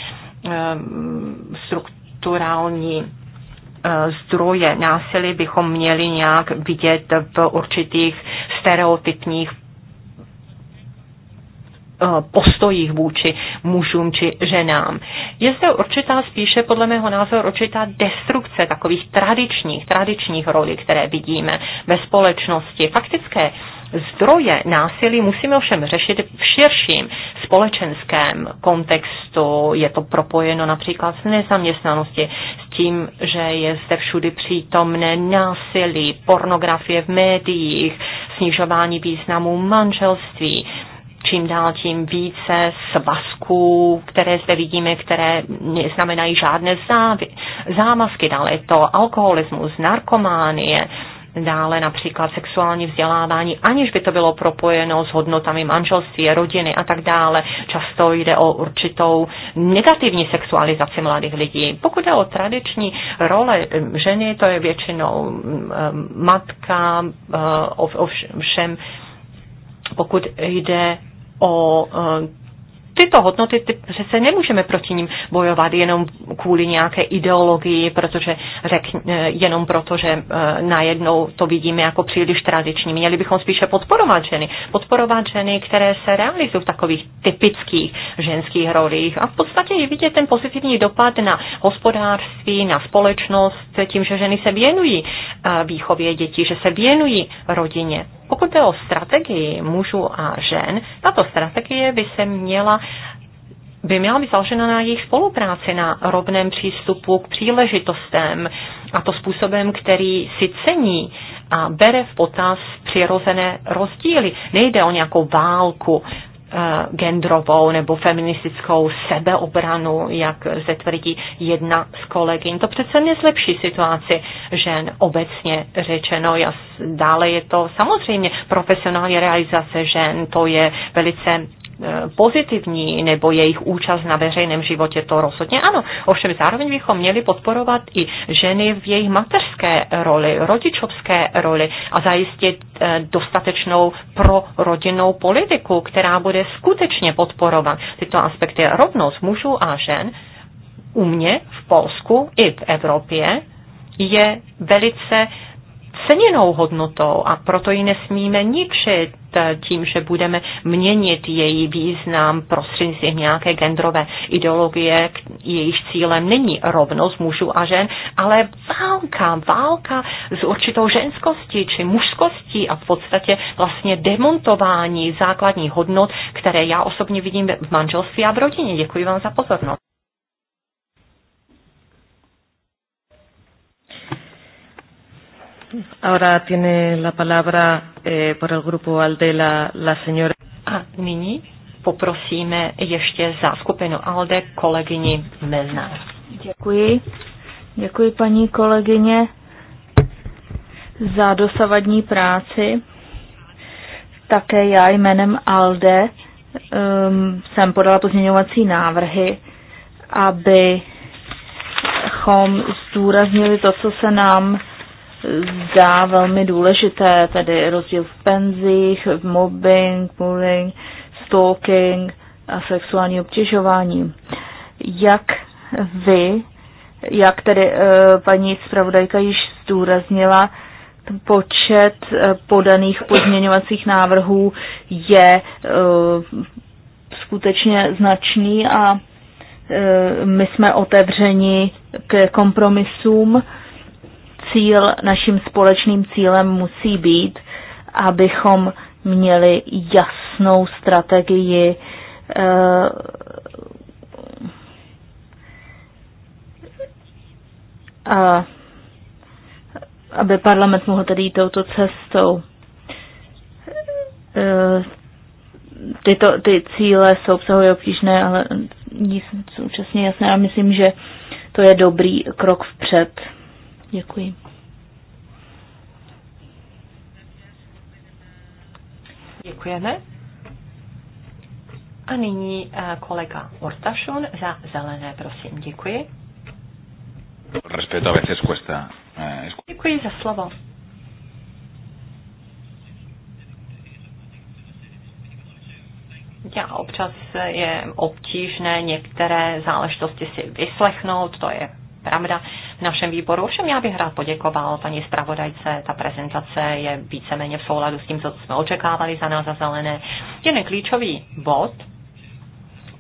mm, strukturální e, zdroje násilí, bychom měli nějak vidět v určitých stereotypních e, postojích vůči mužům či ženám. Je zde určitá spíše, podle mého názoru, určitá destrukce takových tradičních, tradičních rolí, které vidíme ve společnosti. Faktické zdroje násilí musíme ovšem řešit v širším společenském kontextu. Je to propojeno například s nezaměstnaností, s tím, že je zde všudy přítomné násilí, pornografie v médiích, snižování významu manželství, čím dál tím více svazků, které zde vidíme, které neznamenají žádné závy, závazky. Dále je to alkoholismus, narkománie, dále například sexuální vzdělávání, aniž by to bylo propojeno s hodnotami manželství, rodiny a tak dále. Často jde o určitou negativní sexualizaci mladých lidí. Pokud jde o tradiční role eh, ženy, to je většinou eh, matka, eh, ovšem pokud jde o tyto hodnoty, ty přece nemůžeme proti ním bojovat jenom kvůli nějaké ideologii, protože řek, eh, jenom proto, že eh, najednou to vidíme jako příliš tradiční. Měli bychom spíše podporovat ženy. Podporovat ženy, které se realizují v takových typických ženských rolích. A v podstatě je vidět ten pozitivní dopad na hospodářství, na společnost, tím, že ženy se věnují eh, výchově dětí, že se věnují rodině. Pokud jde o strategii mužů a žen, tato strategie by se měla by měla být založena na jejich spolupráci, na rovném přístupu k příležitostem a to způsobem, který si cení a bere v potaz přirozené rozdíly. Nejde o nějakou válku Eh, genderovou nebo feministickou sebeobranu, jak se tvrdí jedna z kolegyň. To přece mě zlepší situaci žen obecně řečeno. Jas, dále je to samozřejmě profesionální realizace žen, to je velice Eh, pozitivní, nebo jejich účast na veřejném životě, to rozhodně ano. Ovšem zároveň bychom měli podporovat i ženy v jejich mateřské roli, rodičovské roli a zajistit eh, dostatečnou pro rodinnou politiku, která bude skutečně podporovat tyto aspekty rovnost mužů a žen. U mě v Polsku i v Evropě je velice ceněnou hodnotou a proto ji nesmíme ničit tím, že budeme měnit její význam prostřednictvím nějaké genderové ideologie, jejíž cílem není rovnost mužů a žen, ale válka, válka s určitou ženskostí či mužskostí a v podstatě vlastně demontování základních hodnot, které já osobně vidím v manželství a v rodině. Děkuji vám za pozornost. Ahora tiene la palabra eh, por el grupo ALDE la, la señora. A nyní poprosíme ještě za skupinu ALDE kolegyni Mezná. Děkuji. Děkuji paní kolegyně za dosavadní práci. Také já jménem ALDE um, jsem podala pozměňovací návrhy, aby abychom zdůraznili to, co se nám zdá velmi důležité, tedy rozdíl v penzích, v mobbing, bullying, stalking a sexuální obtěžování. Jak vy, jak tedy eh, paní zpravodajka již zdůraznila, počet eh, podaných pozměňovacích návrhů je eh, skutečně značný a my jsme otevřeni ke kompromisům cíl, naším společným cílem musí být, abychom měli jasnou strategii eh, a aby parlament mohl tedy jít touto cestou. Eh, tyto, ty cíle jsou obsahují obtížné, ale jsou současně jasné a myslím, že to je dobrý krok vpřed. Děkuji. Děkujeme. A nyní eh, kolega Ortašun za zelené, prosím. Děkuji. Respeto a veces cuesta. Eh, děkuji za slovo. Já občas je obtížné některé záležitosti si vyslechnout, to je pravda v našem výboru. Ovšem já bych rád poděkoval paní zpravodajce, ta prezentace je víceméně v souladu s tím, co jsme očekávali za nás za zelené. Jeden klíčový bod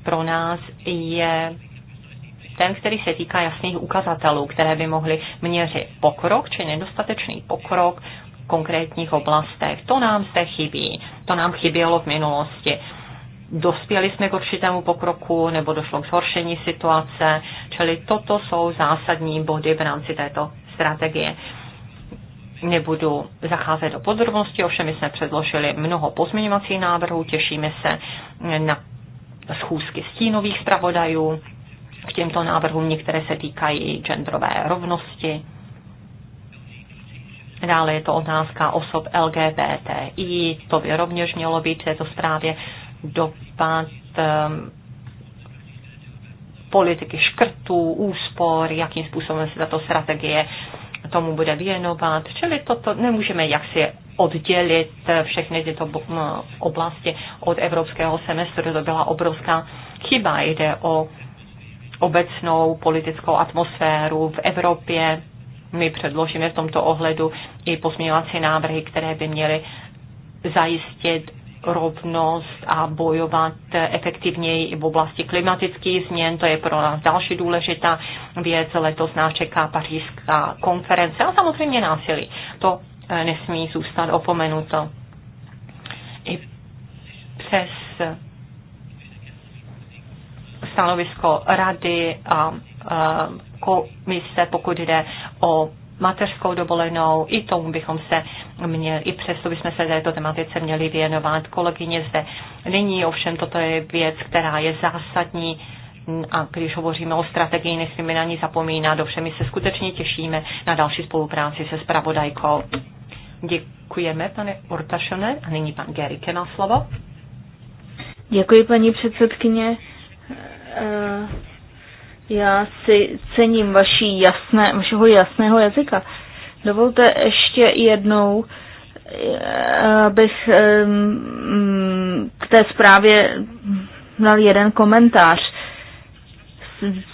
pro nás je ten, který se týká jasných ukazatelů, které by mohly měřit pokrok či nedostatečný pokrok v konkrétních oblastech. To nám zde chybí, to nám chybělo v minulosti dospěli jsme k určitému pokroku nebo došlo k zhoršení situace, čili toto jsou zásadní body v rámci této strategie. Nebudu zacházet do podrobností, ovšem my jsme předložili mnoho pozměňovacích návrhů, těšíme se na schůzky stínových zpravodajů k těmto návrhům, některé se týkají genderové rovnosti. Dále je to otázka osob LGBTI, to by rovněž mělo být v této zprávě dopad ehm, politiky škrtů, úspor, jakým způsobem se tato strategie tomu bude věnovat. Čili toto nemůžeme jaksi oddělit eh, všechny tyto oblasti od evropského semestru. To byla obrovská chyba. Jde o obecnou politickou atmosféru v Evropě. My předložíme v tomto ohledu i pozměňovací návrhy, které by měly zajistit rovnost a bojovat efektivněji i v oblasti klimatických změn. To je pro nás další důležitá věc. Letos nás čeká pařížská konference a samozřejmě násilí. To eh, nesmí zůstat opomenuto. I přes stanovisko rady a eh, komise, pokud jde o mateřskou dovolenou, i tomu bychom se mě, i přesto bychom se této tematice měli věnovat. Kolegyně zde není, ovšem toto je věc, která je zásadní a když hovoříme o strategii, nesmíme na ní zapomínat. Ovšem my se skutečně těšíme na další spolupráci se spravodajkou. Děkujeme, pane Urtašone. A nyní pan Gerike na slovo. Děkuji, paní předsedkyně. Eh, já si cením vaší jasné, vašeho jasného jazyka. Dovolte ještě jednou, abych k té zprávě dal jeden komentář.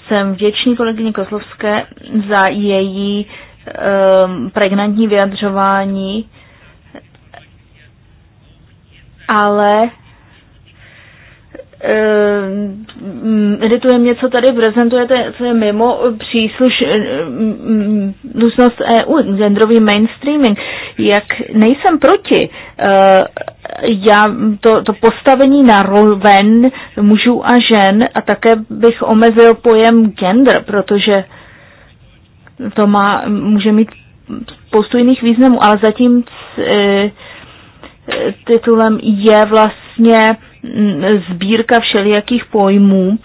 Jsem vděčný kolegyně Koslovské za její pregnantní vyjadřování, ale Eh, mm, edituje mě, co tady prezentujete, co je mimo příslušnost eh, mm, EU, genderový mainstreaming. Jak nejsem proti, eh, já to, to postavení na roven mužů a žen a také bych omezil pojem gender, protože to má, může mít spoustu jiných významů, ale zatím titulem je vlastně sbírka všelijakých pojmů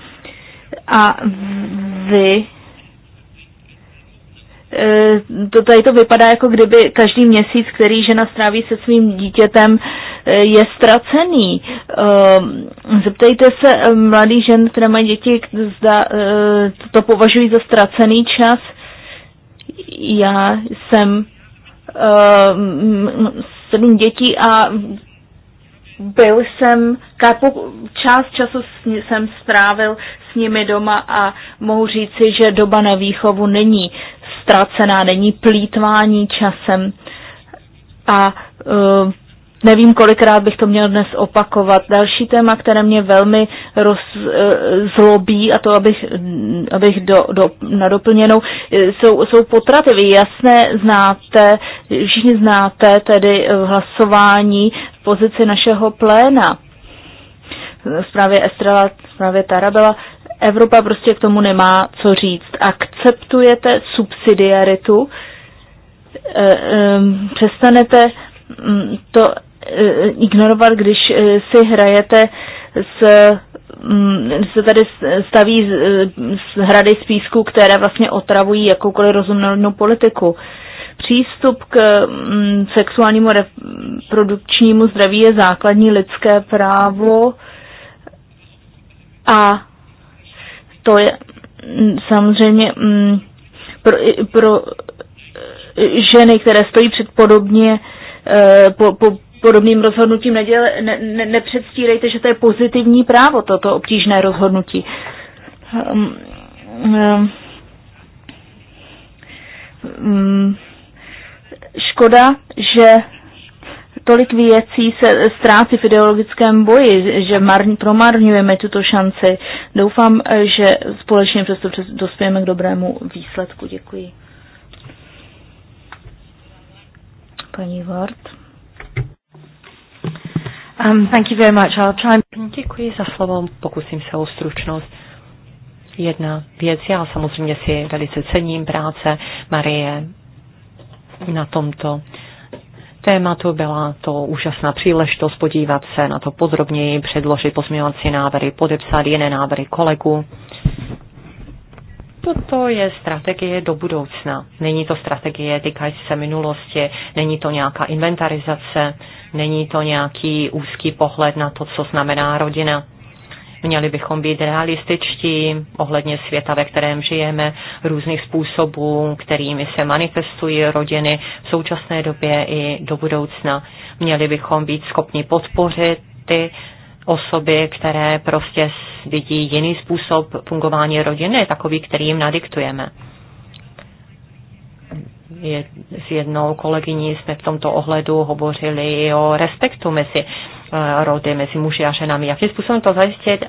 a vy e, to tady to vypadá, jako kdyby každý měsíc, který žena stráví se svým dítětem, e, je ztracený. E, zeptejte se mladý žen, které mají děti, zda to považují za ztracený čas. Já jsem sedm dětí a byl jsem, část času jsem strávil s nimi doma a mohu říci, že doba na výchovu není ztracená, není plítvání časem a uh, Nevím, kolikrát bych to měl dnes opakovat. Další téma, které mě velmi roz, eh, zlobí, a to abych, abych do, do, na doplněnou, eh, jsou, jsou potraty. Vy jasné znáte, všichni znáte tedy eh, hlasování v pozici našeho pléna. Zprávě Estrela, zprávě Tarabela, Evropa prostě k tomu nemá co říct. Akceptujete subsidiaritu, přestanete mm, to Eh, ignorovat, když eh, si hrajete s mm, se tady staví z, eh, z hrady z písku, které vlastně otravují jakoukoliv rozumnou politiku. Přístup k mm, sexuálnímu reprodukčnímu zdraví je základní lidské právo a to je mm, samozřejmě pro, pro ženy, které stojí před podobně po, po, podobným rozhodnutím neděle, ne, ne, nepředstírejte, že to je pozitivní právo, toto obtížné rozhodnutí. Um, um, um, škoda, že tolik věcí se ztrácí v ideologickém boji, že marň, promarňujeme tuto šanci. Doufám, že společně přesto přes, dospějeme k dobrému výsledku. Děkuji. Paní Vart. Um, thank you very much. I'll try and... Děkuji za slovo, pokusím se o stručnost. Jedna věc, já samozřejmě si velice cením práce Marie na tomto tématu. Byla to úžasná příležitost podívat se na to podrobněji, předložit pozměňovací návrhy, podepsat jiné návrhy kolegů. Toto je strategie do budoucna. Není to strategie týkající se minulosti, není to nějaká inventarizace Není to nějaký úzký pohled na to, co znamená rodina. Měli bychom být realističtí ohledně světa, ve kterém žijeme, různých způsobů, kterými se manifestují rodiny v současné době i do budoucna. Měli bychom být schopni podpořit ty osoby, které prostě vidí jiný způsob fungování rodiny, takový, který jim nadiktujeme je, s jednou kolegyní jsme v tomto ohledu hovořili o respektu mezi rody, mezi muži a ženami. Jakým způsobem to zajistit?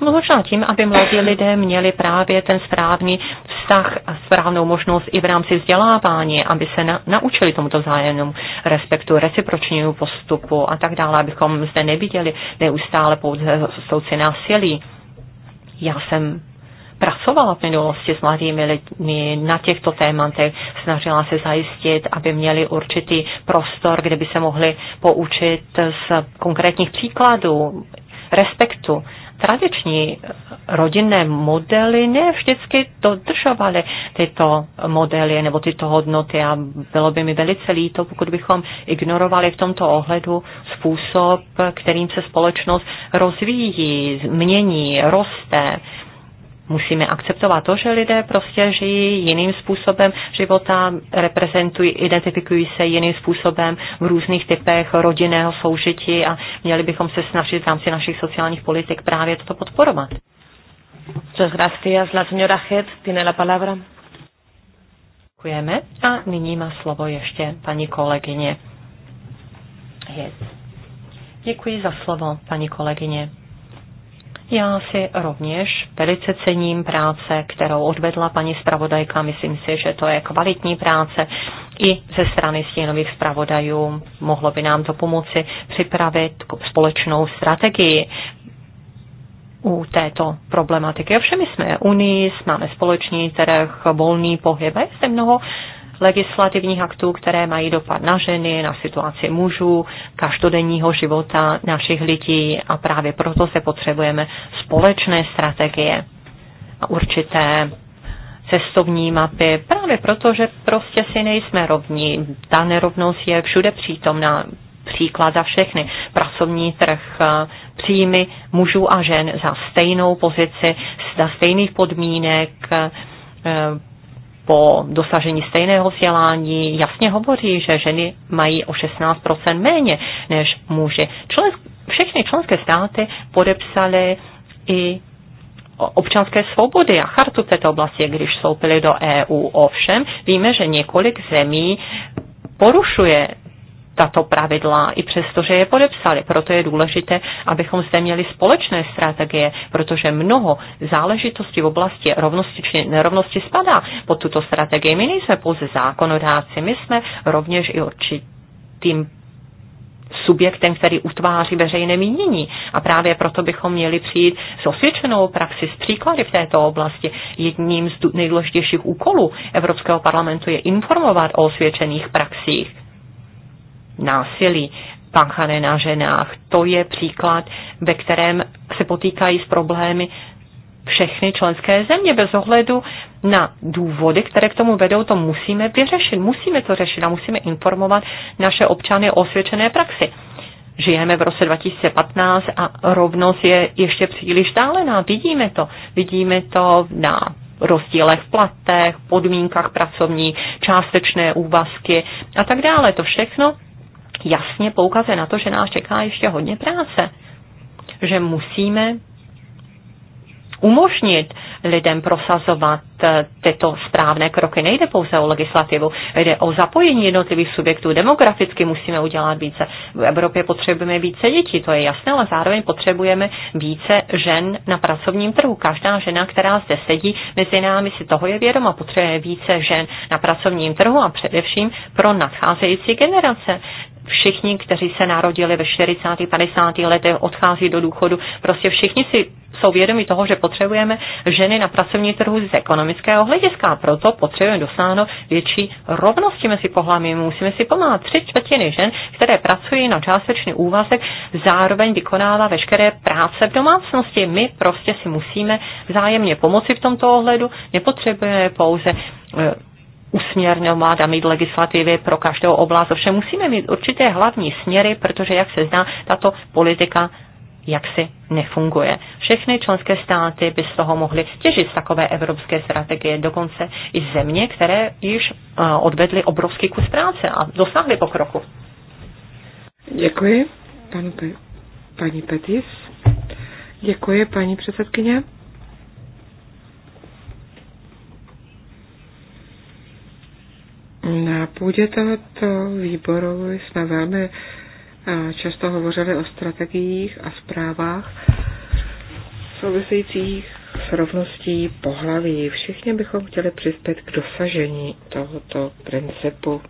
No, možná tím, aby mladí lidé měli právě ten správný vztah a správnou možnost i v rámci vzdělávání, aby se na, naučili tomuto vzájemnému respektu, recipročnímu postupu a tak dále, abychom zde neviděli neustále pouze soucí násilí. Já jsem pracovala v minulosti s mladými lidmi na těchto tématech, snažila se zajistit, aby měli určitý prostor, kde by se mohli poučit z konkrétních příkladů respektu. Tradiční rodinné modely ne vždycky dodržovaly tyto modely nebo tyto hodnoty a bylo by mi velice líto, pokud bychom ignorovali v tomto ohledu způsob, kterým se společnost rozvíjí, změní, roste musíme akceptovat to, že lidé prostě žijí jiným způsobem života, reprezentují, identifikují se jiným způsobem v různých typech rodinného soužití a měli bychom se snažit v rámci našich sociálních politik právě toto podporovat. Muchas gracias. La señora Head tiene la palabra. Děkujeme. A nyní má slovo ještě paní kolegyně. Head. Děkuji za slovo, paní kolegyně. Já si rovněž velice cením práce, kterou odvedla paní zpravodajka. Myslím si, že to je kvalitní práce i ze strany stínových zpravodajů. Mohlo by nám to pomoci připravit společnou strategii u této problematiky. Ovšem my jsme Unii, máme společný trh, volný pohyb a zde mnoho legislativních aktů, které mají dopad na ženy, na situaci mužů, každodenního života našich lidí a právě proto se potřebujeme společné strategie a určité cestovní mapy, právě proto, že prostě si nejsme rovní. Ta nerovnost je všude přítomná, příklad za všechny. Pracovní trh, příjmy mužů a žen za stejnou pozici, za stejných podmínek, po dosažení stejného vzdělání jasně hovoří, že ženy mají o 16 méně než muži. Člen, všechny členské státy podepsaly i občanské svobody a chartu v této oblasti, když vstoupili do EU. Ovšem víme, že několik zemí porušuje tato pravidla, i přesto, že je podepsali. Proto je důležité, abychom zde měli společné strategie, protože mnoho záležitostí v oblasti rovnosti či nerovnosti spadá pod tuto strategii. My nejsme pouze zákonodáci, my jsme rovněž i určitým subjektem, který utváří veřejné mínění. A právě proto bychom měli přijít s osvědčenou praxi, s příklady v této oblasti. Jedním z nejdůležitějších úkolů Evropského parlamentu je informovat o osvědčených praxích násilí páchané na ženách. To je příklad, ve kterém se potýkají s problémy všechny členské země bez ohledu na důvody, které k tomu vedou, to musíme vyřešit. Musíme to řešit a musíme informovat naše občany o osvědčené praxi. Žijeme v roce 2015 a rovnost je ještě příliš dálená. Vidíme to. Vidíme to na rozdílech v platech, podmínkách pracovní, částečné úvazky a tak dále. To všechno jasně poukazuje na to, že nás čeká ještě hodně práce, že musíme umožnit lidem prosazovat eh, tyto správné kroky. Nejde pouze o legislativu, jde o zapojení jednotlivých subjektů. Demograficky musíme udělat více. V Evropě potřebujeme více dětí, to je jasné, ale zároveň potřebujeme více žen na pracovním trhu. Každá žena, která zde sedí mezi námi, si toho je vědoma. Potřebuje více žen na pracovním trhu a především pro nadcházející generace všichni, kteří se narodili ve 40. 50. letech, odchází do důchodu. Prostě všichni si jsou vědomi toho, že potřebujeme ženy na pracovní trhu z ekonomického hlediska. proto potřebujeme dosáhnout větší rovnosti mezi pohlavími. Musíme si pomáhat. Tři čtvrtiny žen, které pracují na částečný úvazek, zároveň vykonává veškeré práce v domácnosti. My prostě si musíme vzájemně pomoci v tomto ohledu. Nepotřebujeme pouze eh, usměrňovat a mít legislativy pro každou oblast. Ovšem musíme mít určité hlavní směry, protože, jak se zná, tato politika jaksi nefunguje. Všechny členské státy by z toho mohly těžit z takové evropské strategie, dokonce i země, které již eh, odvedly obrovský kus práce a dosáhly pokroku. Děkuji, pan, paní Petis. Děkuji, paní předsedkyně. Na půdě tohoto výboru jsme velmi eh, často hovořili o strategiích a zprávách souvisejících s rovností pohlaví. Všichni bychom chtěli přispět k dosažení tohoto principu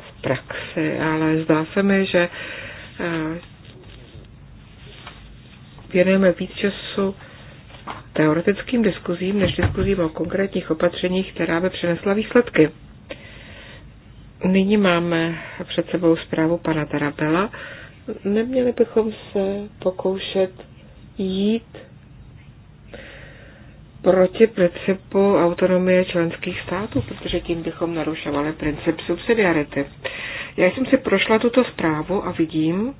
v praxi, ale zdá se mi, že eh, věnujeme víc času teoretickým diskuzím než diskuzím o konkrétních opatřeních, která by přinesla výsledky. Nyní máme před sebou zprávu pana Tarabela. Neměli bychom se pokoušet jít proti principu autonomie členských států, protože tím bychom narušovali princip subsidiarity. Já jsem si prošla tuto zprávu a vidím,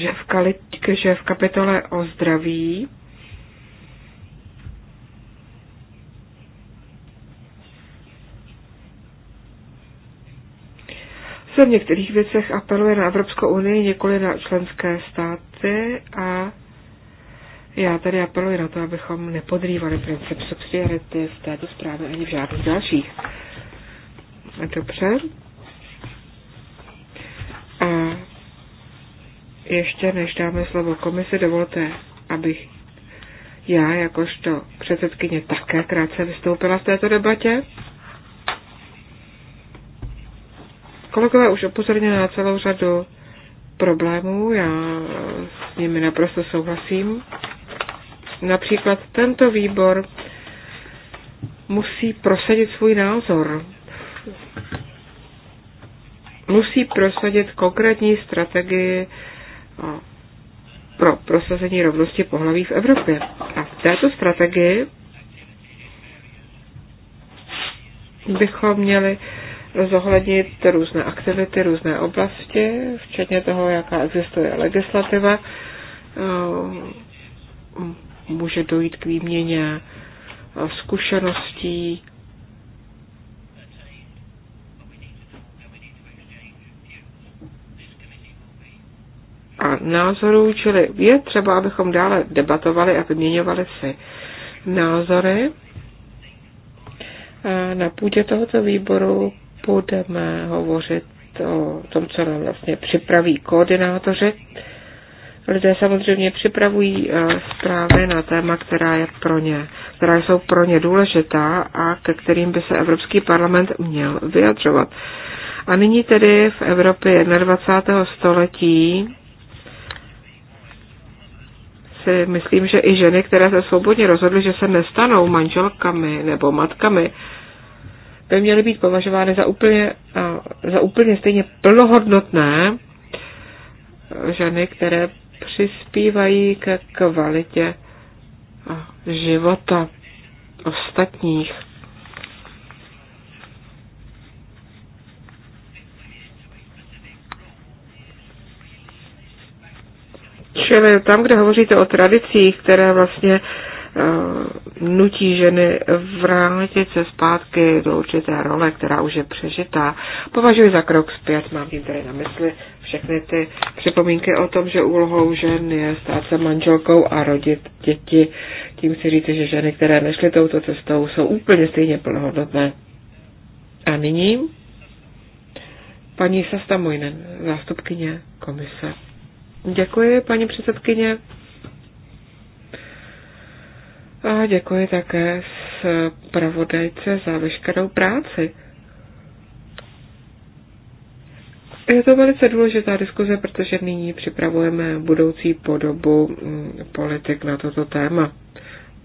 že v, kali, že v kapitole o zdraví se v některých věcech apeluje na Evropskou unii, nikoli na členské státy a já tady apeluji na to, abychom nepodrývali princip subsidiarity v této zprávě ani v žádných dalších. Dobře. A ještě než dáme slovo komisi, dovolte, abych já jakožto předsedkyně také krátce vystoupila v této debatě. Kolegové už upozornili na celou řadu problémů, já s nimi naprosto souhlasím. Například tento výbor musí prosadit svůj názor. Musí prosadit konkrétní strategii pro prosazení rovnosti pohlaví v Evropě. A v této strategii bychom měli zohlednit různé aktivity, různé oblasti, včetně toho, jaká existuje legislativa. Může dojít k výměně zkušeností, a názorů, čili je třeba, abychom dále debatovali a vyměňovali si názory. A na půdě tohoto výboru budeme hovořit o tom, co nám vlastně připraví koordinátoři. Lidé samozřejmě připravují e, zprávy na téma, která, je pro ně, která jsou pro ně důležitá a ke kterým by se Evropský parlament měl vyjadřovat. A nyní tedy v Evropě 21. století si myslím, že i ženy, které se svobodně rozhodly, že se nestanou manželkami nebo matkami, by měly být považovány za úplně, za úplně stejně plnohodnotné ženy, které přispívají ke kvalitě života ostatních. Čili tam, kde hovoříte o tradicích, které vlastně uh, nutí ženy vrátit se zpátky do určité role, která už je přežitá, považuji za krok zpět, mám tím tady na mysli všechny ty připomínky o tom, že úlohou žen je stát se manželkou a rodit děti. Tím si říci, že ženy, které nešly touto cestou, jsou úplně stejně plnohodnotné. A nyní paní Mojnen, zástupkyně komise. Děkuji, paní předsedkyně. A děkuji také zpravodajce za veškerou práci. Je to velice důležitá diskuze, protože nyní připravujeme budoucí podobu mm, politik na toto téma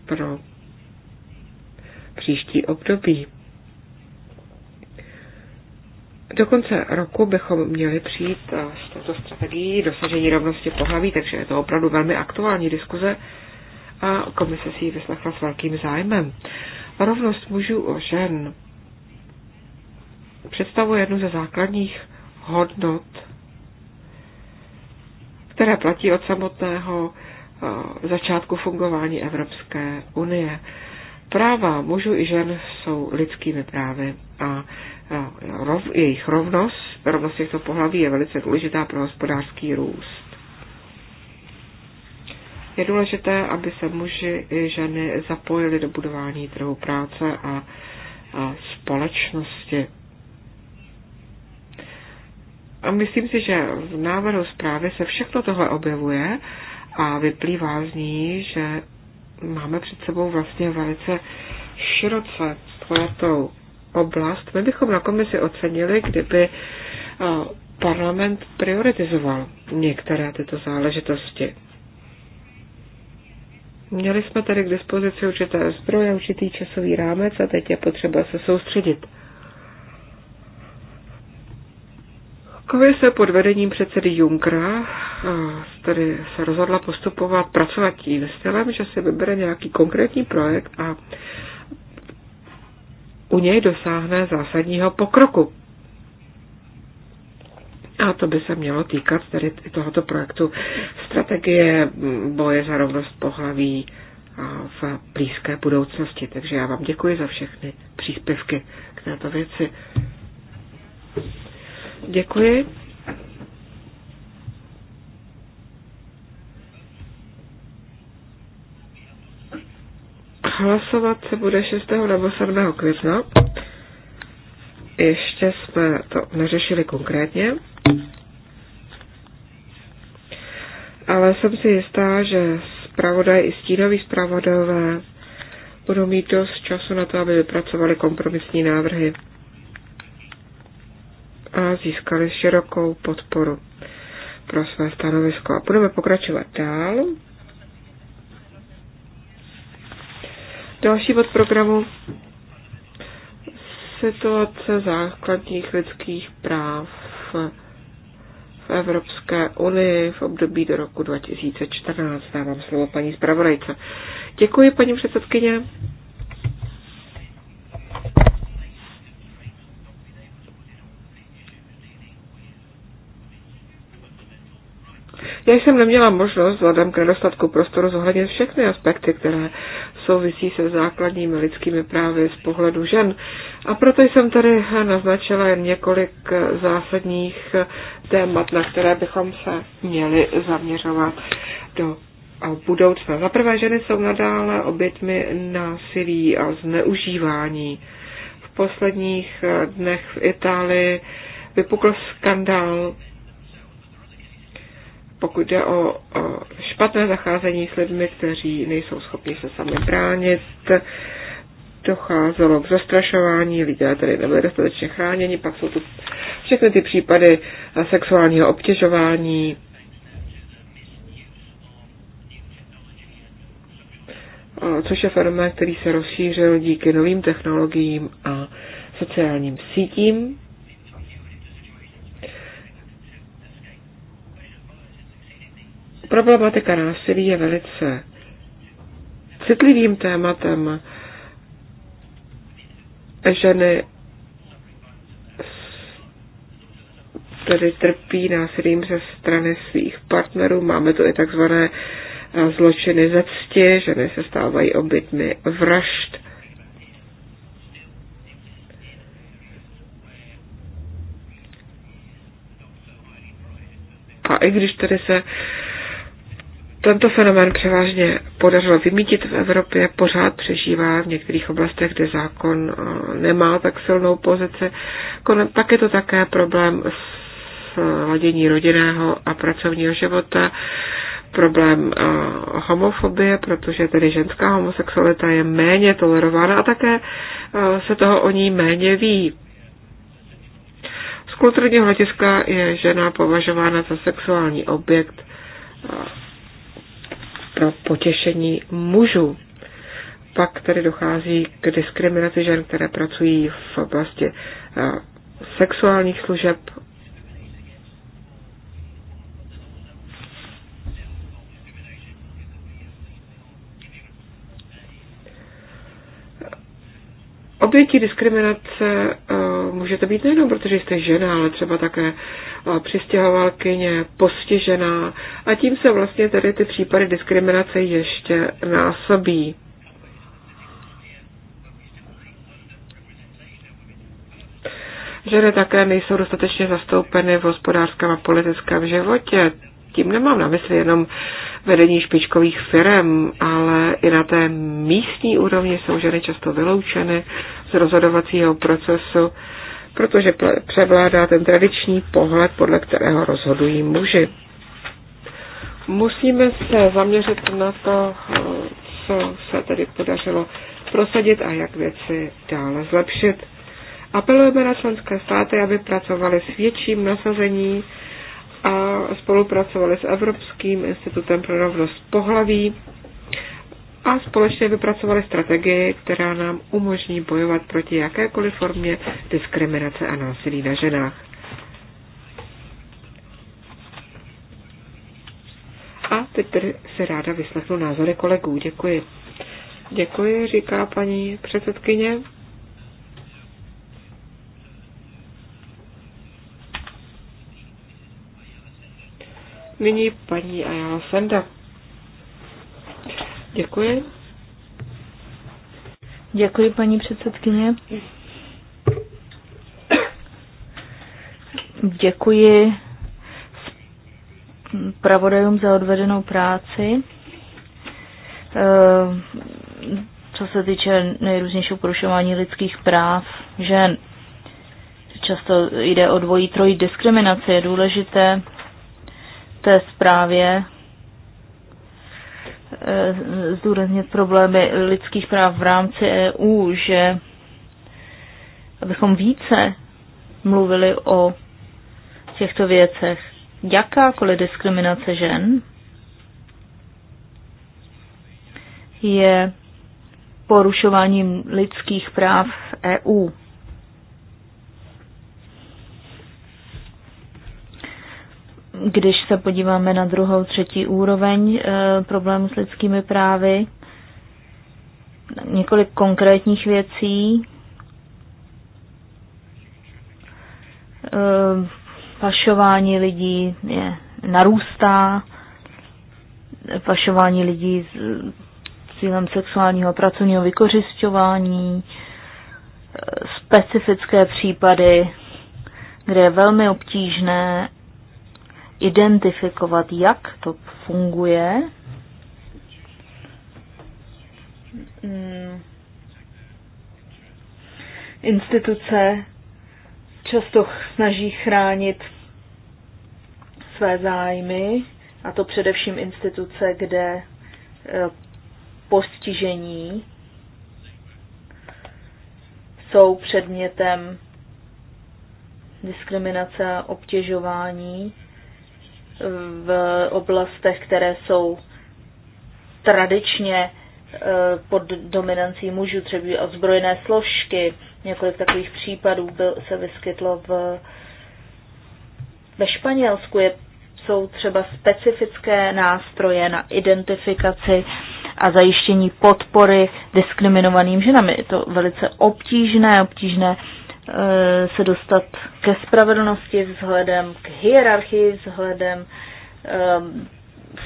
pro příští období. Do konce roku bychom měli přijít eh, s touto strategií dosažení rovnosti pohlaví, takže je to opravdu velmi aktuální diskuze a komise si ji vyslechla s velkým zájmem. Rovnost mužů a žen představuje jednu ze základních hodnot, které platí od samotného eh, začátku fungování Evropské unie. Práva mužů i žen jsou lidskými právy a No, rov, jejich rovnost, rovnost těchto pohlaví je velice důležitá pro hospodářský růst. Je důležité, aby se muži i ženy zapojili do budování trhu práce a, a společnosti. A myslím si, že v návrhu zprávy se všechno tohle objevuje a vyplývá z ní, že máme před sebou vlastně velice široce pojatou oblast my bychom na komisi ocenili, kdyby eh, parlament prioritizoval některé tyto záležitosti. Měli jsme tady k dispozici určité zdroje, určitý časový rámec a teď je potřeba se soustředit. se pod vedením předsedy Junkra eh, tedy se rozhodla postupovat, pracovat tím stylem, že si vybere nějaký konkrétní projekt a u něj dosáhne zásadního pokroku. A to by se mělo týkat tedy tohoto projektu strategie boje za rovnost pohlaví v blízké budoucnosti. Takže já vám děkuji za všechny příspěvky k této věci. Děkuji. Hlasovat se bude 6. nebo 7. května. Ještě jsme to neřešili konkrétně. Ale jsem si jistá, že zpravodaj i stínoví zpravodajové budou mít dost času na to, aby vypracovali kompromisní návrhy a získali širokou podporu pro své stanovisko. A budeme pokračovat dál. Další bod programu situace základních lidských práv v Evropské unii v období do roku 2014. Dávám slovo paní zpravodajce. Děkuji, paní předsedkyně. Já jsem neměla možnost, vzhledem k nedostatku prostoru, zohlednit všechny aspekty, které souvisí se základními lidskými právy z pohledu žen. A proto jsem tady naznačila jen několik zásadních témat, na které bychom se měli zaměřovat do a budoucna. Za prvé, ženy jsou nadále obětmi násilí a zneužívání. V posledních dnech v Itálii vypukl skandál pokud jde o špatné zacházení s lidmi, kteří nejsou schopni se sami bránit, docházelo k zastrašování, lidé tedy nebyli dostatečně chráněni, pak jsou tu všechny ty případy sexuálního obtěžování, což je fenomén, který se rozšířil díky novým technologiím a sociálním sítím. Problematika násilí je velice citlivým tématem. Ženy tedy trpí násilím ze strany svých partnerů. Máme tu i takzvané eh, zločiny ze cti, ženy se stávají obytmi vražd. A i když tedy se tento fenomén převážně podařilo vymítit v Evropě, pořád přežívá v některých oblastech, kde zákon eh, nemá tak silnou pozici. Pak je to také problém s ladění rodinného a pracovního života, problém eh, homofobie, protože tedy ženská homosexualita je méně tolerována a také eh, se toho o ní méně ví. Z kulturního hlediska je žena považována za sexuální objekt pro potěšení mužů. Pak tedy dochází k diskriminaci žen, které pracují v oblasti eh, sexuálních služeb, Obětí diskriminace eh, můžete být nejenom protože jste žena, ale třeba také eh, přistěhovalkyně, postižená a tím se vlastně tady ty případy diskriminace ještě násobí. Ženy také nejsou dostatečně zastoupeny v hospodářském a politickém životě. Tím nemám na mysli jenom vedení špičkových firm, ale i na té místní úrovni jsou ženy často vyloučeny z rozhodovacího procesu, protože převládá ten tradiční pohled, podle kterého rozhodují muži. Musíme se zaměřit na to, co se tedy podařilo prosadit a jak věci dále zlepšit. Apelujeme na členské státy, aby pracovali s větším nasazením a spolupracovali s Evropským institutem pro rovnost pohlaví a společně vypracovali strategii, která nám umožní bojovat proti jakékoliv formě diskriminace a násilí na ženách. A teď tedy se ráda vyslechnu názory kolegů. Děkuji. Děkuji, říká paní předsedkyně. Nyní paní Ayala Senda. Děkuji. Děkuji, paní předsedkyně. Děkuji pravodajům za odvedenou práci. Eh, co se týče nejrůznějšího porušování lidských práv žen, často jde o dvojí trojí diskriminace. Je důležité té zprávě e, zdůraznit problémy lidských práv v rámci EU, že abychom více mluvili o těchto věcech. Jakákoliv diskriminace žen je porušováním lidských práv v EU. Když se podíváme na druhou, třetí úroveň eh, problémů s lidskými právy, několik konkrétních věcí. Eh, pašování lidí je, narůstá, pašování lidí s cílem sexuálního a pracovního vykořišťování, eh, specifické případy, kde je velmi obtížné identifikovat, jak to funguje. Hmm. Instituce často snaží chránit své zájmy, a to především instituce, kde e, postižení jsou předmětem diskriminace a obtěžování v oblastech, které jsou tradičně eh, pod dominancí mužů, třeba ozbrojené složky. Několik takových případů byl, se vyskytlo v, ve Španělsku. Je, jsou třeba specifické nástroje na identifikaci a zajištění podpory diskriminovaným ženám. Je to velice obtížné, obtížné uh, Eh, se dostat ke spravedlnosti vzhledem k hierarchii, vzhledem eh,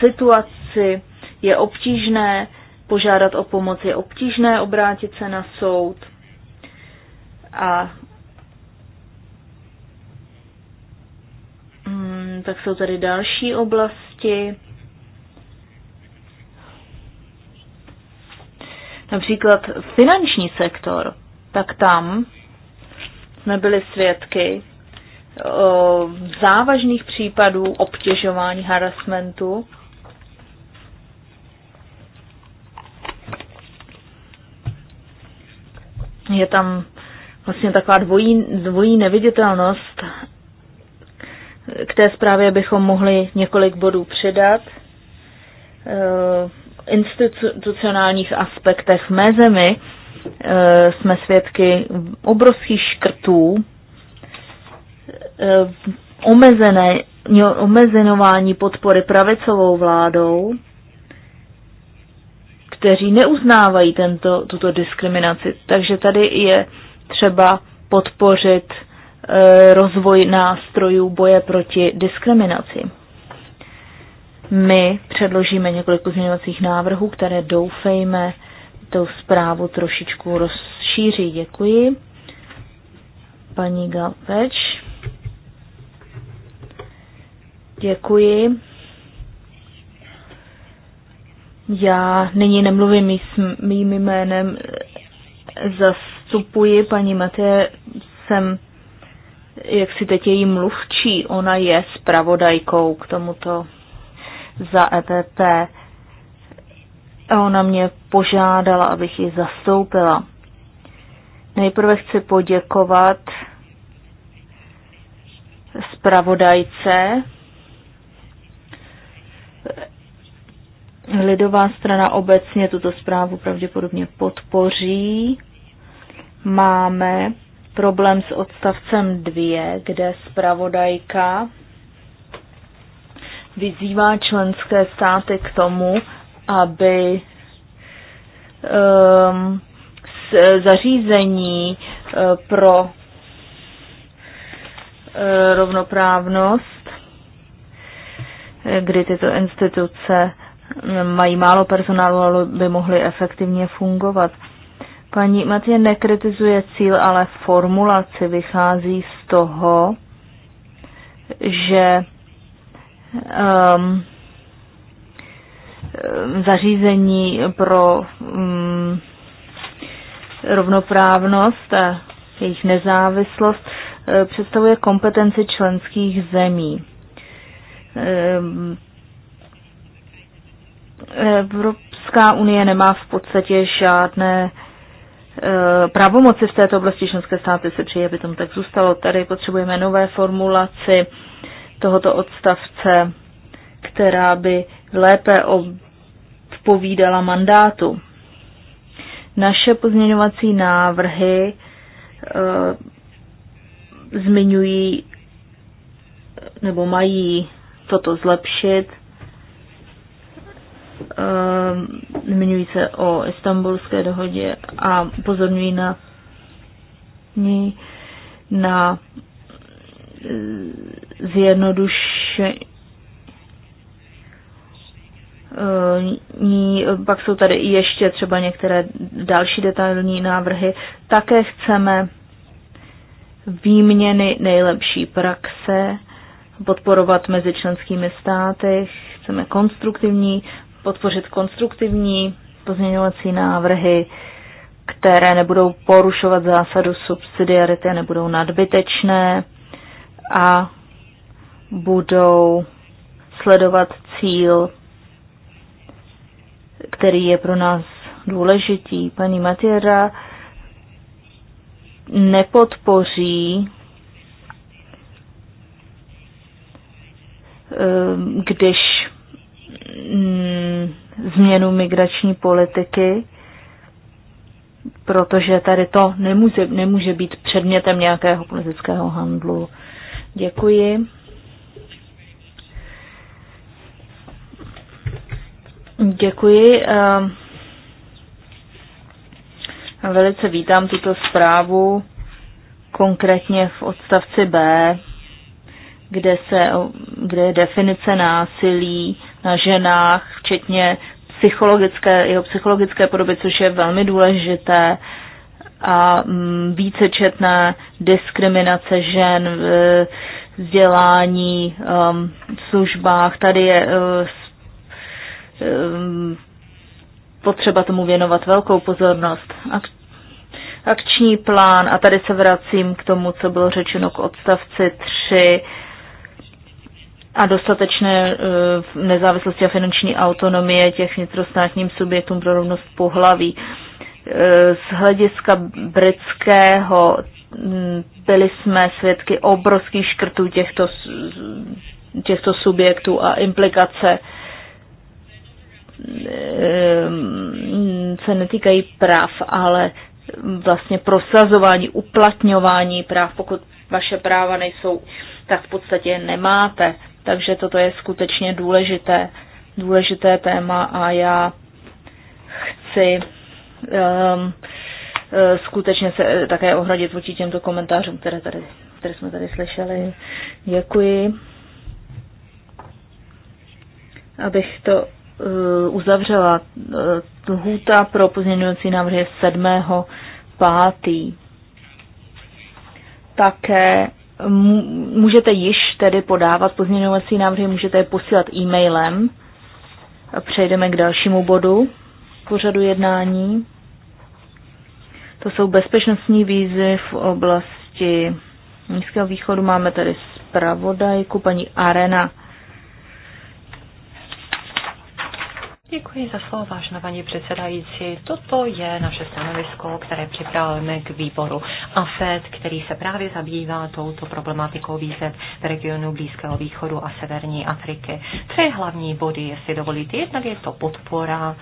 situaci. Je obtížné požádat o pomoc, je obtížné obrátit se na soud a mm, tak jsou tady další oblasti. Například finanční sektor, tak tam jsme byli svědky závažných případů obtěžování harassmentu. Je tam vlastně taková dvojí, dvojí neviditelnost. K té zprávě bychom mohli několik bodů přidat. E, v institucionálních aspektech v mé zemi Eh, jsme svědky obrovských škrtů, eh, omezené, omezenování podpory pravicovou vládou, kteří neuznávají tento, tuto diskriminaci. Takže tady je třeba podpořit eh, rozvoj nástrojů boje proti diskriminaci. My předložíme několik pozměňovacích návrhů, které doufejme tu zprávu trošičku rozšíří. Děkuji. Paní Galpeč. Děkuji. Já nyní nemluvím mým jménem, zastupuji paní Maté, jsem jak si teď její mluvčí, ona je spravodajkou k tomuto za EPP a ona mě požádala, abych ji zastoupila. Nejprve chci poděkovat zpravodajce. Lidová strana obecně tuto zprávu pravděpodobně podpoří. Máme problém s odstavcem 2, kde zpravodajka vyzývá členské státy k tomu, aby um, zařízení uh, pro uh, rovnoprávnost, kdy tyto instituce mají málo personálu, ale by mohly efektivně fungovat. Paní Matě nekritizuje cíl, ale formulaci vychází z toho, že um, Eh, zařízení pro um, rovnoprávnost a jejich nezávislost eh, představuje kompetenci členských zemí. Eh, Evropská unie nemá v podstatě žádné pravomoci v této oblasti. Členské státy se přeji, aby tomu tak zůstalo. Tady potřebujeme nové formulaci tohoto odstavce, která by lépe ob odpovídala mandátu. Naše pozměňovací návrhy e, zmiňují nebo mají toto zlepšit. E, zmiňují se o istambulské dohodě a pozorňují na ní na eh, zjednodušení pak jsou tady i ještě třeba některé další detailní návrhy. Také chceme výměny nejlepší praxe, podporovat mezi členskými státy, chceme konstruktivní, podpořit konstruktivní pozměňovací návrhy, které nebudou porušovat zásadu subsidiarity, nebudou nadbytečné a budou sledovat cíl který je pro nás důležitý. Paní Matěra nepodpoří, eh, když mm, změnu migrační politiky, protože tady to nemůže, nemůže být předmětem nějakého politického handlu. Děkuji. Děkuji. Ehm, velice vítám tuto zprávu, konkrétně v odstavci B, kde, se, kde je definice násilí na ženách, včetně psychologické, jeho psychologické podoby, což je velmi důležité, a mm, vícečetná diskriminace žen v vzdělání, ehm, službách. Tady je eh, Ehm, potřeba tomu věnovat velkou pozornost. Akční plán, a tady se vracím k tomu, co bylo řečeno k odstavci 3, a dostatečné e, nezávislosti a finanční autonomie těch vnitrostátním subjektům pro rovnost pohlaví. E, z hlediska britského byli jsme svědky obrovských škrtů těchto, těchto subjektů a implikace Ehm, se netýkají práv, ale vlastně prosazování, uplatňování práv. Pokud vaše práva nejsou, tak v podstatě nemáte. Takže toto je skutečně důležité, důležité téma a já chci um, skutečně se eh, také ohradit vůči těmto komentářům, které, tady, které jsme tady slyšeli. Děkuji. Abych to Eh, uzavřela. Eh, lhůta pro pozměňovací návrhy je 7. 5. Také můžete již tedy podávat pozměňovací návrhy, můžete je posílat e-mailem. Přejdeme k dalšímu bodu pořadu jednání. To jsou bezpečnostní výzvy v oblasti nízkého východu. Máme tady zpravodajku paní Arena Děkuji za slovo, vážná paní předsedající. Toto je naše stanovisko, které připravujeme k výboru AFED, který se právě zabývá touto problematikou výzev v regionu Blízkého východu a Severní Afriky. Tři hlavní body, jestli dovolíte. Jednak je to podpora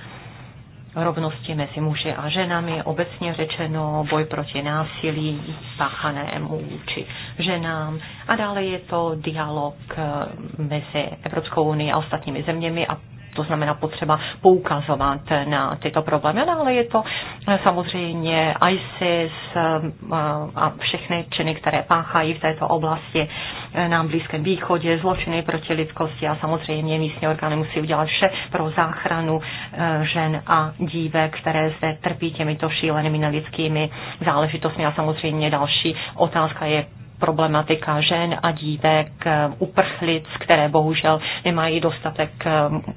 rovnosti mezi muži a ženami, obecně řečeno boj proti násilí páchanému či ženám. A dále je to dialog eh, mezi Evropskou unii a ostatními zeměmi a to znamená potřeba poukazovat na tyto problémy. No, ale je to eh, samozřejmě ISIS eh, a všechny činy, které páchají v této oblasti eh, na Blízkém východě, zločiny proti lidskosti a samozřejmě místní orgány musí udělat vše pro záchranu žen a dívek, které zde trpí těmito šílenými nelidskými záležitostmi. A samozřejmě další otázka je problematika žen a dívek, eh, uprchlic, které bohužel nemají dostatek eh,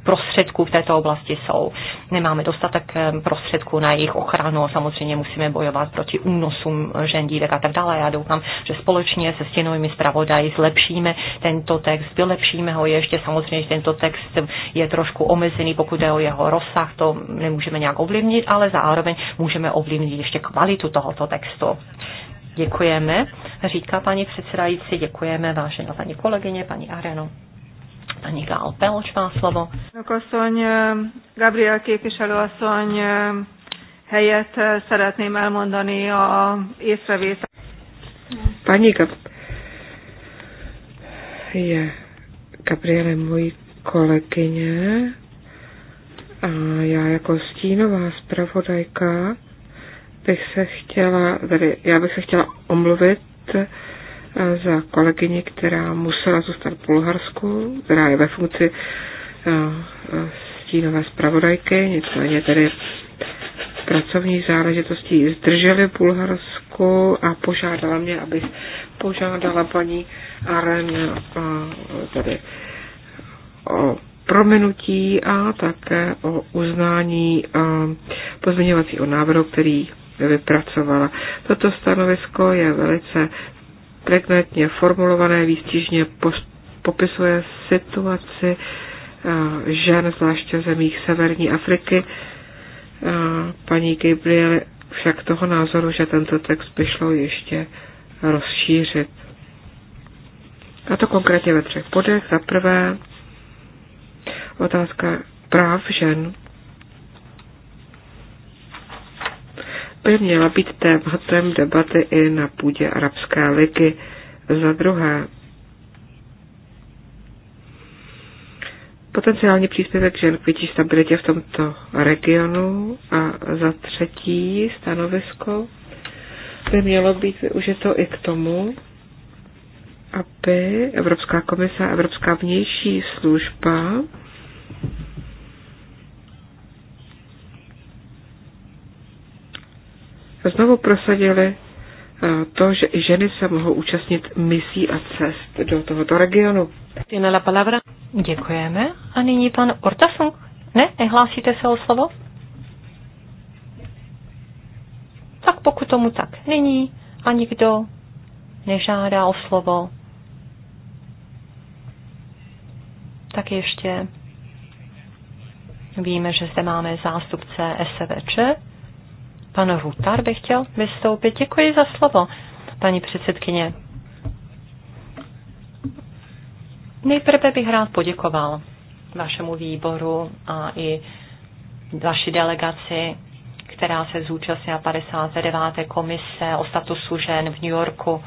prostředků v této oblasti jsou. Nemáme dostatek eh, prostředků na jejich ochranu a samozřejmě musíme bojovat proti únosům žen, dívek a tak dále. Já doufám, že společně se stěnovými zpravodaji zlepšíme tento text, vylepšíme ho ještě. Samozřejmě, že tento text je trošku omezený, pokud je o jeho rozsah, to nemůžeme nějak ovlivnit, ale zároveň můžeme ovlivnit ještě kvalitu tohoto textu. Děkujeme, říká paní předsedající, děkujeme vážená paní kolegyně, paní Areno. Paní Gál Pelč má slovo. Asszony, Gabriel képviselő asszony eh, helyett eh, szeretném elmondani a észrevétel. Paní Gab... je Gabriele můj kolegyně a já jako stínová zpravodajka bych se chtěla, tady, já bych se chtěla omluvit eh, za kolegyni, která musela zůstat v Bulharsku, která je ve funkci eh, eh, stínové zpravodajky, nicméně tedy pracovní záležitosti zdrželi v Bulharsku a požádala mě, abych požádala paní Aren tedy o prominutí a také o uznání pozměňovacího návrhu, který vypracovala. Toto stanovisko je velice pregnantně formulované, výstižně popisuje situaci eh, žen, zvláště v zemích severní Afriky. Eh, paní Gabriel však toho názoru, že tento text by šlo ještě rozšířit. A to konkrétně ve třech bodech. Za prvé otázka práv žen by měla být tématem debaty i na půdě Arabské ligy. Za druhé, potenciální příspěvek žen k větší stabilitě v tomto regionu a za třetí stanovisko by mělo být využito i k tomu, aby Evropská komise a Evropská vnější služba znovu prosadili eh, to, že i ženy se mohou účastnit misí a cest do tohoto regionu. palavra. Děkujeme. A nyní pan Ortasung. Ne, nehlásíte se o slovo? Tak pokud tomu tak není a nikdo nežádá o slovo, tak ještě víme, že zde máme zástupce SVČ, Pan Rutar by chtěl vystoupit. Děkuji za slovo, paní předsedkyně. Nejprve bych rád poděkoval vašemu výboru a i vaší delegaci, která se zúčastnila 59. komise o statusu žen v New Yorku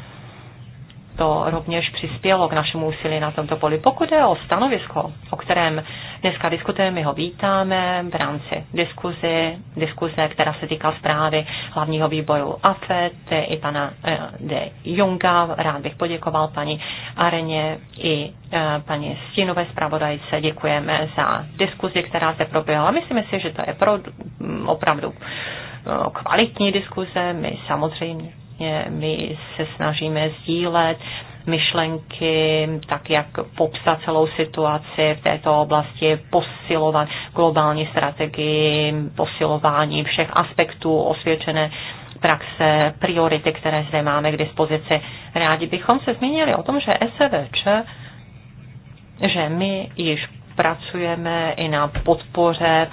to rovněž přispělo k našemu úsilí na tomto poli. Pokud je o stanovisko, o kterém dneska diskutujeme, my ho vítáme v rámci diskuzi, diskuze, která se týká zprávy hlavního výboru AFET i pana eh, de Junga. Rád bych poděkoval paní Areně i eh, paní Stínové zpravodajce. Děkujeme za diskuzi, která se proběhla. Myslíme si, že to je pro, mm, opravdu eh, kvalitní diskuze. My samozřejmě Vlastně my se snažíme sdílet myšlenky, tak jak popsat celou situaci v této oblasti, posilovat globální strategii, posilování všech aspektů osvědčené praxe, priority, které zde máme k dispozici. Rádi bychom se zmínili o tom, že SVČ, že my již pracujeme i na podpoře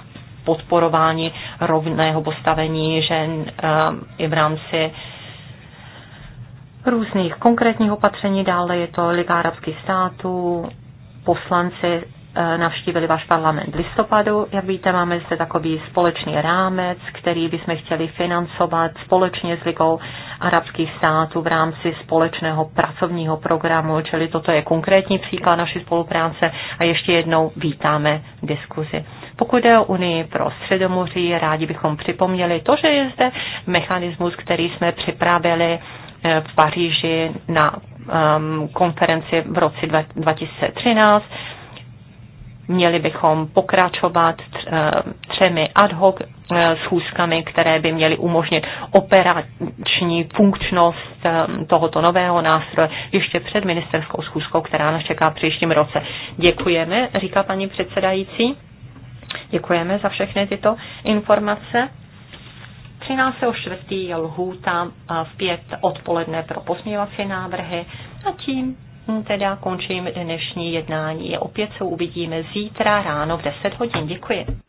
podporování rovného postavení žen eh, i v rámci různých konkrétních opatření, dále je to Liga arabských států, poslanci eh, navštívili váš parlament v listopadu. Jak víte, máme zde takový společný rámec, který bychom chtěli financovat společně s Ligou arabských států v rámci společného pracovního programu, čili toto je konkrétní příklad naší spolupráce a ještě jednou vítáme diskuzi. Pokud je o Unii pro Středomoří, rádi bychom připomněli to, že je zde mechanismus, který jsme připravili Eh, v Paříži na ehm, konferenci v roce 2013. Měli bychom pokračovat eh, třemi ad hoc eh, schůzkami, které by měly umožnit operační funkčnost ehm, tohoto nového nástroje ještě před ministerskou schůzkou, která nás čeká v příštím roce. Děkujeme, říká paní předsedající. Děkujeme za všechny tyto informace. 13. čtvrtý je lhůta v pět odpoledne pro posměvací návrhy a tím hm, teda končím dnešní jednání. Opět se uvidíme zítra ráno v 10 hodin. Děkuji.